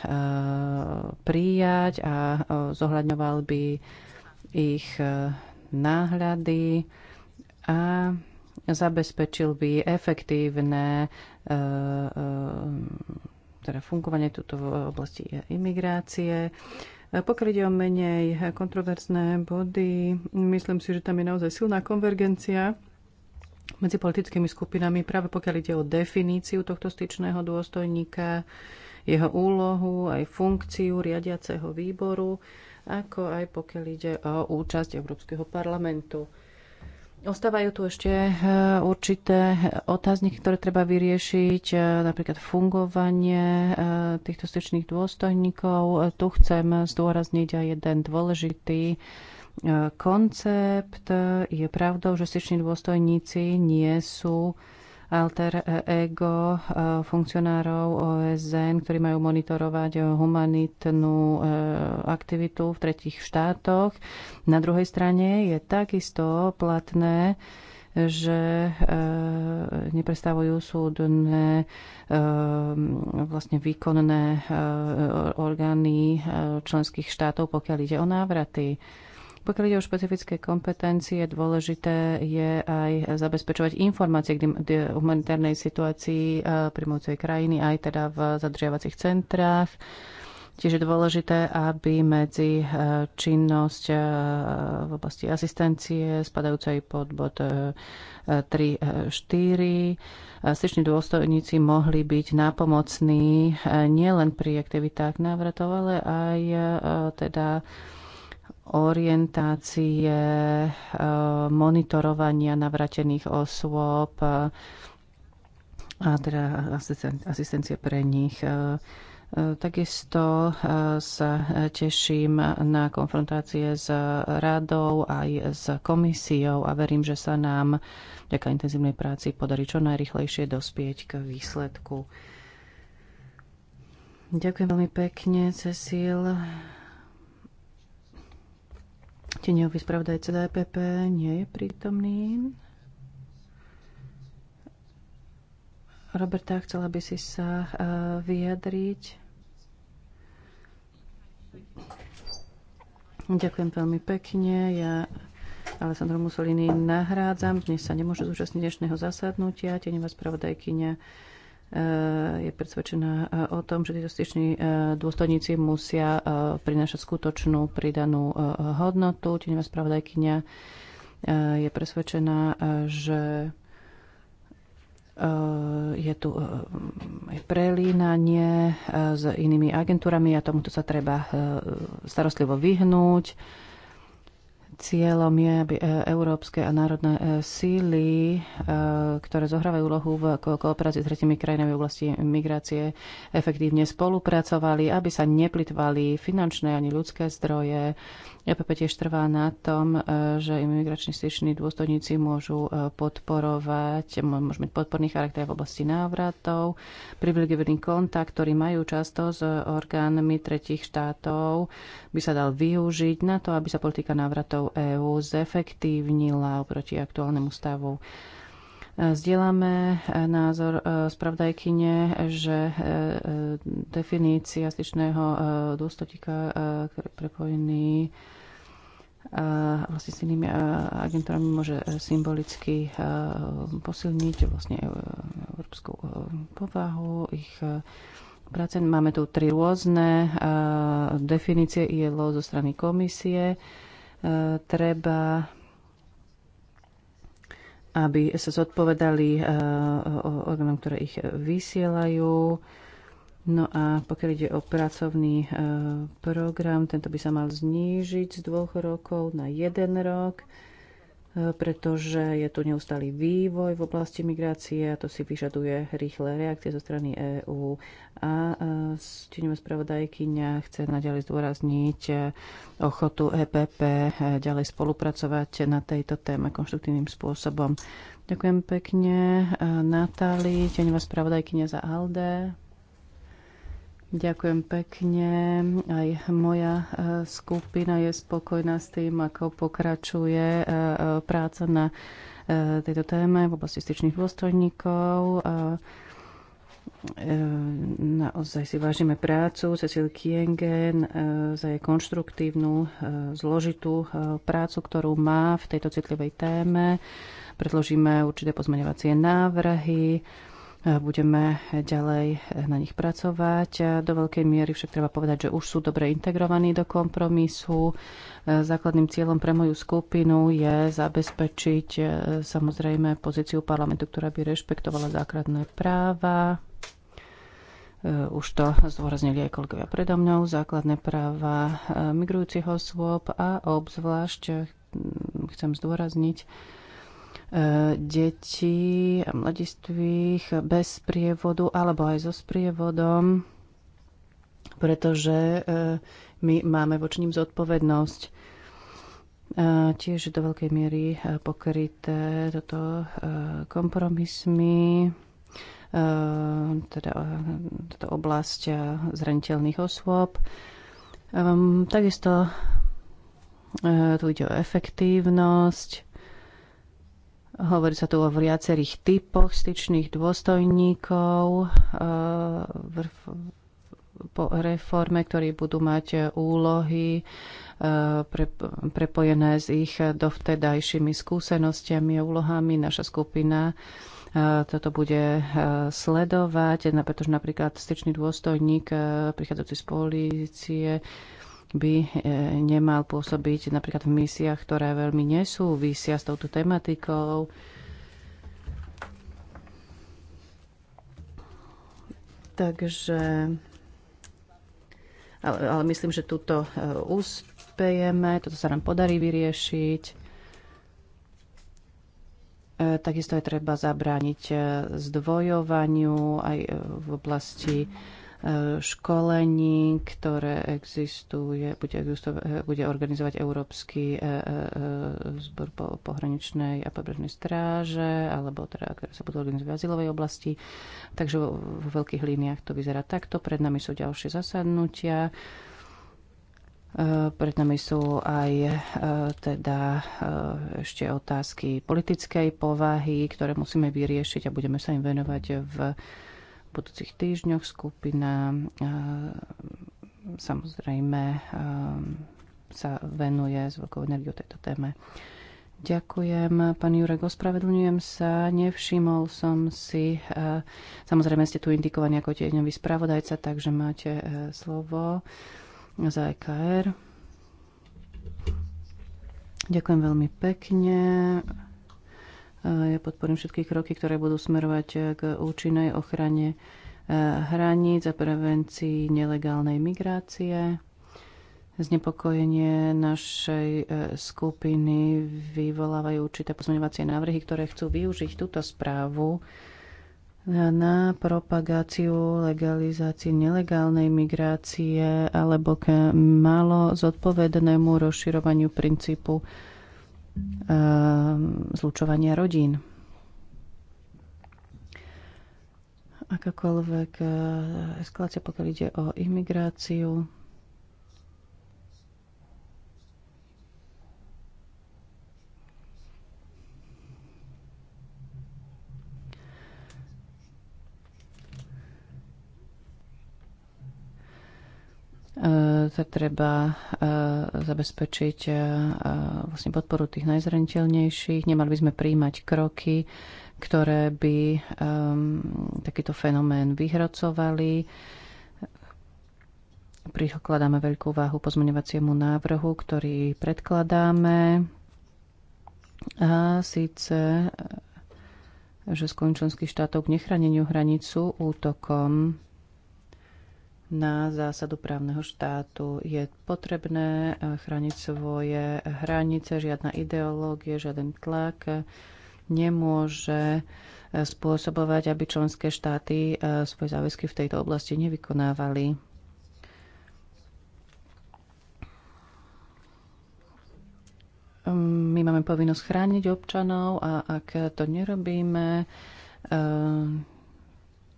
prijať a e, zohľadňoval by ich e, náhľady a zabezpečil by efektívne teda fungovanie tuto v oblasti imigrácie. Pokiaľ ide o menej kontroverzné body, myslím si, že tam je naozaj silná konvergencia medzi politickými skupinami, práve pokiaľ ide o definíciu tohto styčného dôstojníka, jeho úlohu, aj funkciu riadiaceho výboru, ako aj pokiaľ ide o účasť Európskeho parlamentu. Ostávajú tu ešte e, určité otázniky, ktoré treba vyriešiť, e, napríklad fungovanie e, týchto styčných dôstojníkov. Tu chcem zdôrazniť aj jeden dôležitý koncept. Je pravdou, že styční dôstojníci nie sú alter ego e, funkcionárov OSN, ktorí majú monitorovať humanitnú e, aktivitu v tretich štátoch. Na druhej strane je takisto platné, že e, neprestávajú súdne e, vlastne výkonné e, orgány e, členských štátov, pokiaľ ide o návraty. E, pokiaľ ide o špecifické kompetencie, dôležité je aj zabezpečovať informácie k humanitárnej situácii eh, primúcej krajiny, aj teda v zadržiavacích centrách. Tiež je dôležité, aby medzi eh, činnosť eh, v oblasti asistencie, spadajúcej pod bod 3-4, styční dôstojníci mohli byť nápomocní nielen pri aktivitách návratov, ale aj teda orientácie, e, monitorovania navratených osôb e, a teda asistencie pre nich. E, takisto sa teším na konfrontácie s radou aj s komisiou a verím, že sa nám vďaka intenzívnej práci podarí čo najrychlejšie dospieť k výsledku. Ďakujem veľmi pekne, Cecil. Teňový spravodajca DPP nie je prítomný. Roberta, chcela by si sa e, vyjadriť. Ďakujem veľmi pekne. Ja Alessandro Mussolini nahrádzam. Dnes sa nemôže zúčastniť dnešného zasadnutia. Teňová spravodajkyňa Eh, je presvedčená eh, o tom, že títo styční eh, dôstojníci musia prinášať skutočnú pridanú hodnotu. Tieňová spravodajkynia je presvedčená, že je tu prelínanie s inými agentúrami a tomuto sa treba starostlivo vyhnúť Cieľom je, aby e, európske a národné e, síly, e, ktoré zohrávajú úlohu v kooperácii s tretimi krajinami v oblasti migrácie, efektívne spolupracovali, aby sa neplitvali finančné ani ľudské zdroje, EPP tiež trvá na tom, e, že imigrační styční dôstojníci môžu e, podporovať, môžu mať podporný charakter v oblasti návratov, privilegovaný kontakt, ktorý majú často s orgánmi tretich štátov, by sa dal využiť na to, aby sa politika návratov EÚ zefektívnila oproti aktuálnemu stavu Zdieľame e, názor e, spravdajkyne, že e, definícia styčného dôstotika, ktorý je prepojený vlastne s inými agentúrami môže symbolicky posilniť vlastne európsku povahu, ich práce. Máme tu tri rôzne definície ILO zo strany komisie. Treba aby sa zodpovedali eh, orgánom, ktoré ich vysielajú. No a pokiaľ ide o pracovný eh, program, tento by sa mal znížiť z dvoch rokov na jeden rok pretože je tu neustály vývoj v oblasti migrácie a to si vyžaduje rýchle reakcie zo strany EÚ. A e, steňová spravodajkyňa chce naďalej zdôrazniť e, ochotu EPP e, ďalej spolupracovať na tejto téme konštruktívnym spôsobom. Ďakujem pekne. Natáli, tieňová spravodajkyňa za ALDE. Ďakujem pekne. Aj moja e, skupina je spokojná s tým, ako pokračuje e, e, práca na tejto téme v oblasti styčných dôstojníkov. Naozaj si vážime prácu Cecil Kiengen za jej konštruktívnu, zložitú prácu, ktorú má v tejto citlivej téme. Predložíme určité pozmeňovacie návrhy budeme ďalej na nich pracovať. Do veľkej miery však treba povedať, že už sú dobre integrovaní do kompromisu. E, základným cieľom pre moju skupinu je zabezpečiť e, samozrejme pozíciu parlamentu, ktorá by rešpektovala základné práva. E, už to zdôraznili aj kolegovia predo mnou, základné práva migrujúcich osôb a obzvlášť chcem zdôrazniť, detí a mladistvých bez prievodu alebo aj so sprievodom, pretože e, my máme voči ním zodpovednosť. E, tiež do veľkej miery e, pokryté toto kompromismi, teda toto oblasť zraniteľných osôb. Takisto tu ide o efektívnosť, Hovorí sa tu o viacerých typoch styčných dôstojníkov e, po reforme, ktorí budú mať úlohy e, prepojené s ich dovtedajšími skúsenostiami a úlohami. Naša skupina e, toto bude sledovať, pretože napríklad styčný dôstojník prichádzajúci z polície by e, nemal pôsobiť napríklad v misiách, ktoré veľmi nesúvisia s touto tematikou. Takže ale, ale myslím, že túto úspejeme, e, toto sa nám podarí vyriešiť. E, takisto je treba zabrániť zdvojovaniu aj v oblasti školení, ktoré existuje, bude, bude organizovať Európsky e, e, e, zbor po, pohraničnej a pobrežnej stráže, alebo teda, ktoré sa budú organizovať v azylovej oblasti. Takže vo, vo veľkých líniách to vyzerá takto. Pred nami sú ďalšie zasadnutia. Pred nami sú aj teda ešte otázky politickej povahy, ktoré musíme vyriešiť a budeme sa im venovať v budúcich týždňoch skupina eh, samozrejme eh, sa venuje s veľkou energiou tejto téme. Ďakujem, pán Jurek, ospravedlňujem sa, nevšimol som si. Eh, samozrejme ste tu indikovaní ako tieňový spravodajca, takže máte slovo za EKR. Ďakujem veľmi pekne. Ja podporím všetky kroky, ktoré budú smerovať e, k účinnej ochrane e, hraníc a prevencii nelegálnej migrácie. Znepokojenie našej e, skupiny vyvolávajú určité pozmeňovacie návrhy, ktoré chcú využiť túto správu na propagáciu legalizácii nelegálnej migrácie alebo k malo zodpovednému rozširovaniu princípu Ehm, zlučovania rodín. Akákoľvek eh, eskalácia, pokiaľ ide o imigráciu, sa eh, treba eh, zabezpečiť eh, vlastne podporu tých najzraniteľnejších. Nemali by sme príjmať kroky, ktoré by ehm, takýto fenomén vyhrocovali. Prikladáme veľkú váhu pozmeňovaciemu návrhu, ktorý predkladáme. A síce, že skončenských štátov k nechraneniu hranicu útokom na zásadu právneho štátu. Je potrebné eh, chrániť svoje hranice, žiadna ideológie, žiaden tlak nemôže eh, spôsobovať, aby členské štáty eh, svoje záväzky v tejto oblasti nevykonávali. Mm, my máme povinnosť chrániť občanov a ak to nerobíme,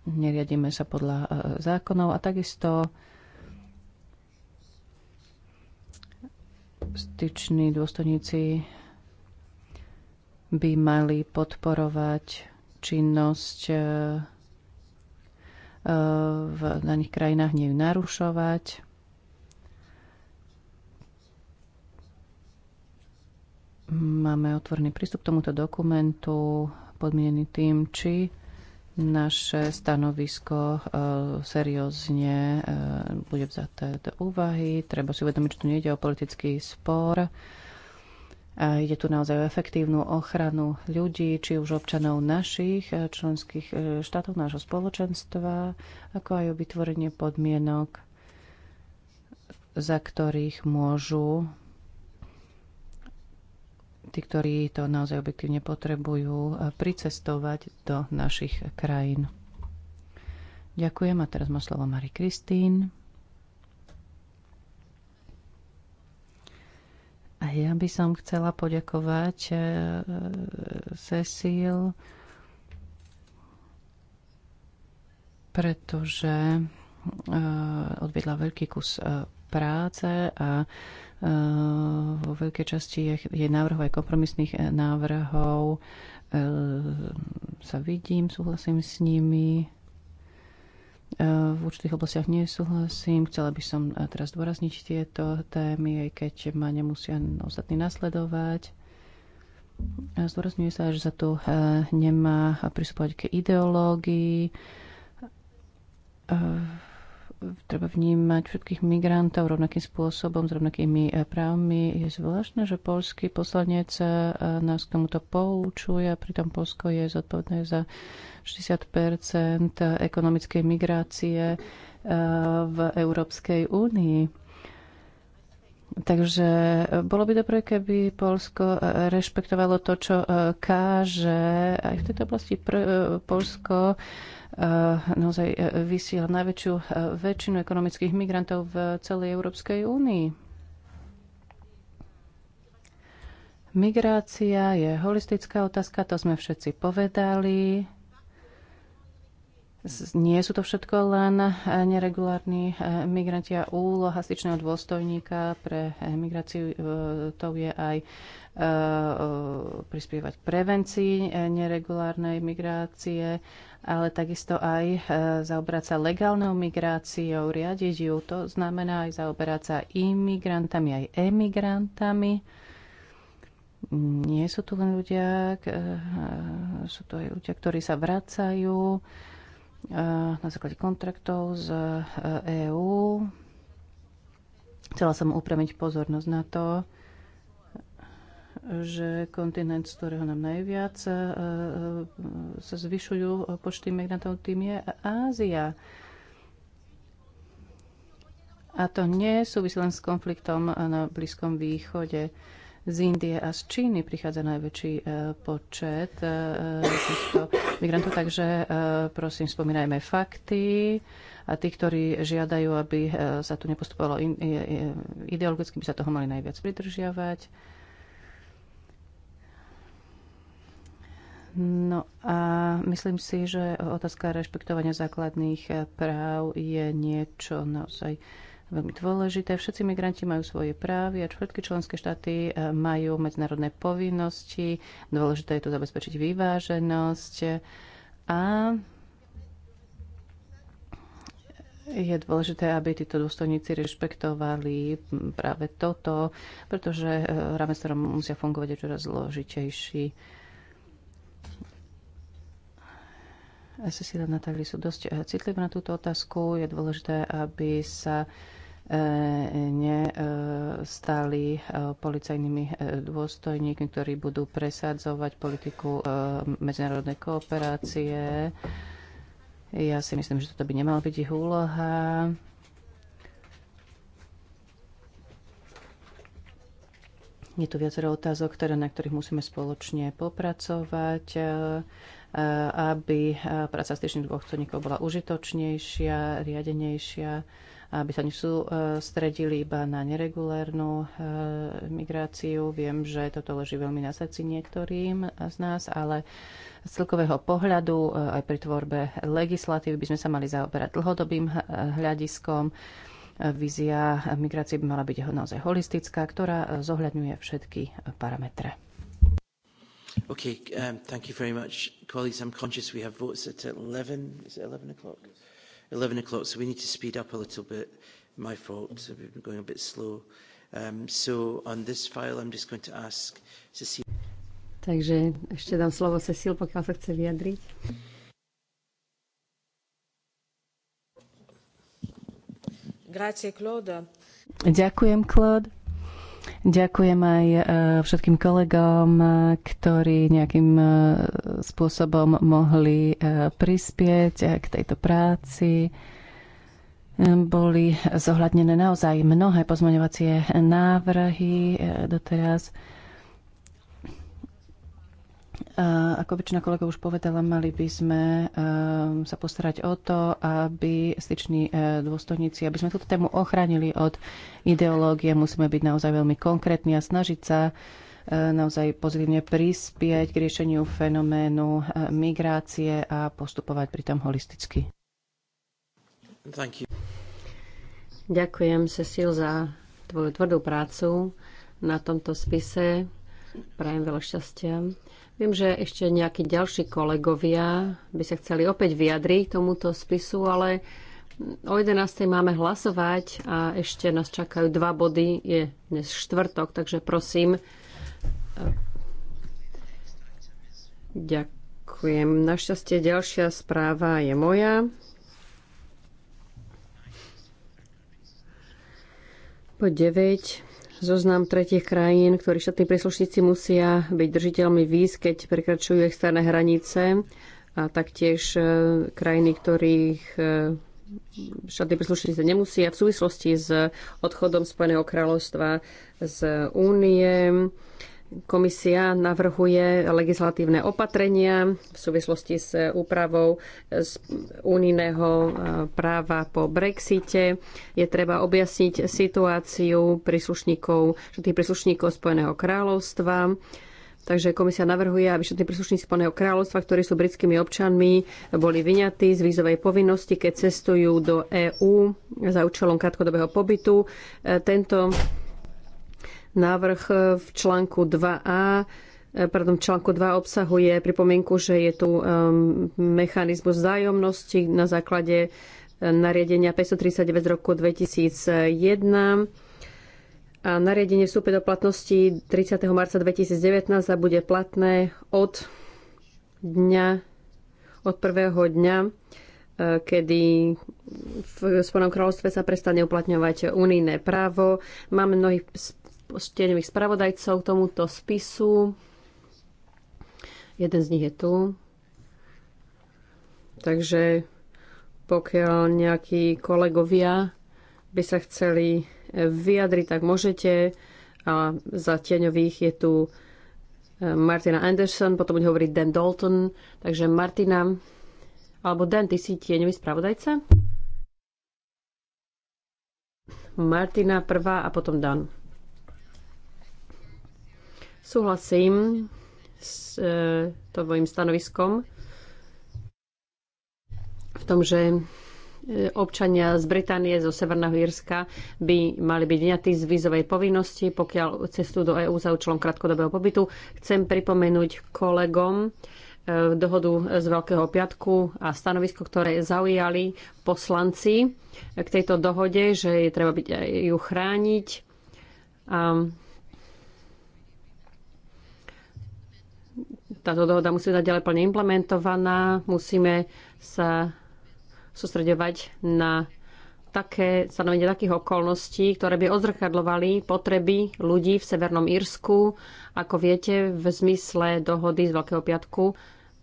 neriadíme sa podľa e, zákonov a takisto styční dôstojníci by mali podporovať činnosť e, e, v daných krajinách, nie narušovať. Máme otvorný prístup k tomuto dokumentu, podmienený tým, či naše stanovisko e, seriózne e, bude vzaté do úvahy. Treba si uvedomiť, že tu nejde o politický spor. E, ide tu naozaj o efektívnu ochranu ľudí, či už občanov našich členských štátov, nášho spoločenstva, ako aj o vytvorenie podmienok, za ktorých môžu tí, ktorí to naozaj objektívne potrebujú, eh, pricestovať do našich krajín. Ďakujem a teraz má slovo Mari Kristín. A ja by som chcela poďakovať eh, Cecil, pretože eh, odvedla veľký kus práce a e, vo veľkej časti je, je návrh aj kompromisných e, návrhov. E, sa vidím, súhlasím s nimi. V určitých oblastiach nesúhlasím. Chcela by som teraz dôrazniť tieto témy, aj keď ma nemusia ostatní nasledovať. Zdôrazňuje sa, že sa tu nemá pristupovať k ideológii treba vnímať všetkých migrantov rovnakým spôsobom, s rovnakými e, právmi. Je zvláštne, že polský poslanec e, nás k tomuto poučuje a pritom Polsko je zodpovedné za 60 ekonomickej migrácie e, v Európskej únii. Takže bolo by dobre, keby Polsko rešpektovalo to, čo káže. Aj v tejto oblasti Polsko Eh, naozaj eh, vysiela najväčšiu eh, väčšinu ekonomických migrantov v celej Európskej únii. Migrácia je holistická otázka, to sme všetci povedali. Nie sú to všetko len eh, neregulárni eh, migranti a úloha styčného dôstojníka pre eh, migráciu to je aj prispievať prevencii neregulárnej migrácie, ale takisto aj zaoberať sa legálnou migráciou, riadiť ju. To znamená aj zaoberať sa imigrantami, aj emigrantami nie sú tu len ľudia, sú tu aj ľudia, ktorí sa vracajú Eh, na základe kontraktov z EÚ. Eh, e Chcela som upremiť pozornosť na to, že kontinent, z ktorého nám najviac eh, sa zvyšujú počty migrantov, tým je Ázia. A to nie súvisí len s konfliktom na Blízkom východe. Z Indie a z Číny prichádza najväčší e, počet e, týchto migrantov, takže e, prosím, spomínajme fakty a tí, ktorí žiadajú, aby sa tu nepostupovalo ideologicky, by sa toho mali najviac pridržiavať. No a myslím si, že otázka rešpektovania základných práv je niečo naozaj veľmi dôležité. Všetci migranti majú svoje právy a všetky členské štáty e, majú medzinárodné povinnosti. Dôležité je tu zabezpečiť vyváženosť a je dôležité, aby títo dôstojníci rešpektovali práve toto, pretože e, rámec, ktorom musia fungovať, je čoraz zložitejší. Cecilia a Natália sú dosť e, citlivé na túto otázku. Je dôležité, aby sa nestali e, policajnými e, dôstojníkmi, ktorí budú presadzovať politiku e, medzinárodnej kooperácie. Ja si myslím, že toto by nemala byť ich úloha. Je tu viacero otázok, ktoré, na ktorých musíme spoločne popracovať, aby práca styčných dôchodníkov bola užitočnejšia, riadenejšia aby sa nesústredili e, iba na neregulárnu e, migráciu. Viem, že toto leží veľmi na srdci niektorým z nás, ale z celkového pohľadu e, aj pri tvorbe legislatívy by sme sa mali zaoberať dlhodobým hľadiskom. Vízia migrácie by mala byť naozaj holistická, ktorá zohľadňuje všetky parametre. Okay, um, thank you very much, colleagues. I'm conscious we have votes at 11. Is it 11 o'clock? Yes. 11 o'clock, so we need to speed up a little bit. My fault, so we've been going a bit slow. Um, so on this file, I'm just going to ask Cecile. Takže ešte dám slovo Cecil, pokiaľ sa chce vyjadriť. Grazie, Claude. Ďakujem, Claude. Ďakujem aj e, všetkým kolegom, e, ktorí nejakým e, spôsobom mohli prispieť k tejto práci. Boli zohľadnené naozaj mnohé pozmeňovacie návrhy doteraz. Ako väčšina kolegov už povedala, mali by sme ehm, sa postarať o to, aby styční e, dôstojníci, aby sme túto tému ochránili od ideológie. Musíme byť naozaj veľmi konkrétni a snažiť sa e, naozaj pozitívne prispieť k riešeniu fenoménu e, migrácie a postupovať pritom holisticky. Ďakujem, Cecil, za tvoju tvrdú prácu na tomto spise. Prajem veľa šťastia. Viem, že ešte nejakí ďalší kolegovia by sa chceli opäť vyjadriť k tomuto spisu, ale o 11. máme hlasovať a ešte nás čakajú dva body. Je dnes štvrtok, takže prosím. Ďakujem. Našťastie ďalšia správa je moja. Po 9 zoznam tretich krajín, ktorí štátni príslušníci musia byť držiteľmi víz, keď prekračujú externé hranice a taktiež e, krajiny, ktorých e, štátni príslušníci nemusia v súvislosti s odchodom Spojeného kráľovstva z únie. Komisia navrhuje legislatívne opatrenia v súvislosti s úpravou unijného e, práva po Brexite. Je treba objasniť situáciu príslušníkov, všetkých príslušníkov Spojeného kráľovstva. Takže komisia navrhuje, aby všetci príslušníci Spojeného kráľovstva, ktorí sú britskými občanmi, boli vyňatí z vízovej povinnosti, keď cestujú do EÚ za účelom krátkodobého pobytu. E, tento Návrh e, v článku 2a e, pardon, článku 2 obsahuje pripomienku, že je tu mechanizmus zájomnosti na základe e, nariadenia 539 z roku 2001 a nariadenie vstúpe do platnosti 30. marca 2019 a bude platné od dňa, od prvého dňa, kedy v Spojenom kráľovstve sa prestane uplatňovať unijné právo. Máme mnohých stienových spravodajcov k tomuto spisu. Jeden z nich je tu. Takže pokiaľ nejakí kolegovia by sa chceli vyjadriť, tak môžete. A za tieňových je tu e, Martina Anderson, potom bude hovoriť Dan Dalton. Takže Martina, alebo Dan, ty si tieňový spravodajca? Martina prvá a potom Dan. Súhlasím s e, tvojim stanoviskom v tom, že e, občania z Británie, zo Severného Írska by mali byť vňatí z vízovej povinnosti, pokiaľ cestu do EÚ za účelom krátkodobého pobytu. Chcem pripomenúť kolegom e, dohodu z Veľkého piatku a stanovisko, ktoré zaujali poslanci k tejto dohode, že je treba byť, e, ju chrániť. A táto dohoda musí byť ďalej plne implementovaná. Musíme sa sústredovať na také, stanovenie takých okolností, ktoré by odzrkadlovali potreby ľudí v Severnom Írsku. Ako viete, v zmysle dohody z Veľkého piatku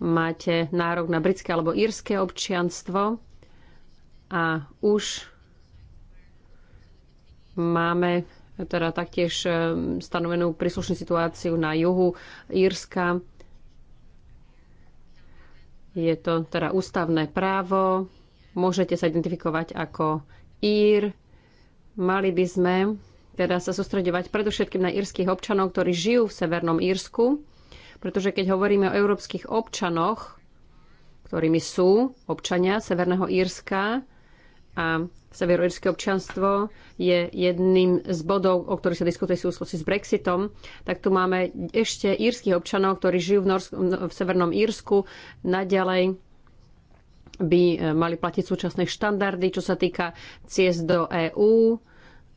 máte nárok na britské alebo írske občianstvo a už máme teda taktiež eh, stanovenú príslušnú situáciu na juhu Írska. Je to teda ústavné právo. Môžete sa identifikovať ako Ír. Mali by sme teda sa sústredovať predovšetkým na írskych občanov, ktorí žijú v Severnom Írsku, pretože keď hovoríme o európskych občanoch, ktorými sú občania Severného Írska, a severoírske občanstvo je jedným z bodov, o ktorých sa diskutuje v súvislosti s Brexitom, tak tu máme ešte írskych občanov, ktorí žijú v, Norsk- v Severnom Írsku. Naďalej by e, mali platiť súčasné štandardy, čo sa týka ciest do EÚ.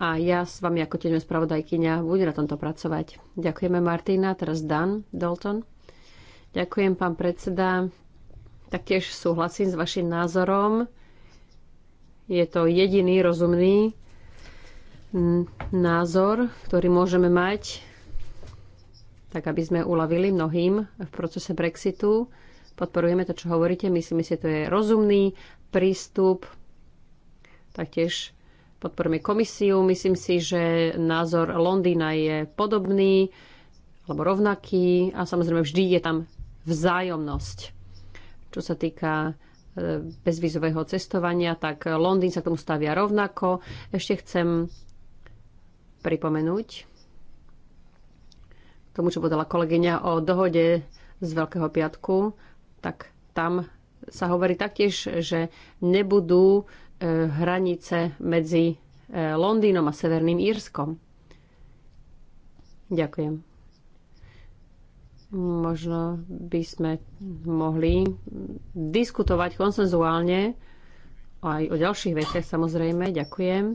A ja s vami ako tiež spravodajkyňa budem na tomto pracovať. Ďakujeme Martina, teraz Dan Dalton. Ďakujem, pán predseda. Taktiež súhlasím s vašim názorom je to jediný rozumný názor, ktorý môžeme mať, tak aby sme uľavili mnohým v procese Brexitu. Podporujeme to, čo hovoríte. Myslím si, že to je rozumný prístup. Taktiež podporujeme komisiu. Myslím si, že názor Londýna je podobný alebo rovnaký a samozrejme vždy je tam vzájomnosť. Čo sa týka bezvizového cestovania, tak Londýn sa k tomu stavia rovnako. Ešte chcem pripomenúť k tomu, čo povedala kolegyňa o dohode z Veľkého piatku, tak tam sa hovorí taktiež, že nebudú e, hranice medzi e, Londýnom a Severným Írskom. Ďakujem. Možno by sme mohli diskutovať konsenzuálne aj o ďalších veciach samozrejme. Ďakujem.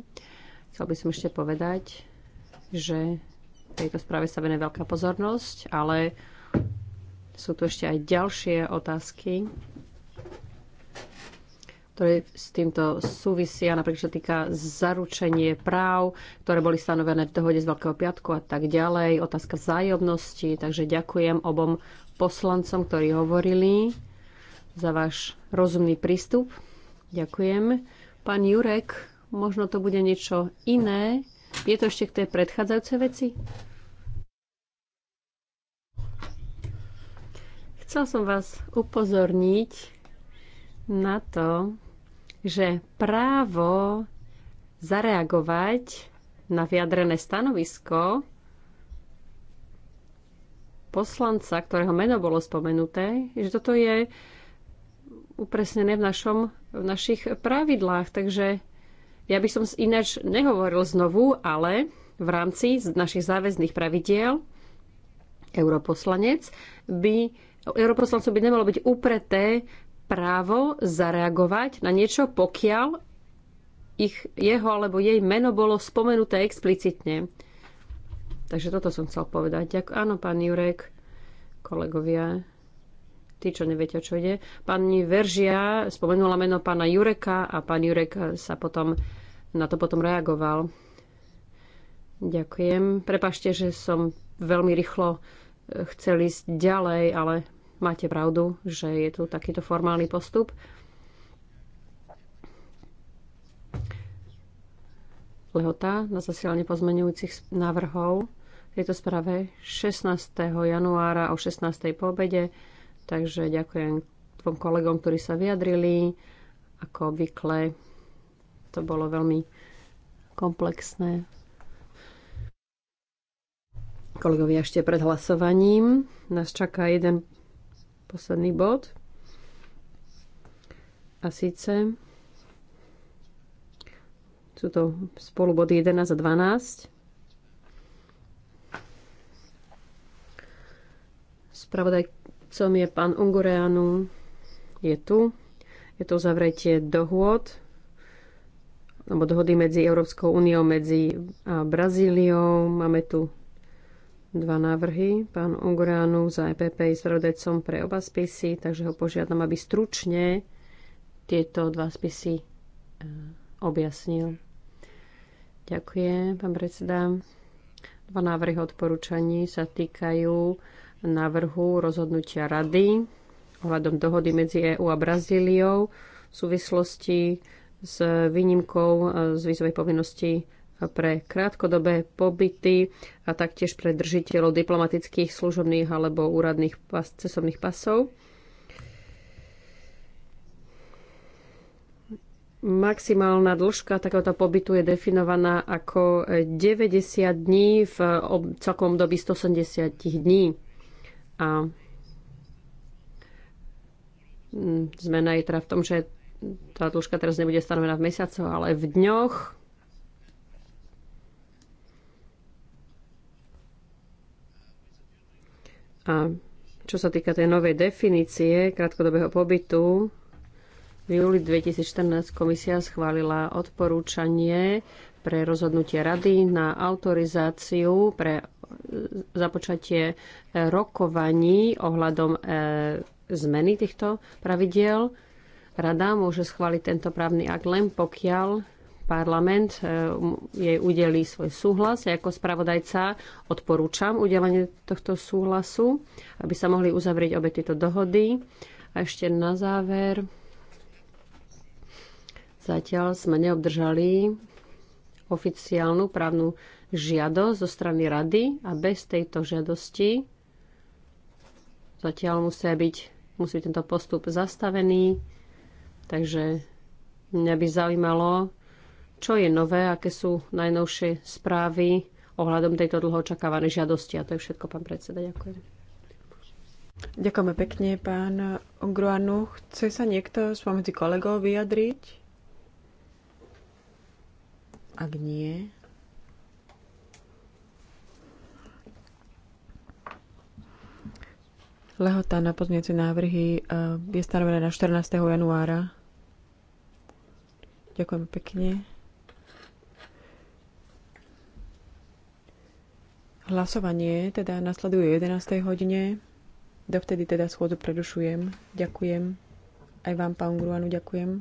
Chcel by som ešte povedať, že v tejto správe sa venuje veľká pozornosť, ale sú tu ešte aj ďalšie otázky, ktoré s týmto súvisia, napríklad čo týka zaručenie práv, ktoré boli stanovené v dohode z Veľkého piatku a tak ďalej, otázka vzájomnosti. Takže ďakujem obom poslancom, ktorí hovorili za váš rozumný prístup. Ďakujem. Pán Jurek, možno to bude niečo iné. Je to ešte k tej predchádzajúcej veci? Chcel som vás upozorniť na to, že právo zareagovať na vyjadrené stanovisko poslanca, ktorého meno bolo spomenuté, že toto je upresnené v, našom, v našich pravidlách. Takže ja by som ináč nehovoril znovu, ale v rámci našich záväzných pravidiel europoslanec by europoslancov by nemalo byť upreté právo zareagovať na niečo, pokiaľ ich, jeho alebo jej meno bolo spomenuté explicitne. Takže toto som chcel povedať. Ďak, áno, pán Jurek, kolegovia, tí, čo neviete, o čo ide. Pani Veržia spomenula meno pána Jureka a pán Jurek sa potom na to potom reagoval. Ďakujem. Prepašte, že som veľmi rýchlo chcel ísť ďalej, ale máte pravdu, že je tu takýto formálny postup. Lehota na zasielanie pozmenujúcich návrhov v tejto sprave 16. januára o 16. pobede. Takže ďakujem dvom kolegom, ktorí sa vyjadrili. Ako obvykle, to bolo veľmi komplexné. Kolegovia, ešte pred hlasovaním nás čaká jeden posledný bod. A síce sú to spolu body 11 a 12. Spravodajcom je pán Ungureanu. Je tu. Je to zavretie dohôd alebo dohody medzi Európskou úniou, medzi Brazíliou. Máme tu dva návrhy. Pán Unguránu za EPP je rodecom pre oba spisy, takže ho požiadam, aby stručne tieto dva spisy e, objasnil. Ďakujem, pán predseda. Dva návrhy odporúčaní sa týkajú návrhu rozhodnutia rady ohľadom dohody medzi EÚ a Brazíliou v súvislosti s výnimkou e, z vízovej povinnosti pre krátkodobé pobyty a taktiež pre držiteľov diplomatických, služobných alebo úradných pas, cestovných pasov. Maximálna dĺžka takéhoto pobytu je definovaná ako 90 dní v celkom dobi 180 dní. A mm, zmena je teda v tom, že tá dĺžka teraz nebude stanovená v mesiacoch, ale v dňoch A čo sa týka tej novej definície krátkodobého pobytu, v júli 2014 komisia schválila odporúčanie pre rozhodnutie rady na autorizáciu pre e, započatie e, rokovaní ohľadom e, zmeny týchto pravidiel. Rada môže schváliť tento právny akt len pokiaľ parlament e, um, jej udelí svoj súhlas. Ja ako spravodajca odporúčam udelenie tohto súhlasu, aby sa mohli uzavrieť obe tieto dohody. A ešte na záver, zatiaľ sme neobdržali oficiálnu právnu žiadosť zo strany rady a bez tejto žiadosti zatiaľ musia byť, musí byť tento postup zastavený. Takže mňa by zaujímalo, čo je nové, aké sú najnovšie správy ohľadom tejto dlho očakávanej žiadosti. A to je všetko, pán predseda. Ďakujem. Ďakujeme pekne, pán Ongruanu. Chce sa niekto spomedzi kolegov vyjadriť? Ak nie, Lehota na pozmiace návrhy eh, je stanovená na 14. januára. Ďakujem pekne. Hlasovanie teda nasleduje 11. hodine. Dovtedy teda schôdzu prerušujem. Ďakujem. Aj vám, pán Gruanu, ďakujem.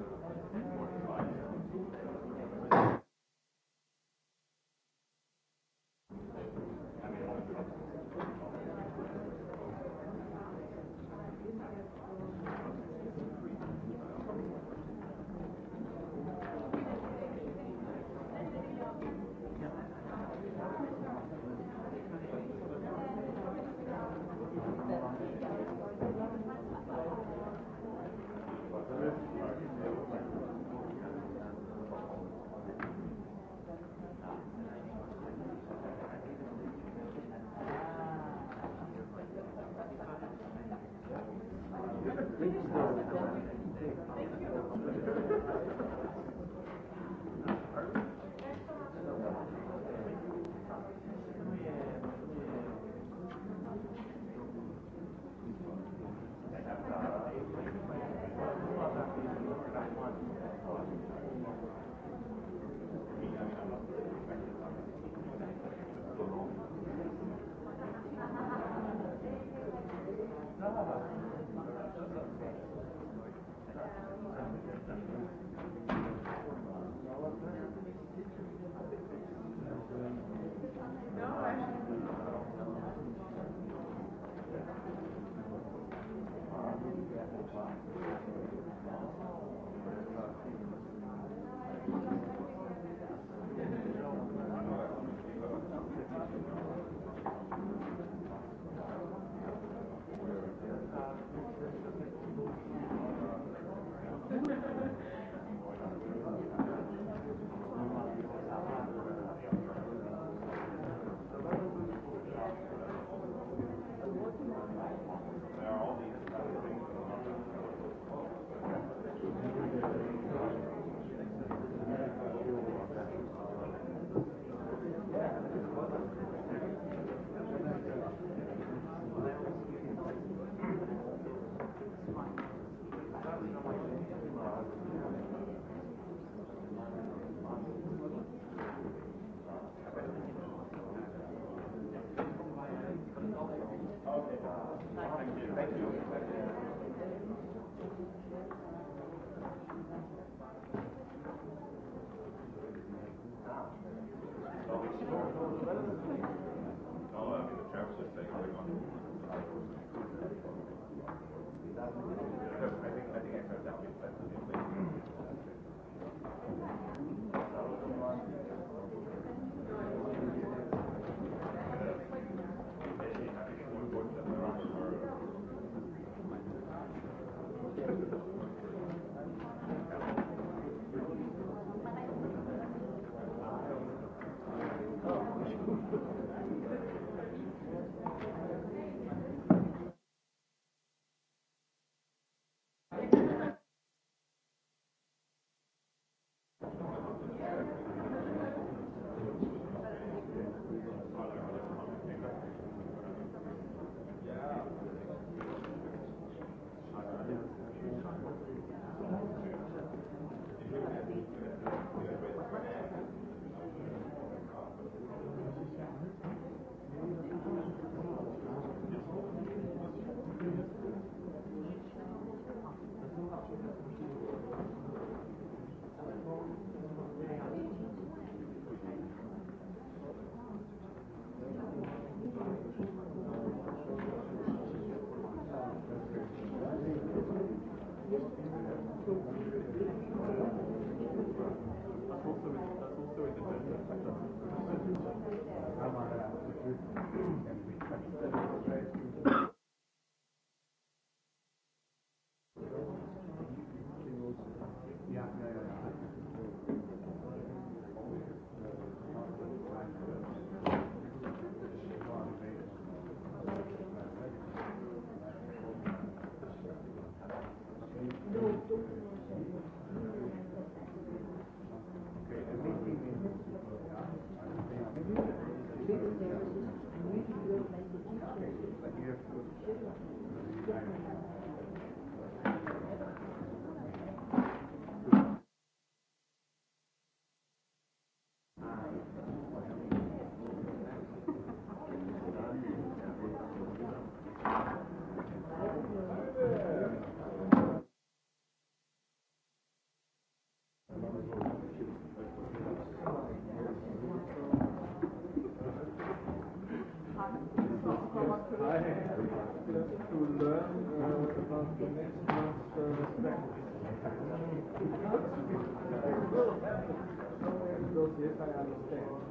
dettagliato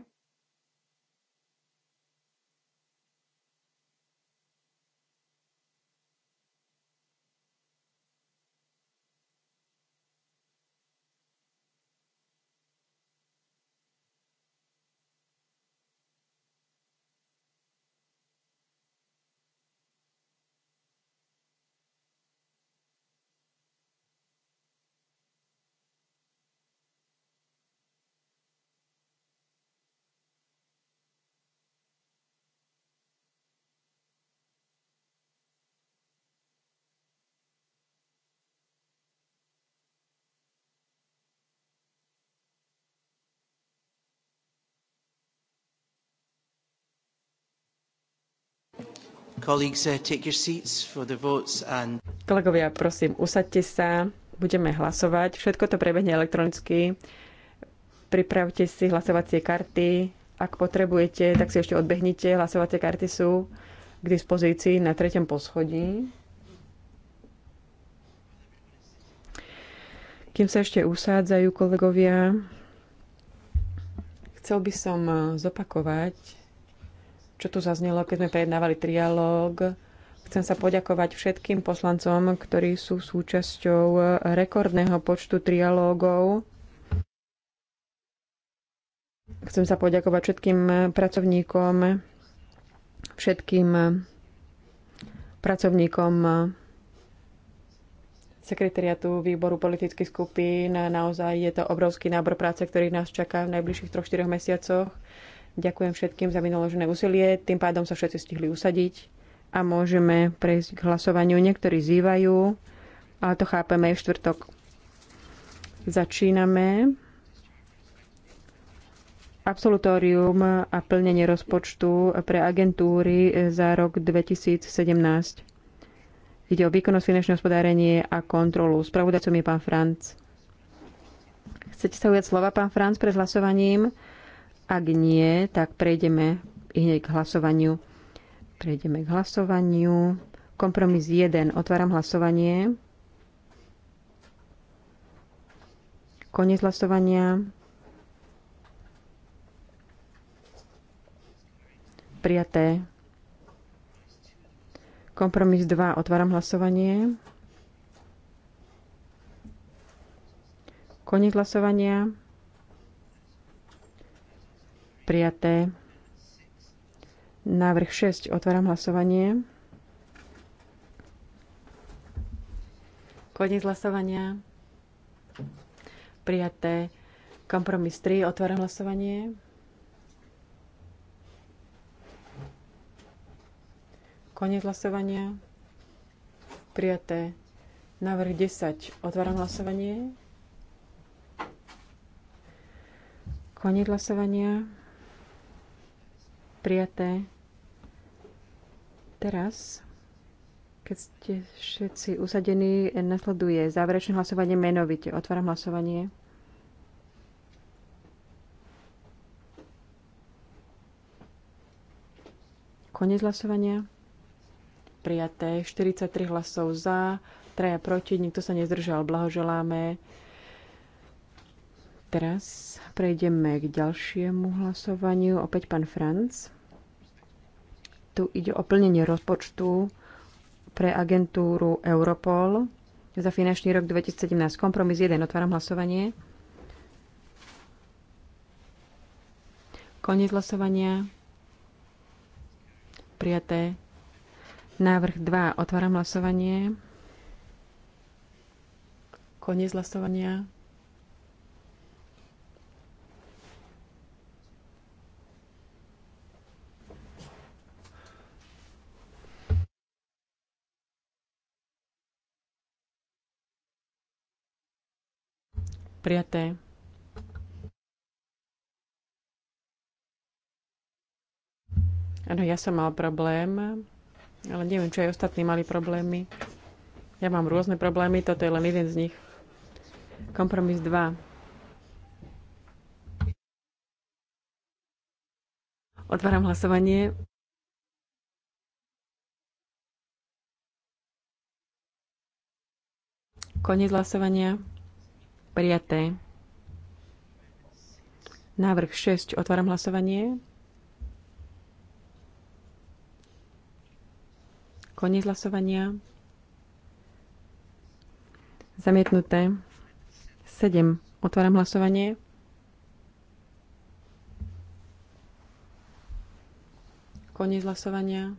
Uh, kolegovia, prosím, usaďte sa. Budeme hlasovať. Všetko to prebehne elektronicky. Pripravte si hlasovacie karty. Ak potrebujete, tak si ešte odbehnite. Hlasovacie karty sú k dispozícii na treťom poschodí. Kým sa ešte usádzajú kolegovia, chcel by som eh, zopakovať čo tu zaznelo, keď sme prejednávali trialóg. Chcem sa poďakovať všetkým poslancom, ktorí sú súčasťou rekordného počtu trialógov. Chcem sa poďakovať všetkým pracovníkom, všetkým pracovníkom sekretariatu výboru politických skupín. Naozaj je to obrovský nábor práce, ktorý nás čaká v najbližších 3-4 mesiacoch. Ďakujem všetkým za vynaložené úsilie. Tým pádom sa všetci stihli usadiť a môžeme prejsť k hlasovaniu. Niektorí zývajú, ale to chápeme aj v štvrtok. Začíname. Absolutórium a plnenie rozpočtu pre agentúry za rok 2017. Ide o výkonnosť finančného hospodárenie a kontrolu. Spravodajcom je pán Franc. Chcete sa ujať slova, pán Franc, pred hlasovaním? Ak nie, tak prejdeme hneď k hlasovaniu. Prejdeme k hlasovaniu. Kompromis 1. Otváram hlasovanie. Koniec hlasovania. Prijaté. Kompromis 2. Otváram hlasovanie. Koniec hlasovania. Prijaté. Návrh 6. Otváram hlasovanie. Koniec hlasovania. Prijaté. Kompromis 3. Otváram hlasovanie. Koniec hlasovania. Prijaté. Návrh 10. Otváram hlasovanie. Koniec hlasovania prijaté. Teraz, keď ste všetci usadení, nasleduje záverečné hlasovanie menovite. Otváram hlasovanie. Konec hlasovania. Prijaté 43 hlasov za, 3 proti, nikto sa nezdržal. Blahoželáme Teraz prejdeme k ďalšiemu hlasovaniu. Opäť pán Franc. Tu ide o plnenie rozpočtu pre agentúru Europol za finančný rok 2017. Kompromis 1. Otváram hlasovanie. Koniec hlasovania. Prijaté. Návrh 2. Otváram hlasovanie. Koniec hlasovania. Prijaté. Áno, ja som mal problém, ale neviem, či aj ostatní mali problémy. Ja mám rôzne problémy, toto je len jeden z nich. Kompromis 2. Otváram hlasovanie. Koniec hlasovania. Prijaté. Návrh 6. Otváram hlasovanie. Koniec hlasovania. Zamietnuté. 7. Otváram hlasovanie. Koniec hlasovania.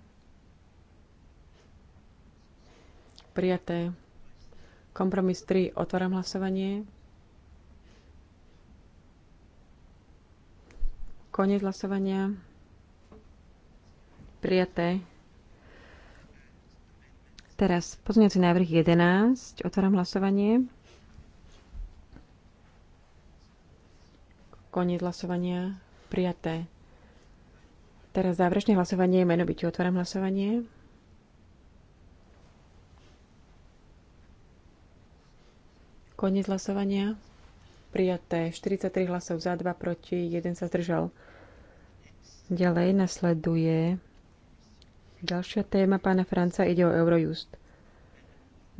Prijaté. Kompromis 3. Otváram hlasovanie. Konec hlasovania. Prijaté. Teraz pozňujúci návrh 11. Otváram hlasovanie. Koniec hlasovania. Prijaté. Teraz záverečné hlasovanie je byť Otváram hlasovanie. Koniec hlasovania prijaté. 43 hlasov za, 2 proti, 1 sa zdržal. Ďalej nasleduje ďalšia téma pána Franca, ide o Eurojust.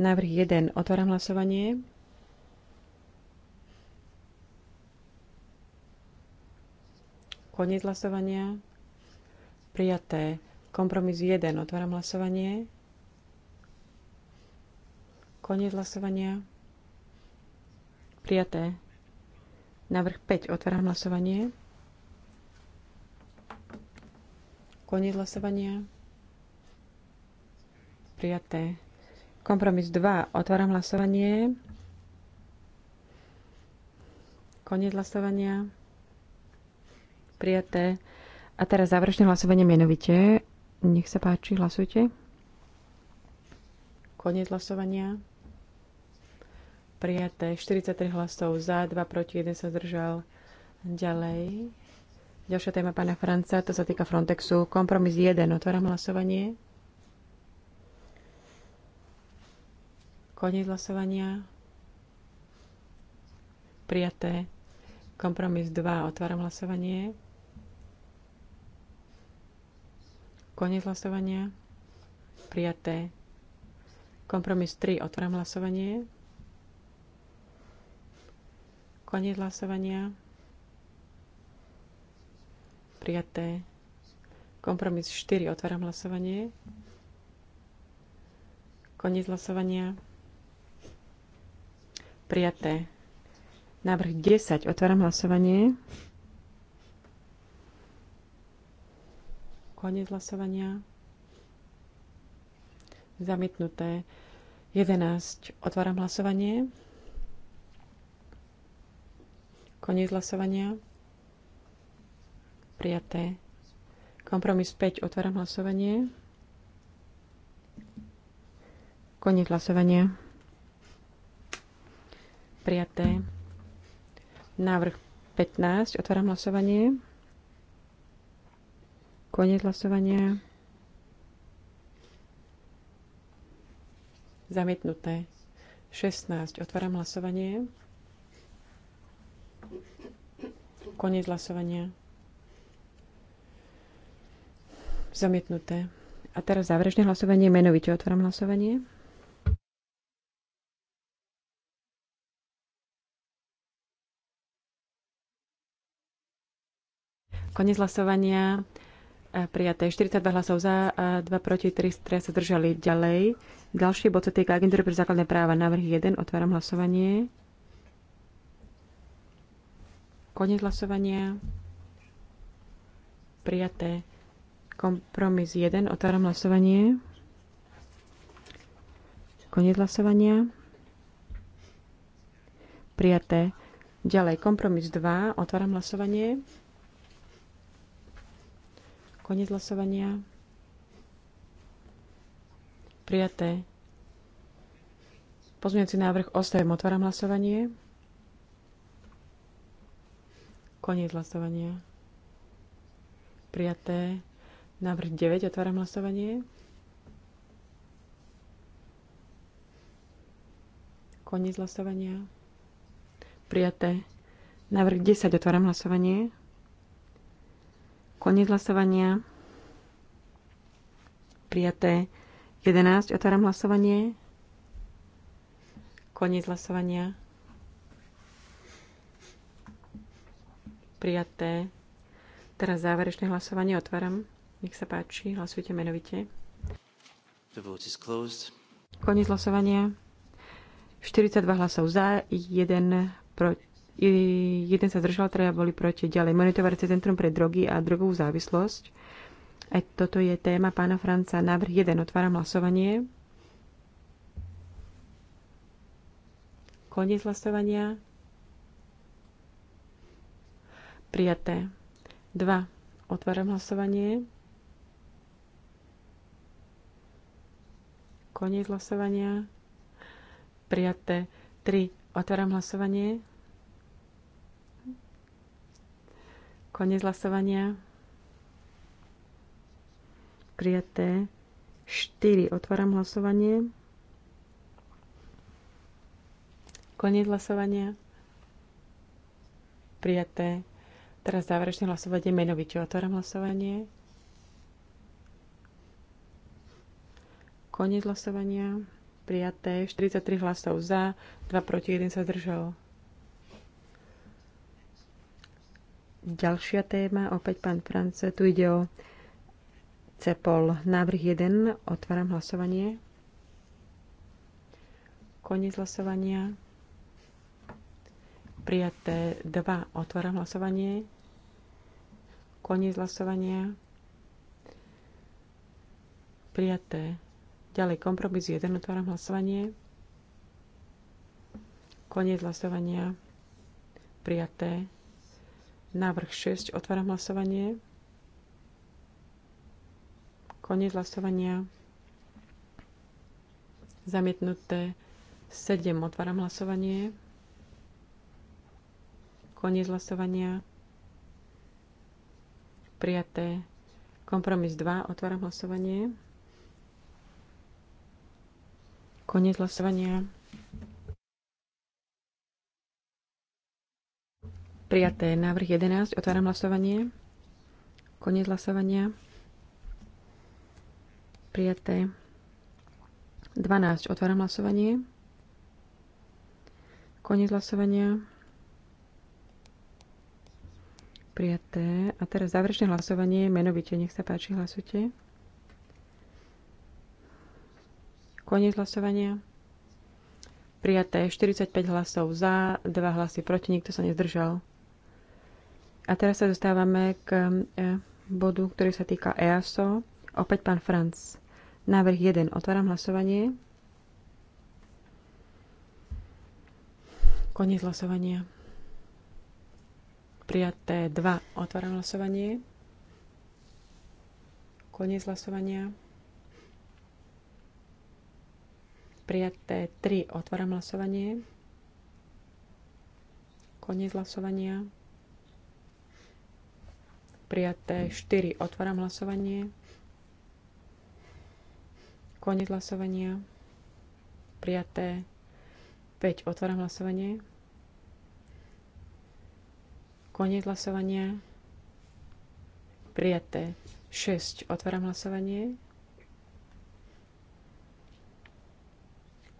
Návrh 1. Otváram hlasovanie. Koniec hlasovania. Prijaté. Kompromis 1. Otváram hlasovanie. Koniec hlasovania. Prijaté. Návrh 5. Otváram hlasovanie. Koniec hlasovania. Prijaté. Kompromis 2. Otváram hlasovanie. Koniec hlasovania. Prijaté. A teraz záverečné hlasovanie menovite. Nech sa páči, hlasujte. Koniec hlasovania prijaté 43 hlasov za, 2 proti, 1 sa zdržal. Ďalej. Ďalšia téma pána Franca, to sa týka Frontexu. Kompromis 1, otváram hlasovanie. Koniec hlasovania. Prijaté. Kompromis 2, otváram hlasovanie. Koniec hlasovania. Prijaté. Kompromis 3, otváram hlasovanie. Koniec hlasovania. Prijaté. Kompromis 4. Otváram hlasovanie. Koniec hlasovania. Prijaté. Návrh 10. Otváram hlasovanie. Koniec hlasovania. Zamietnuté. 11. Otváram hlasovanie. Koniec hlasovania. Prijaté. Kompromis 5. Otváram hlasovanie. Koniec hlasovania. Prijaté. Návrh 15. Otváram hlasovanie. Koniec hlasovania. Zamietnuté. 16. Otváram hlasovanie. Koniec hlasovania. Zamietnuté. A teraz záverečné hlasovanie. Menovite otváram hlasovanie. Konec hlasovania e, prijaté 42 hlasov za, e, a 2 proti, 3 sa držali ďalej. Ďalší bod sa týka agentúry pre základné práva. Návrh 1, otváram hlasovanie. Koniec hlasovania. Prijaté. Kompromis 1. Otváram hlasovanie. Koniec hlasovania. Prijaté. Ďalej, kompromis 2. Otváram hlasovanie. Koniec hlasovania. Prijaté. Pozmeňujúci návrh 8. Otváram hlasovanie. Koniec hlasovania. Prijaté. Návrh 9. Otváram hlasovanie. Koniec hlasovania. Prijaté. Návrh 10. Otváram hlasovanie. Koniec hlasovania. Prijaté. 11. Otváram hlasovanie. Koniec hlasovania. prijaté. Teraz záverečné hlasovanie otváram. Nech sa páči, hlasujte menovite. The vote is closed. Koniec hlasovania. 42 hlasov za, 1 proti. Jeden sa zdržal, traja boli proti. Ďalej, monitorovacie centrum pre drogy a drogovú závislosť. Aj toto je téma pána Franca. Návrh 1. Otváram hlasovanie. Koniec hlasovania. Prijaté. 2. Otváram hlasovanie. Koniec hlasovania. Prijaté. 3. Otváram hlasovanie. Koniec hlasovania. Prijaté. 4. Otváram hlasovanie. Koniec hlasovania. Prijaté. Teraz záverečné hlasovanie menovite. Otváram hlasovanie. Koniec hlasovania. Prijaté 43 hlasov za, 2 proti, 1 sa zdržal. Ďalšia téma, opäť pán France, tu ide o CEPOL. Návrh 1, otváram hlasovanie. Koniec hlasovania. Prijaté 2. Otváram hlasovanie. Koniec hlasovania. Prijaté. Ďalej kompromis 1. Otváram hlasovanie. Koniec hlasovania. Prijaté. Návrh 6. Otváram hlasovanie. Koniec hlasovania. Zamietnuté 7. Otváram hlasovanie. Koniec hlasovania. Prijaté. Kompromis 2. Otváram hlasovanie. Koniec hlasovania. Prijaté. Návrh 11. Otváram hlasovanie. Koniec hlasovania. Prijaté. 12. Otváram hlasovanie. Koniec hlasovania. Prijaté. A teraz záverečné hlasovanie, menovite. Nech sa páči, hlasujte. Koniec hlasovania. Prijaté 45 hlasov za, 2 hlasy proti, nikto sa nezdržal. A teraz sa dostávame k e, bodu, ktorý sa týka EASO. Opäť pán Franc. Návrh 1. Otváram hlasovanie. Koniec hlasovania. Prijaté 2. Otváram hlasovanie. Koniec hlasovania. Prijaté 3. Otváram hlasovanie. Koniec hlasovania. Prijaté 4. Otváram hlasovanie. Koniec hlasovania. Prijaté 5. Otváram hlasovanie. Koniec hlasovania. Prijaté. 6. Otváram hlasovanie.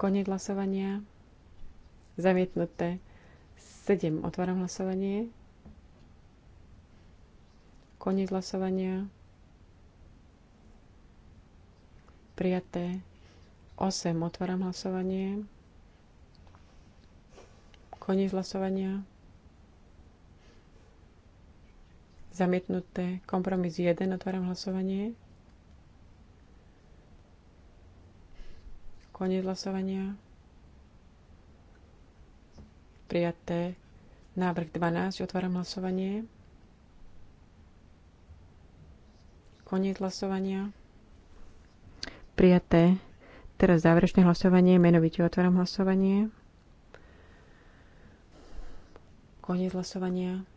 Koniec hlasovania. Zamietnuté. 7. Otváram hlasovanie. Koniec hlasovania. Prijaté. 8. Otváram hlasovanie. Koniec hlasovania. Zamietnuté. Kompromis 1. Otváram hlasovanie. Koniec hlasovania. Prijaté. Návrh 12. Otváram hlasovanie. Koniec hlasovania. Prijaté. Teraz záverečné hlasovanie. Menovite otváram hlasovanie. Koniec hlasovania.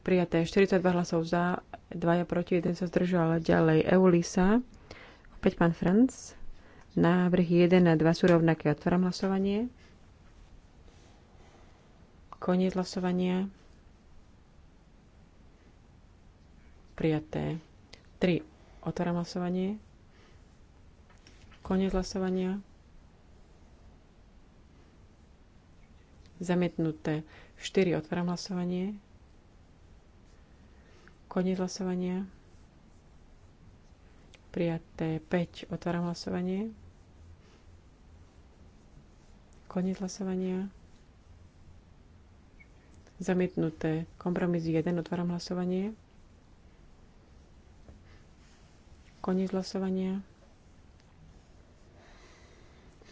Prijaté 42 hlasov za, 2 proti, 1 sa zdržal. Ďalej Eulisa. Opäť pán Franc. Návrh 1 a 2 sú rovnaké. Otváram hlasovanie. Koniec hlasovania. Prijaté. 3. Otváram hlasovanie. Koniec hlasovania. Zamietnuté. 4. Otváram hlasovanie. Koniec hlasovania. Prijaté 5. Otváram hlasovanie. Koniec hlasovania. Zamietnuté. Kompromis 1. Otváram hlasovanie. Koniec hlasovania.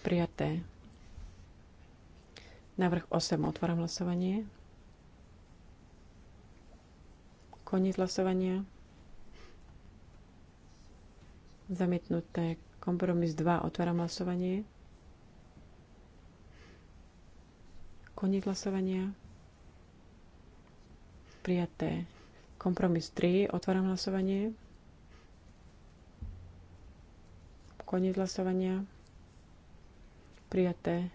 Prijaté. Návrh 8. Otváram hlasovanie. Koniec hlasovania. Zamietnuté. Kompromis 2. Otváram hlasovanie. Koniec hlasovania. Prijaté. Kompromis 3. Otváram hlasovanie. Koniec hlasovania. Prijaté.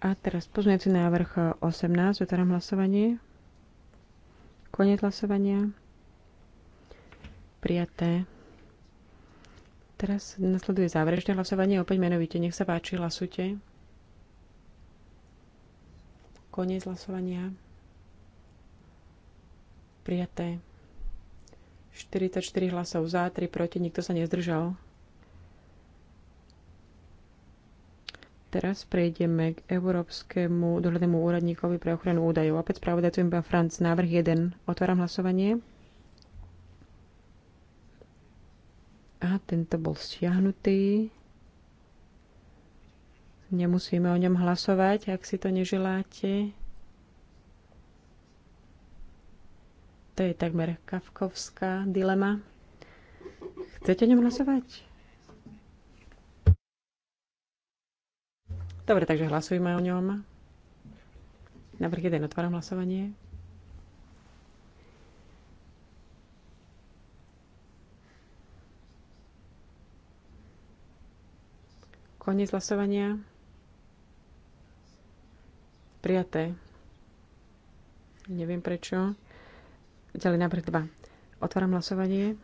A teraz pozmeňujúci návrh 18. Otváram hlasovanie. Koniec hlasovania. Prijaté. Teraz nasleduje záverečné hlasovanie, opäť menovite. Nech sa páči, hlasujte. Koniec hlasovania. Prijaté. 44 hlasov za, 3 proti, nikto sa nezdržal. Teraz prejdeme k Európskemu dohľadnému úradníkovi pre ochranu údajov. Opäť spravodajcujem pán Franc, návrh 1. Otváram hlasovanie. A tento bol stiahnutý. Nemusíme o ňom hlasovať, ak si to neželáte. To je takmer kafkovská dilema. Chcete o ňom hlasovať? Dobre, takže hlasujme o ňom. Navrh jeden Otváram hlasovanie. Koniec hlasovania. Prijaté. Neviem prečo. Ďalej návrh 2. Otváram hlasovanie.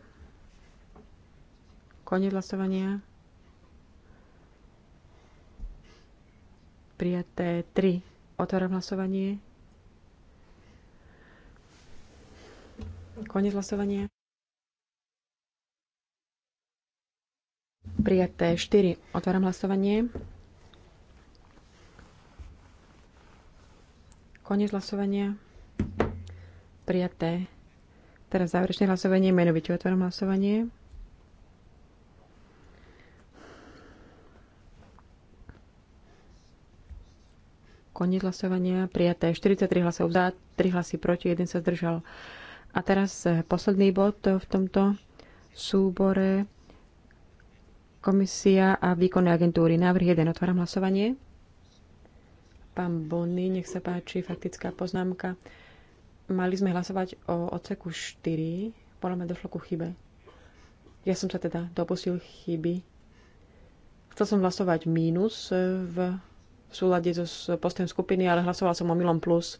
Koniec hlasovania. Prijaté 3. Otváram hlasovanie. Konec hlasovania. Prijaté 4. Otváram hlasovanie. Konec hlasovania. Prijaté. Teraz záverečné hlasovanie. Menovite otváram hlasovanie. Koniec hlasovania. Prijaté 43 hlasov za, 3 hlasy proti, 1 sa zdržal. A teraz e, posledný bod v tomto súbore. Komisia a výkonné agentúry. Návrh 1. Otváram hlasovanie. Pán Bonny, nech sa páči, faktická poznámka. Mali sme hlasovať o odseku 4. Podľa mňa došlo ku chybe. Ja som sa teda dopustil chyby. Chcel som hlasovať mínus e, v v súlade so postem skupiny, ale hlasoval som o milom plus.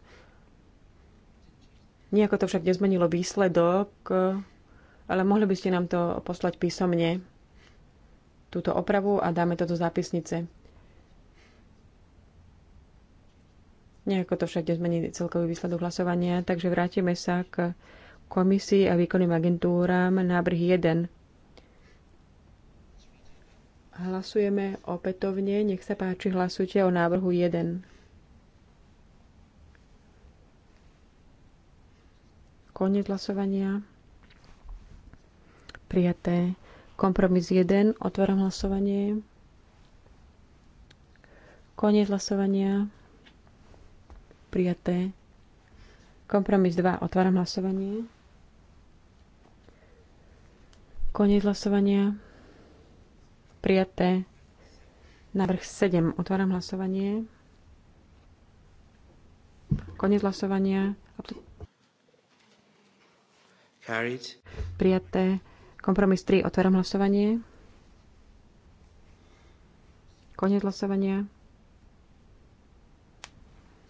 Nijako to však nezmenilo výsledok, ale mohli by ste nám to poslať písomne, túto opravu a dáme to do zápisnice. Nejako to však nezmení celkový výsledok hlasovania, takže vrátime sa k komisii a výkonným agentúram návrh 1. Hlasujeme opätovne. Nech sa páči, hlasujte o návrhu 1. Koniec hlasovania. Prijaté. Kompromis 1. Otváram hlasovanie. Koniec hlasovania. Prijaté. Kompromis 2. Otváram hlasovanie. Koniec hlasovania. Prijaté. Návrh 7. Otváram hlasovanie. Koniec hlasovania. Carried. Prijaté. Kompromis 3. Otváram hlasovanie. Koniec hlasovania.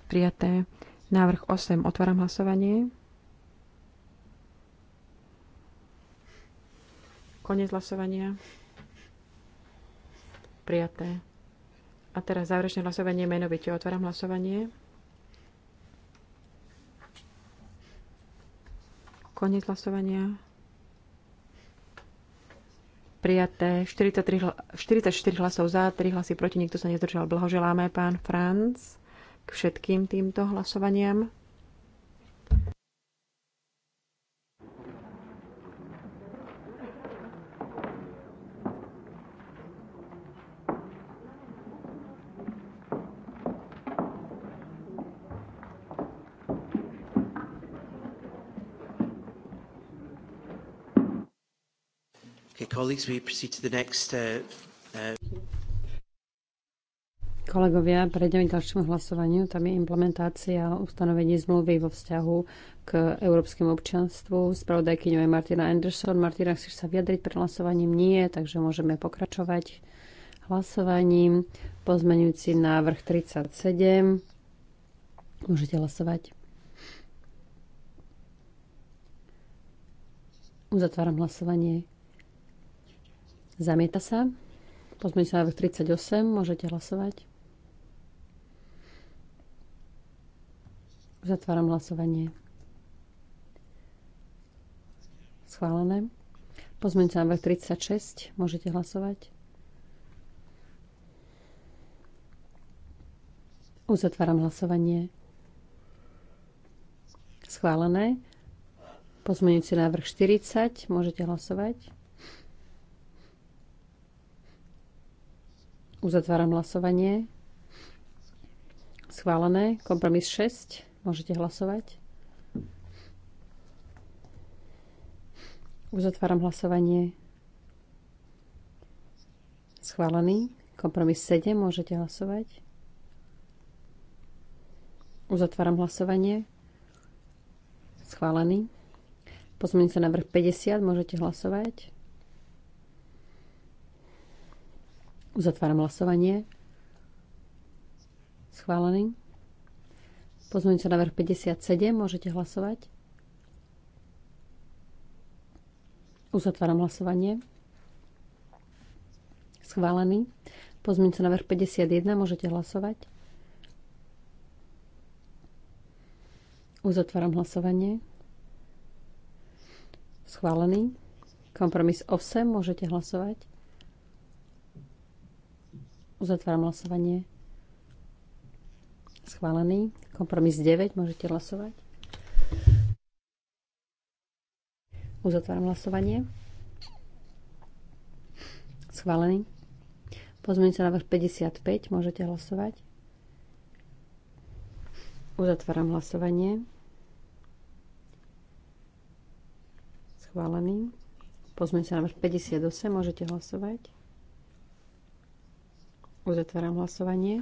Prijaté. Návrh 8. Otváram hlasovanie. Koniec hlasovania. Prijaté. A teraz záverečné hlasovanie menovite. Otváram hlasovanie. Koniec hlasovania. Prijaté 43, 44 hlasov za, 3 hlasy proti, nikto sa nezdržal. Blahoželáme pán Franc k všetkým týmto hlasovaniam. Colleagues, we proceed to the next uh, uh, Kolegovia, prejdeme k ďalšiemu hlasovaniu. Tam je implementácia ustanovení zmluvy vo vzťahu k európskemu občanstvu. Spravodajkyňou je Martina Anderson. Martina, chceš sa vyjadriť pred hlasovaním? Nie, takže môžeme pokračovať hlasovaním. Pozmeňujúci návrh 37. Môžete hlasovať. Uzatváram hlasovanie. Zamieta sa. Pozmeň sa 38. Môžete hlasovať. Zatváram hlasovanie. Schválené. Pozmeň sa 36. Môžete hlasovať. Uzatváram hlasovanie. Schválené. Pozmeňujúci návrh 40. Môžete hlasovať. Uzatváram hlasovanie. Schválené. Kompromis 6. Môžete hlasovať. Uzatváram hlasovanie. Schválený. Kompromis 7. Môžete hlasovať. Uzatváram hlasovanie. Schválený. na vrch 50. Môžete hlasovať. Uzatváram hlasovanie. Schválený. na návrh 57, môžete hlasovať. Uzatváram hlasovanie. Schválený. na návrh 51, môžete hlasovať. Uzatváram hlasovanie. Schválený. Kompromis 8, môžete hlasovať. Uzatváram hlasovanie. Schválený. Kompromis 9. Môžete hlasovať. Uzatváram hlasovanie. Schválený. Pozmeňujúci návrh 55. Môžete hlasovať. Uzatváram hlasovanie. Schválený. Pozmeňujúci návrh 58. Môžete hlasovať. Uzatváram hlasovanie.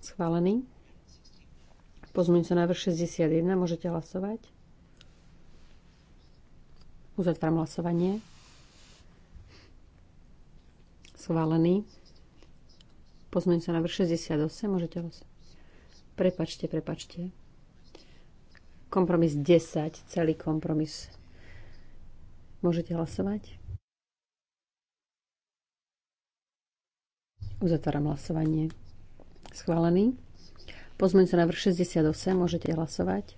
Schválený. na návrh 61. Môžete hlasovať. Uzatváram hlasovanie. Schválený. Pozmeňujúci návrh 68. Môžete hlasovať. Prepačte, prepačte. Kompromis 10. Celý kompromis. Môžete hlasovať. Uzatváram hlasovanie. Schválený. Pozmeň sa na vrch 68, môžete hlasovať.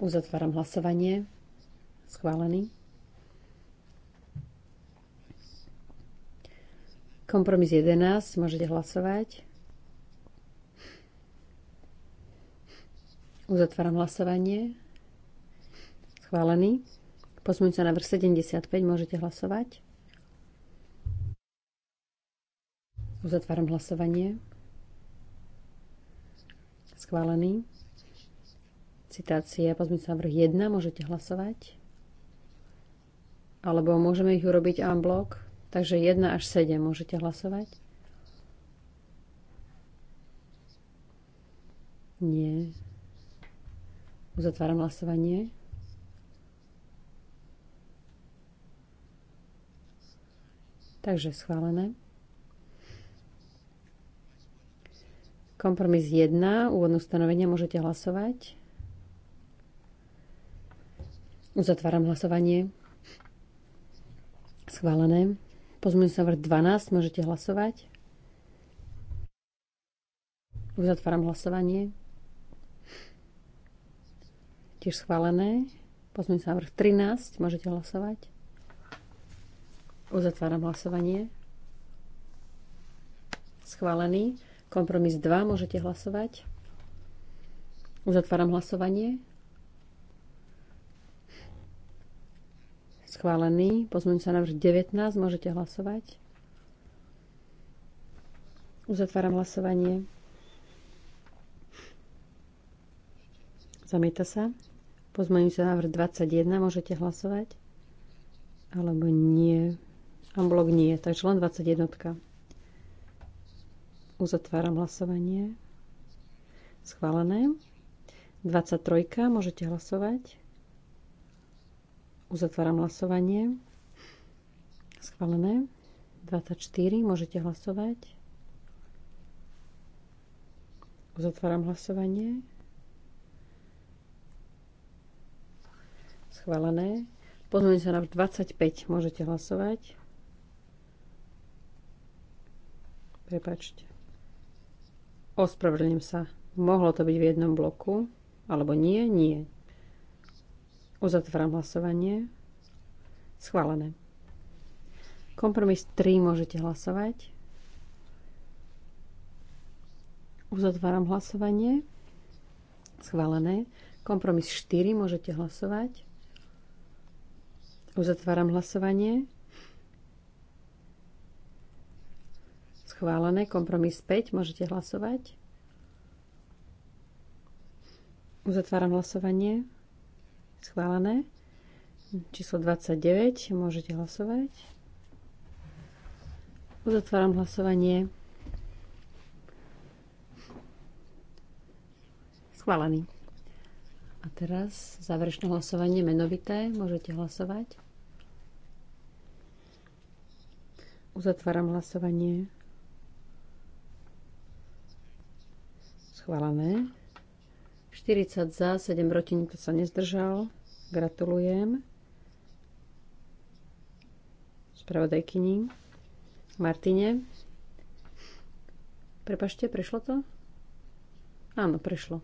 Uzatváram hlasovanie. Schválený. Kompromis 11, môžete hlasovať. Uzatváram hlasovanie. Schválený. Pozmeň sa na vrch 75, môžete hlasovať. Uzatváram hlasovanie. Schválený. Citácia sa návrh 1. Môžete hlasovať. Alebo môžeme ich urobiť en blok. Takže 1 až 7 môžete hlasovať. Nie. Uzatváram hlasovanie. Takže schválené. Kompromis 1, úvodné stanovenia môžete hlasovať. Uzatváram hlasovanie. Schválené. Pozmeňujúci návrh 12, môžete hlasovať. Uzatváram hlasovanie. Tiež schválené. Pozmeňujúci návrh 13, môžete hlasovať. Uzatváram hlasovanie. Schválený. Kompromis 2, môžete hlasovať. Uzatváram hlasovanie. Schválený. Pozmeň sa návrh 19, môžete hlasovať. Uzatváram hlasovanie. Zamieta sa. Pozmeň sa návrh 21, môžete hlasovať. Alebo nie. Amblok nie, takže len 21. Uzatváram hlasovanie. Schválené. 23. Môžete hlasovať. Uzatváram hlasovanie. Schválené. 24. Môžete hlasovať. Uzatváram hlasovanie. Schválené. Pozmeň sa na 25. Môžete hlasovať. Prepačte. Ospravedlňujem sa. Mohlo to byť v jednom bloku? Alebo nie? Nie. Uzatváram hlasovanie. Schválené. Kompromis 3 môžete hlasovať. Uzatváram hlasovanie. Schválené. Kompromis 4 môžete hlasovať. Uzatváram hlasovanie. Schválené. Kompromis 5. Môžete hlasovať. Uzatváram hlasovanie. Schválené. Číslo 29. Môžete hlasovať. Uzatváram hlasovanie. Schválený. A teraz záverečné hlasovanie menovité. Môžete hlasovať. Uzatváram hlasovanie. Schválené. 40 za, 7 proti, nikto sa nezdržal. Gratulujem. Spravodajkyni. Martine. Prepašte, prešlo to? Áno, prešlo.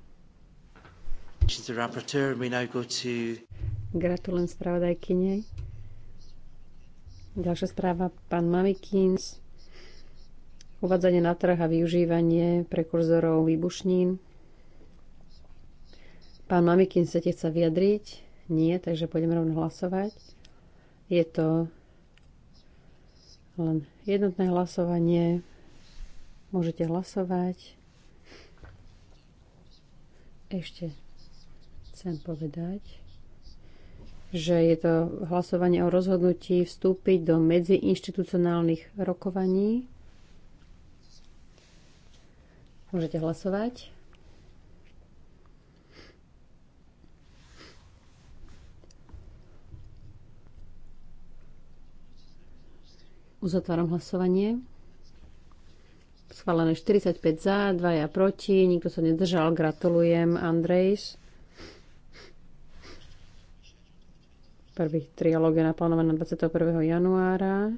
Gratulujem spravodajkyni. Ďalšia správa, pán Mamikins uvádzanie na trh a využívanie prekurzorov výbušnín. Pán Mamikin, chcete sa vyjadriť? Nie, takže pôjdeme rovno hlasovať. Je to len jednotné hlasovanie. Môžete hlasovať. Ešte chcem povedať, že je to hlasovanie o rozhodnutí vstúpiť do medziinštitucionálnych rokovaní Môžete hlasovať. Uzatváram hlasovanie. Schválené 45 za, 2 ja proti, nikto sa nedržal. Gratulujem, Andrejs. Prvý trialóg je naplánovaný na 21. januára.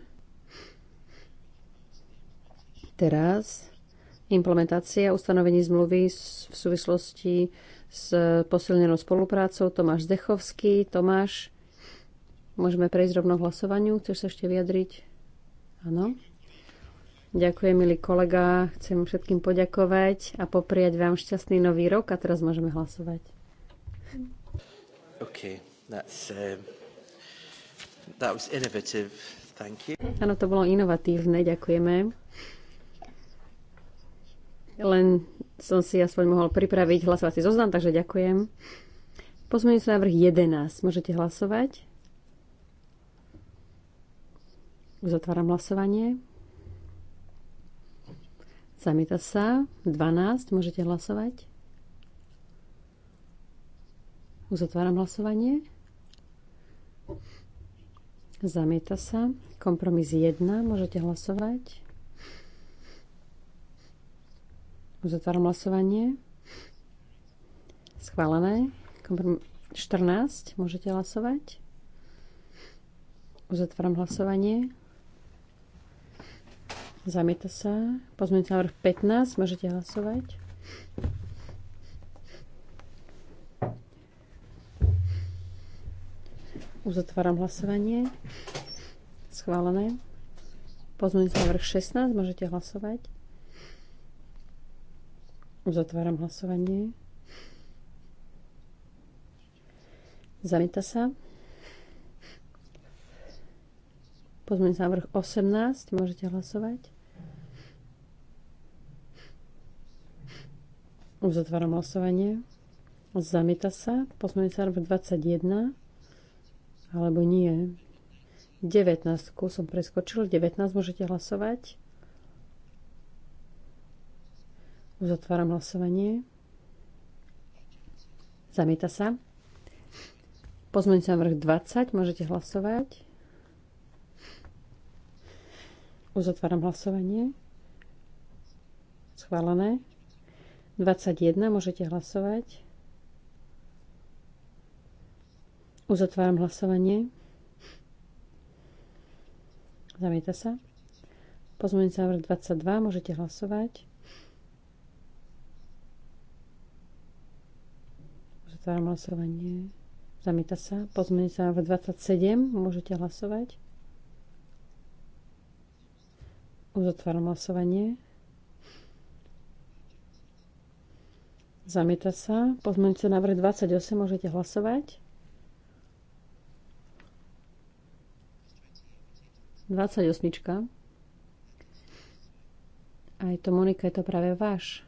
Teraz a ustanovení zmluvy v súvislosti s posilnenou spoluprácou. Tomáš Zdechovský. Tomáš, môžeme prejsť rovno k hlasovaniu. Chceš sa ešte vyjadriť? Áno. Ďakujem, milý kolega. Chcem všetkým poďakovať a popriať vám šťastný nový rok a teraz môžeme hlasovať. OK, that's, uh, that was innovative. Thank you. Áno, to bolo inovatívne, ďakujeme. Len som si aspoň mohol pripraviť hlasovací zoznam, takže ďakujem. Pozmením sa návrh 11. Môžete hlasovať. Uzatváram hlasovanie. Zamieta sa. 12. Môžete hlasovať. Uzatváram hlasovanie. Zamieta sa. Kompromis 1. Môžete hlasovať. Uzatváram hlasovanie. Schválené. 14. Môžete hlasovať. Uzatváram hlasovanie. Zamieta sa. Pozmeňte návrh 15. Môžete hlasovať. Uzatváram hlasovanie. Schválené. Pozmeňte návrh 16. Môžete hlasovať. Uzatváram hlasovanie. Zamieta sa. Pozmeň návrh 18. Môžete hlasovať. Uzatváram hlasovanie. Zamieta sa. Pozmeň návrh 21. Alebo nie. 19 som preskočil. 19 môžete hlasovať. Uzatváram hlasovanie. Zamieta sa. Pozmeňte sa vrch 20, môžete hlasovať. Uzatváram hlasovanie. Schválené. 21, môžete hlasovať. Uzatváram hlasovanie. Zamieta sa. Pozmeňte sa vrch 22, môžete hlasovať. Zatváram hlasovanie. Zamieta sa. Pozmeň sa v 27. Môžete hlasovať. Uzatváram hlasovanie. Zamieta sa. Pozmeňujúci návrh 28 môžete hlasovať. 28. Aj to Monika, je to práve váš.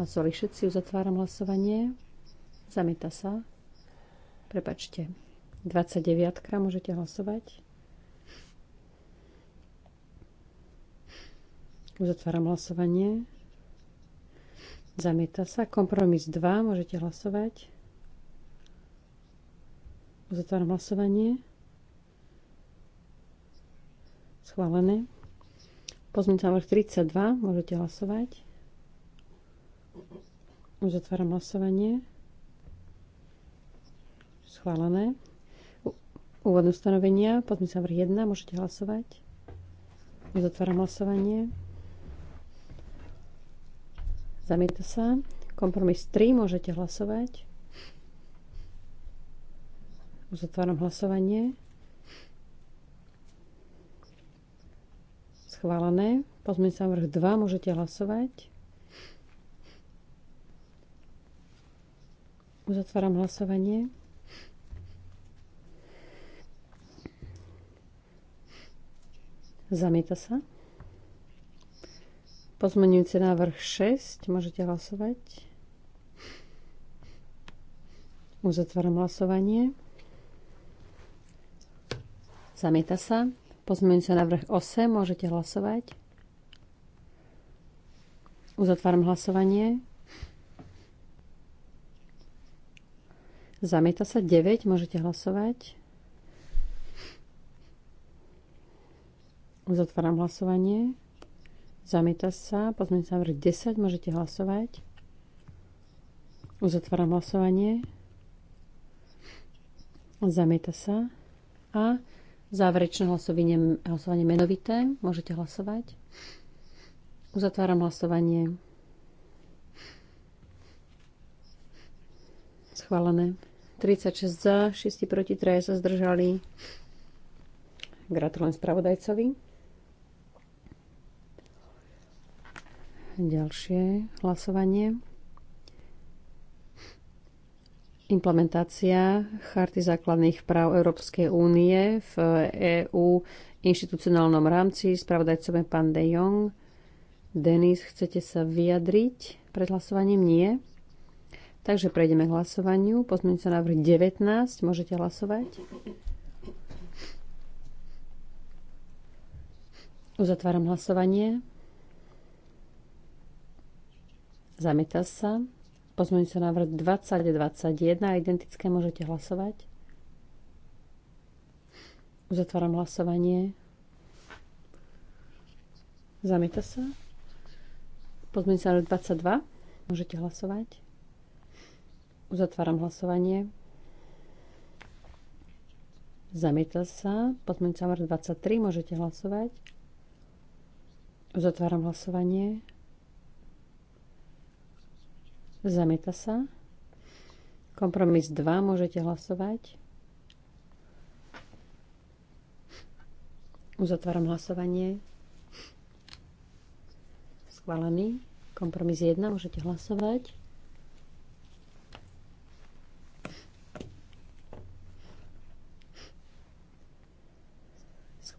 Hlasovali všetci, uzatváram hlasovanie. Zamieta sa. Prepačte. 29. môžete hlasovať. Uzatváram hlasovanie. Zamieta sa. Kompromis 2. Môžete hlasovať. Uzatváram hlasovanie. Schválené. Pozmeňte návrh 32. Môžete hlasovať. Zatváram hlasovanie. Schválené. Úvodné ustanovenia, sa návrh 1, môžete hlasovať. Zatváram hlasovanie. Zamieta sa. Kompromis 3, môžete hlasovať. Uzatváram hlasovanie. Schválené. Pozmeň sa vrch 2, môžete hlasovať. Uzatváram hlasovanie. Zamieta sa. Pozmenujúci návrh 6. Môžete hlasovať. Uzatváram hlasovanie. Zamieta sa. Pozmenujúci návrh 8. Môžete hlasovať. Uzatváram hlasovanie. Zamieta sa 9, môžete hlasovať. Uzatváram hlasovanie. Zamieta sa. Pozmeňte sa návrh 10, môžete hlasovať. Uzatváram hlasovanie. Zamieta sa. A záverečné hlasovanie, hlasovanie menovité. Môžete hlasovať. Uzatváram hlasovanie. Schválené. 36 za, 6 proti, 3 sa zdržali. Gratulujem spravodajcovi. Ďalšie hlasovanie. Implementácia Charty základných práv Európskej únie v EÚ inštitucionálnom rámci. Spravodajcom je pán De Jong. Denis, chcete sa vyjadriť pred hlasovaním? Nie. Takže prejdeme k hlasovaniu. sa návrh 19. Môžete hlasovať. Uzatváram hlasovanie. Zamieta sa. sa návrh 20 a 21. Identické môžete hlasovať. Uzatváram hlasovanie. Zamieta sa. sa návrh 22. Môžete hlasovať. Uzatváram hlasovanie. Zamieta sa. Pozmeňujúci návrh 23. Môžete hlasovať. Uzatváram hlasovanie. Zamieta sa. Kompromis 2. Môžete hlasovať. Uzatváram hlasovanie. Schválený. Kompromis 1. Môžete hlasovať.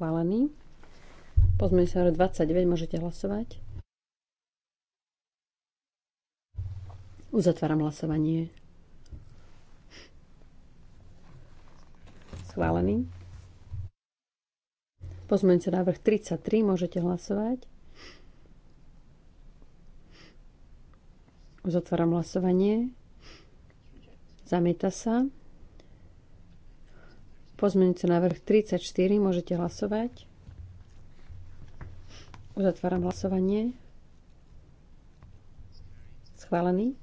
schválený. Pozmeň sa 29, môžete hlasovať. Uzatváram hlasovanie. Schválený. Pozmeň sa návrh 33, môžete hlasovať. Uzatváram hlasovanie. Zamieta sa. Pozmeňujúci návrh 34, môžete hlasovať. Uzatváram hlasovanie. Schválený.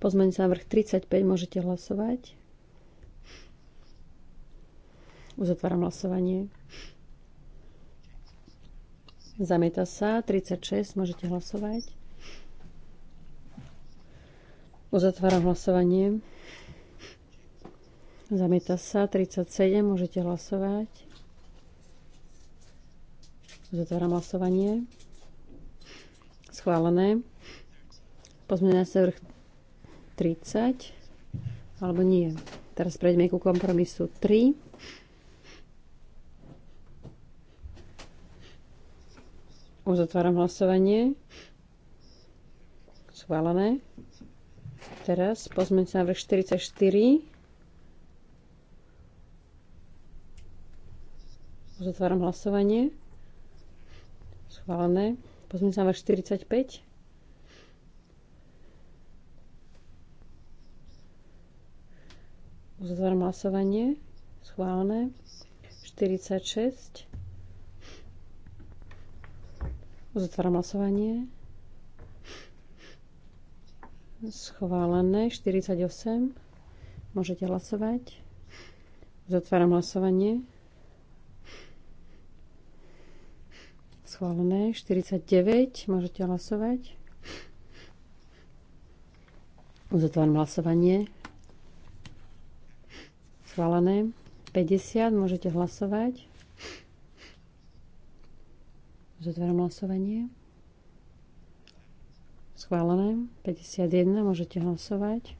Pozmeňujúci návrh 35, môžete hlasovať. Uzatváram hlasovanie. Zamieta sa. 36, môžete hlasovať. Uzatváram hlasovanie. Zamieta sa 37, môžete hlasovať. Zatváram hlasovanie. Schválené. sa vrch 30, alebo nie. Teraz prejdeme ku kompromisu 3. Uzatváram hlasovanie. Schválené. Teraz pozmeňte vrch 44. Uzatváram hlasovanie. Schválené. Pozmeň sa 45. Uzatváram hlasovanie. Schválené. 46. Uzatváram hlasovanie. Schválené. 48. Môžete hlasovať. Uzatváram hlasovanie. Schválené. 49. Môžete hlasovať. Uzatváram hlasovanie. Schválené. 50. Môžete hlasovať. Uzatváram hlasovanie. Schválené. 51. Môžete hlasovať.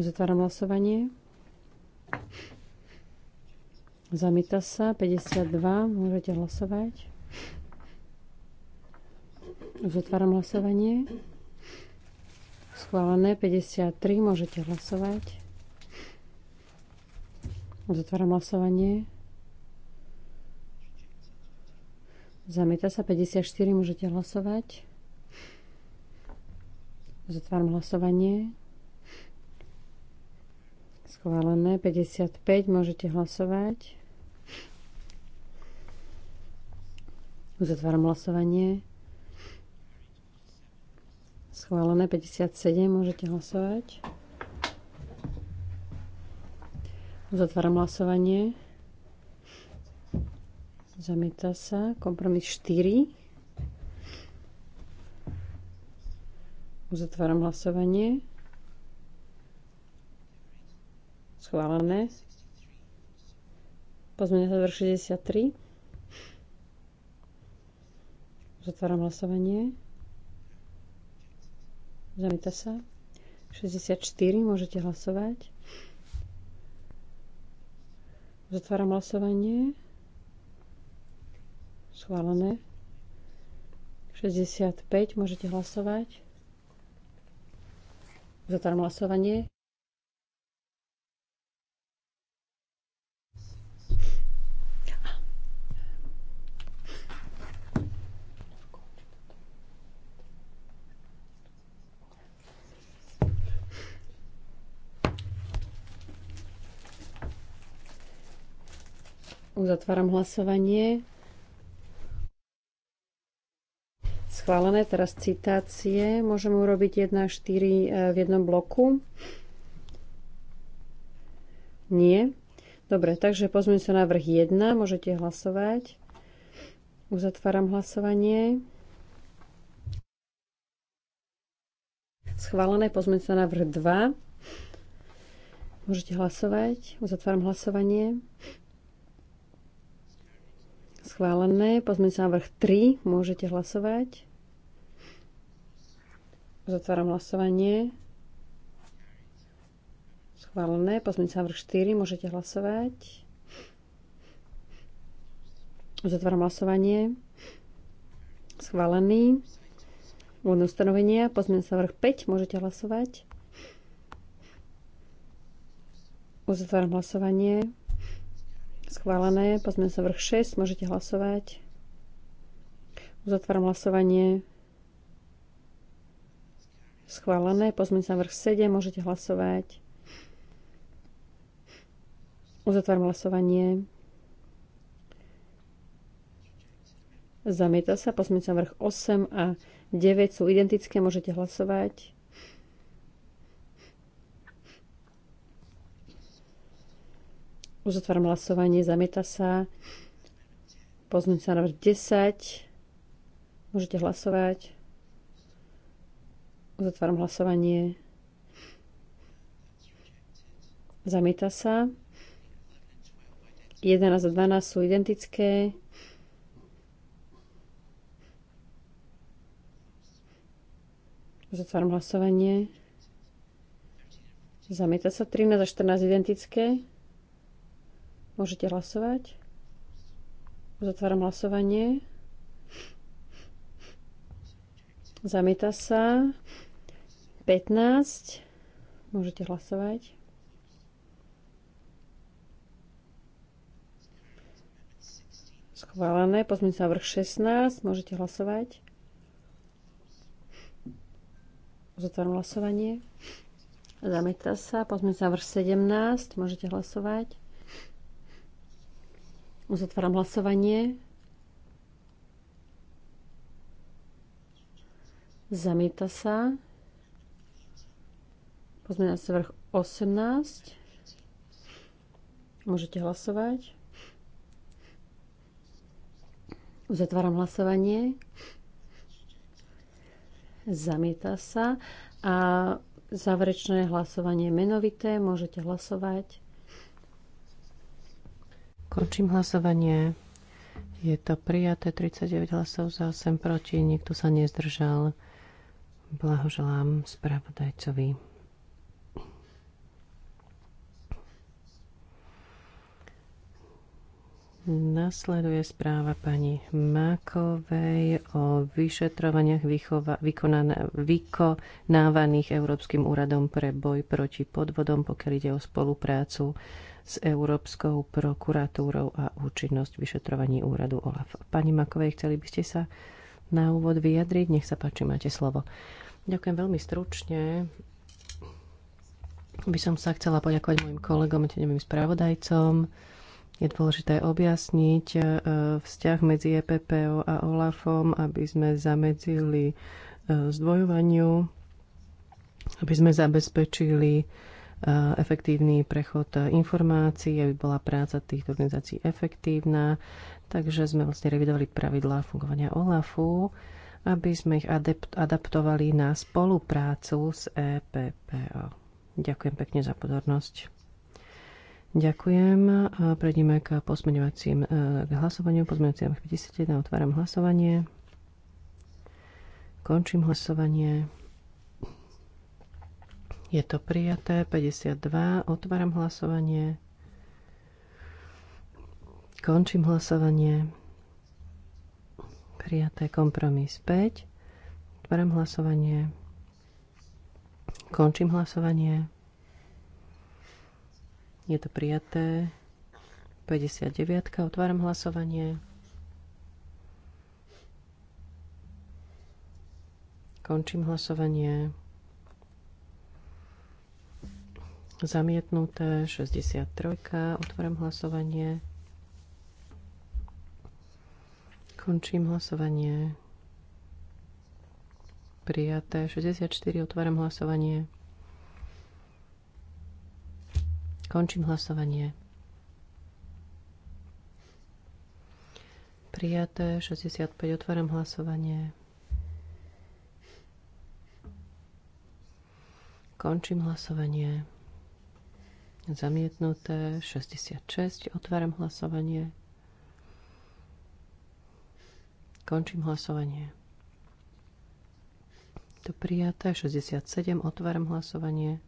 Uzatváram hlasovanie. Zamieta sa. 52. Môžete hlasovať. otváram hlasovanie. Schválené. 53. Môžete hlasovať. otváram hlasovanie. Zamieta sa 54, môžete hlasovať. Zatváram hlasovanie. Schválené 55, môžete hlasovať. Uzatváram hlasovanie. Schválené 57, môžete hlasovať. Uzatváram hlasovanie. Zamieta sa. Kompromis 4. Uzatváram hlasovanie. Schválené. Pozmeňujem sa 63. Zatváram hlasovanie. Zamieta sa. 64, môžete hlasovať. Zatváram hlasovanie. Schválené. 65, môžete hlasovať. Zatváram hlasovanie. Zatváram hlasovanie. Schválené teraz citácie. Môžeme urobiť 1 a 4 v jednom bloku. Nie. Dobre, takže pozmeň sa návrh 1, môžete hlasovať. Uzatváram hlasovanie. Schválené pozmeň sa návrh 2. Môžete hlasovať. Uzatváram hlasovanie. Schválené. Pozmeňujúci návrh 3. Môžete hlasovať. Zatváram hlasovanie. Schválené. Pozmeňujúci návrh 4. Môžete hlasovať. Zatváram hlasovanie. Schválený. Úvodné ustanovenia. Pozmeňujúci návrh 5. Môžete hlasovať. Uzatváram hlasovanie. Schválené. pozme sa vrch 6. Môžete hlasovať. Uzatváram hlasovanie. Schválené. Pozme sa vrch 7. Môžete hlasovať. Uzatváram hlasovanie. Zamieta sa. Pozme sa vrch 8 a 9 sú identické. Môžete hlasovať. Uzatváram hlasovanie, zamieta sa. Pozmeň sa na 10. Môžete hlasovať. Uzatváram hlasovanie. Zamieta sa. 11 a 12 sú identické. Zatváram hlasovanie. Zamieta sa 13 a 14 identické. Môžete hlasovať. Zatváram hlasovanie. Zamieta sa. 15. Môžete hlasovať. Schválené. Pozmeň sa vrch 16. Môžete hlasovať. Zatváram hlasovanie. Zamieta sa. Pozmeň sa vrch 17. Môžete hlasovať. Uzatváram hlasovanie. Zamieta sa. sa vrch 18. Môžete hlasovať. Uzatváram hlasovanie. Zamieta sa. A záverečné hlasovanie menovité. Môžete hlasovať. Končím hlasovanie. Je to prijaté 39 hlasov za 8 proti. Nikto sa nezdržal. Blahoželám spravodajcovi. Nasleduje správa pani Makovej o vyšetrovaniach vychova, vykonaná, vykonávaných Európskym úradom pre boj proti podvodom, pokiaľ ide o spoluprácu s Európskou prokuratúrou a účinnosť vyšetrovaní úradu OLAF. Pani Makovej, chceli by ste sa na úvod vyjadriť? Nech sa páči, máte slovo. Ďakujem veľmi stručne. By som sa chcela poďakovať mojim kolegom, tenovým spravodajcom. Je dôležité objasniť e, vzťah medzi EPPO a OLAFom, aby sme zamedzili e, zdvojovaniu, aby sme zabezpečili Eh, efektívny prechod informácií, aby bola práca týchto organizácií efektívna. Takže sme vlastne revidovali pravidlá fungovania OLAFu, aby sme ich adaptovali na spoluprácu s EPPO. Ďakujem pekne za pozornosť. Ďakujem. prejdeme k posmeňovacím eh, k hlasovaniu. Pozmeňovací 51. Otváram hlasovanie. Končím hlasovanie. Je to prijaté. 52. Otváram hlasovanie. Končím hlasovanie. Prijaté kompromis 5. Otváram hlasovanie. Končím hlasovanie. Je to prijaté. 59. Otváram hlasovanie. Končím hlasovanie. Zamietnuté 63. Otvorím hlasovanie. Končím hlasovanie. Prijaté 64. otvorím hlasovanie. Končím hlasovanie. Prijaté 65. otvorím hlasovanie. Končím hlasovanie. Zamietnuté. 66. Otváram hlasovanie. Končím hlasovanie. To prijaté. 67. Otváram hlasovanie.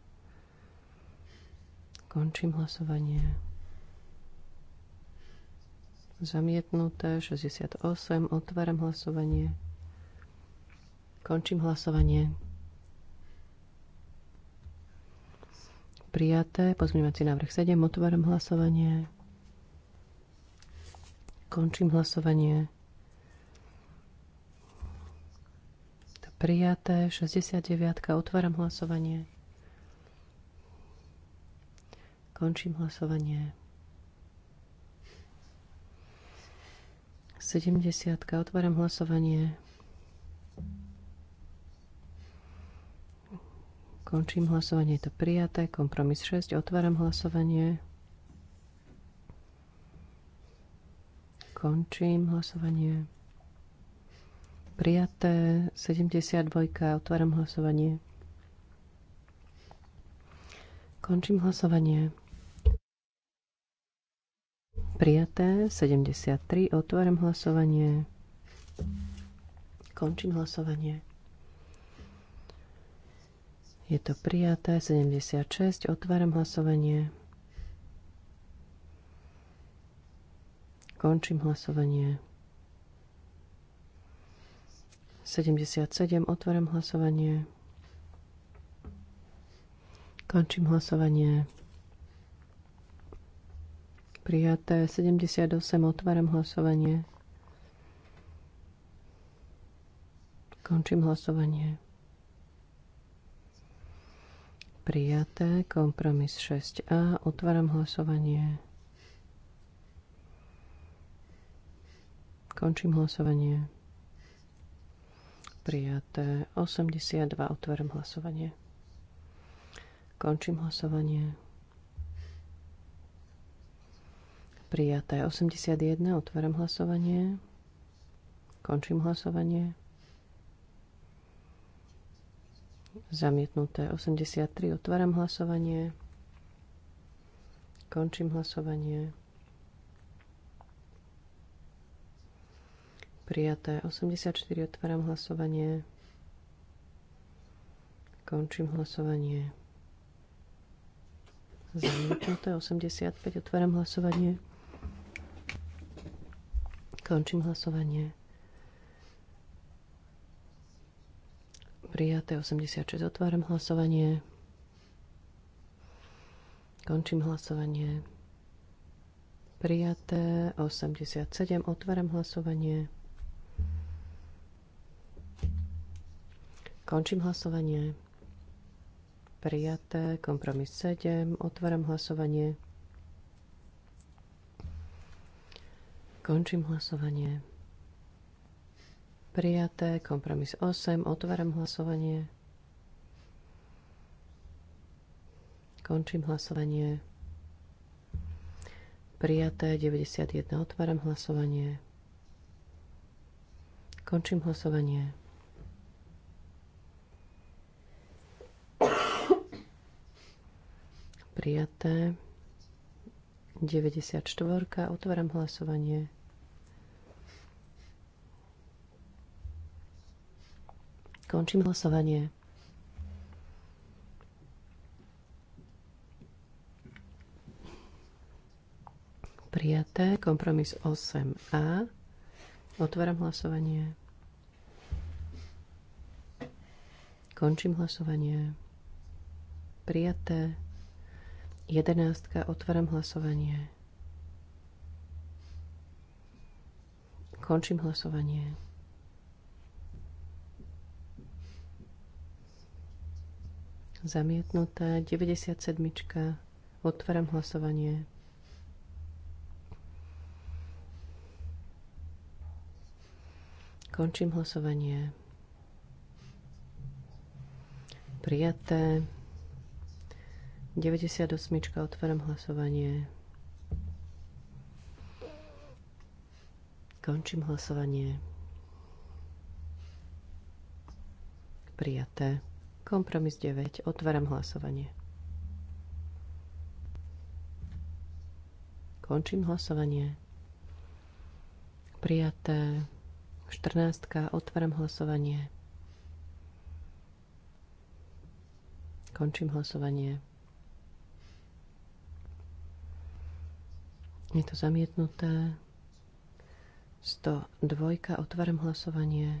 Končím hlasovanie. Zamietnuté. 68. Otváram hlasovanie. Končím hlasovanie. prijaté. Pozmývací návrh 7. Otváram hlasovanie. Končím hlasovanie. To prijaté. 69. Otváram hlasovanie. Končím hlasovanie. 70. Otváram hlasovanie. Končím hlasovanie, je to prijaté. Kompromis 6, otváram hlasovanie. Končím hlasovanie. Prijaté 72, otváram hlasovanie. Končím hlasovanie. Prijaté 73, otváram hlasovanie. Končím hlasovanie. Je to prijaté. 76. Otváram hlasovanie. Končím hlasovanie. 77. Otváram hlasovanie. Končím hlasovanie. Prijaté 78. Otváram hlasovanie. Končím hlasovanie. Prijaté. Kompromis 6a. Otváram hlasovanie. Končím hlasovanie. Prijaté. 82. Otváram hlasovanie. Končím hlasovanie. Prijaté. 81. Otváram hlasovanie. Končím hlasovanie. zamietnuté. 83. Otváram hlasovanie. Končím hlasovanie. Prijaté. 84. Otváram hlasovanie. Končím hlasovanie. Zamietnuté. 85. Otváram hlasovanie. Končím hlasovanie. prijaté. 86. Otváram hlasovanie. Končím hlasovanie. Prijaté. 87. Otváram hlasovanie. Končím hlasovanie. Prijaté. Kompromis 7. Otváram hlasovanie. Končím hlasovanie. Prijaté. Kompromis 8. Otváram hlasovanie. Končím hlasovanie. Prijaté 91. Otváram hlasovanie. Končím hlasovanie. Prijaté 94. Otváram hlasovanie. Končím hlasovanie. Prijaté. Kompromis 8a. Otváram hlasovanie. Končím hlasovanie. Prijaté. Jedenástka. Otváram hlasovanie. Končím hlasovanie. zamietnutá. 97. Otváram hlasovanie. Končím hlasovanie. Prijaté. 98. Otváram hlasovanie. Končím hlasovanie. Prijaté. Kompromis 9. Otváram hlasovanie. Končím hlasovanie. Prijaté. 14. Otváram hlasovanie. Končím hlasovanie. Je to zamietnuté. 102. Otváram hlasovanie.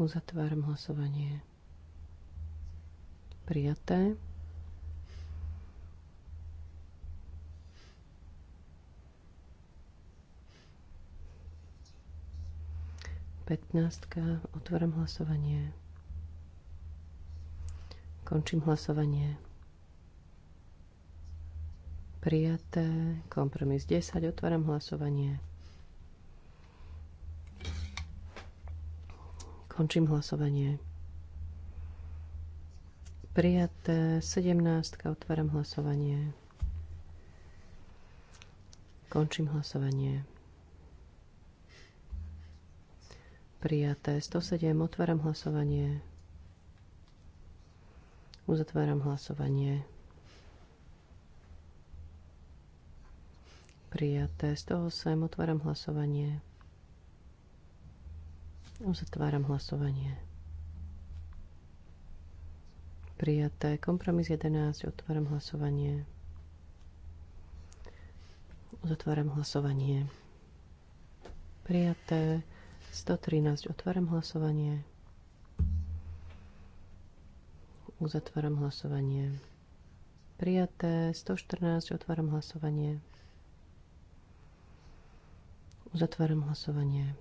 Uzatváram hlasovanie. Prijaté. Petnáctka. Otváram hlasovanie. Končím hlasovanie. Prijaté. Kompromis 10. Otváram hlasovanie. Končím hlasovanie. Prijaté 17. Otváram hlasovanie. Končím hlasovanie. Prijaté 107. Otváram hlasovanie. Uzatváram hlasovanie. Prijaté 108. Otváram hlasovanie. Uzatváram hlasovanie. Prijaté. Kompromis 11. Otváram hlasovanie. Uzatváram hlasovanie. Prijaté. 113. Otváram hlasovanie. Uzatváram hlasovanie. Prijaté. 114. Otváram hlasovanie. Uzatváram hlasovanie.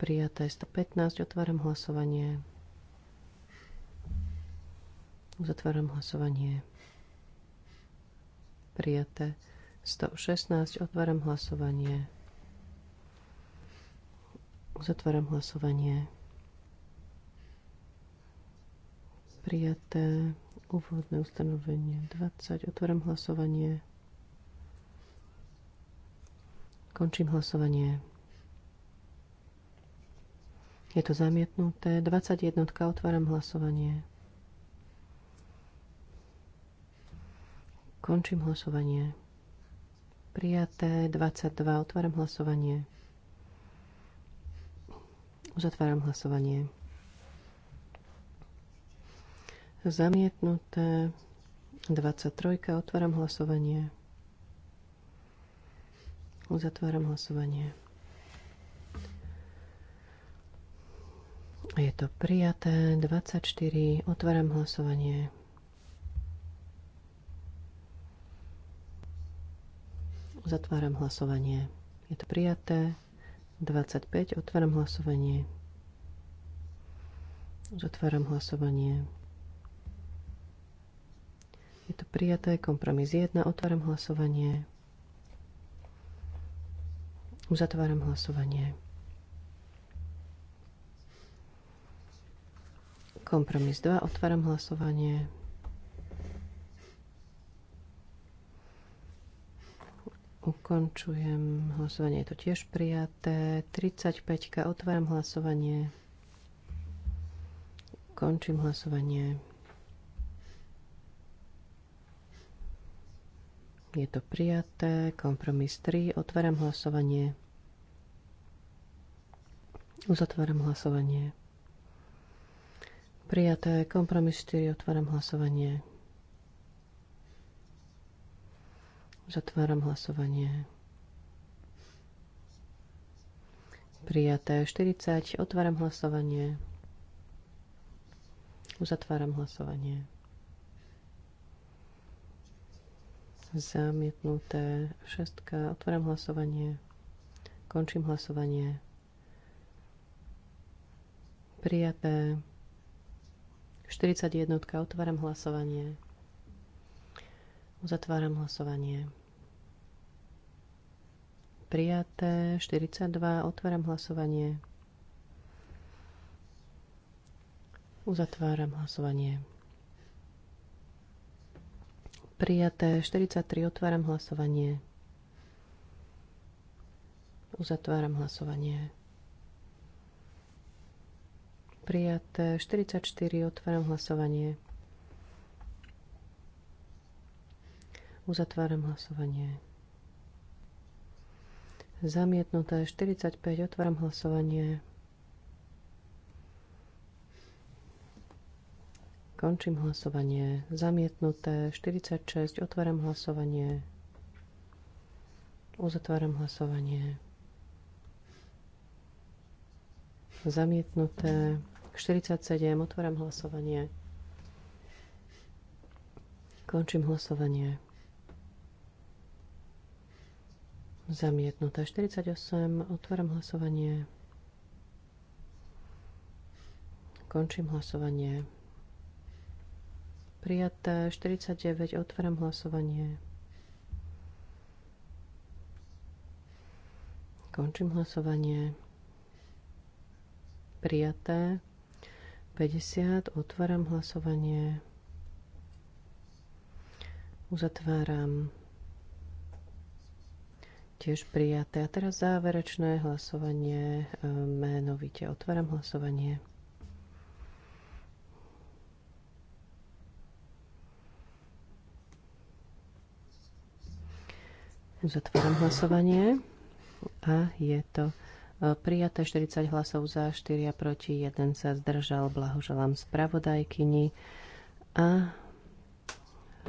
Prijaté 115. Otváram hlasovanie. Uzatváram hlasovanie. Prijaté 116. Otváram hlasovanie. Uzatváram hlasovanie. Prijaté úvodné ustanovenie 20. Otváram hlasovanie. Končím hlasovanie. Je to zamietnuté. 21. Otváram hlasovanie. Končím hlasovanie. Prijaté 22. Otváram hlasovanie. Uzatváram hlasovanie. Zamietnuté 23. Otváram hlasovanie. Uzatváram hlasovanie. Je to prijaté. 24. Otváram hlasovanie. Zatváram hlasovanie. Je to prijaté. 25. Otváram hlasovanie. Zatváram hlasovanie. Je to prijaté. Kompromis 1. Otváram hlasovanie. Uzatváram hlasovanie. Kompromis 2. Otváram hlasovanie. Ukončujem hlasovanie. Je to tiež prijaté. 35. Otváram hlasovanie. Končím hlasovanie. Je to prijaté. Kompromis 3. Otváram hlasovanie. Uzatváram hlasovanie. Prijaté. Kompromis 4. Otváram hlasovanie. Zatváram hlasovanie. Prijaté 40. Otváram hlasovanie. Uzatváram hlasovanie. Zamietnuté 6. Otváram hlasovanie. Končím hlasovanie. Prijaté 41. Otváram hlasovanie. Uzatváram hlasovanie. Prijaté. 42. Otváram hlasovanie. Uzatváram hlasovanie. Prijaté. 43. Otváram hlasovanie. Uzatváram hlasovanie prijaté. 44. Otváram hlasovanie. Uzatváram hlasovanie. Zamietnuté 45. Otváram hlasovanie. Končím hlasovanie. Zamietnuté 46. Otváram hlasovanie. Uzatváram hlasovanie. Zamietnuté 47. Otváram hlasovanie. Končím hlasovanie. Zamietnuté 48. Otváram hlasovanie. Končím hlasovanie. Prijaté 49. Otváram hlasovanie. Končím hlasovanie. Prijaté 50. Otváram hlasovanie. Uzatváram. Tiež prijaté. A teraz záverečné hlasovanie e, menovite. Otváram hlasovanie. Uzatváram hlasovanie a je to Prijaté 40 hlasov za, 4 proti, 1 sa zdržal. Blahoželám spravodajkyni. A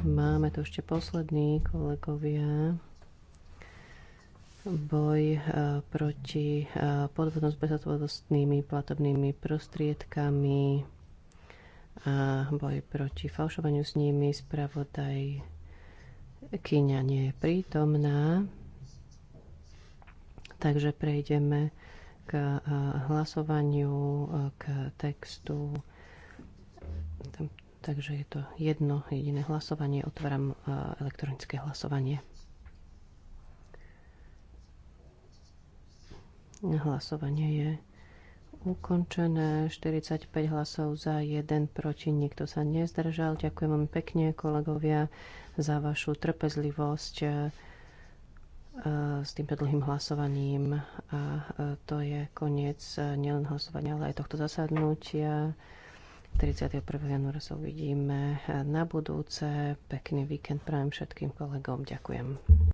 máme tu ešte posledný kolegovia. Boj e, proti e, podvodom s bezhotovostnými platobnými prostriedkami a boj proti falšovaniu s nimi. Spravodaj Kyňa nie je prítomná. Takže prejdeme k eh, hlasovaniu, eh, k textu. Takže je to jedno jediné hlasovanie. Otváram eh, elektronické hlasovanie. Hlasovanie je ukončené. 45 hlasov za, 1 proti, nikto sa nezdržal. Ďakujem vám pekne, kolegovia, za vašu trpezlivosť s týmto dlhým hlasovaním a e, to je koniec e, nielen hlasovania, ale aj tohto zasadnutia. 31. januára sa uvidíme e, na budúce. Pekný víkend prajem všetkým kolegom. Ďakujem.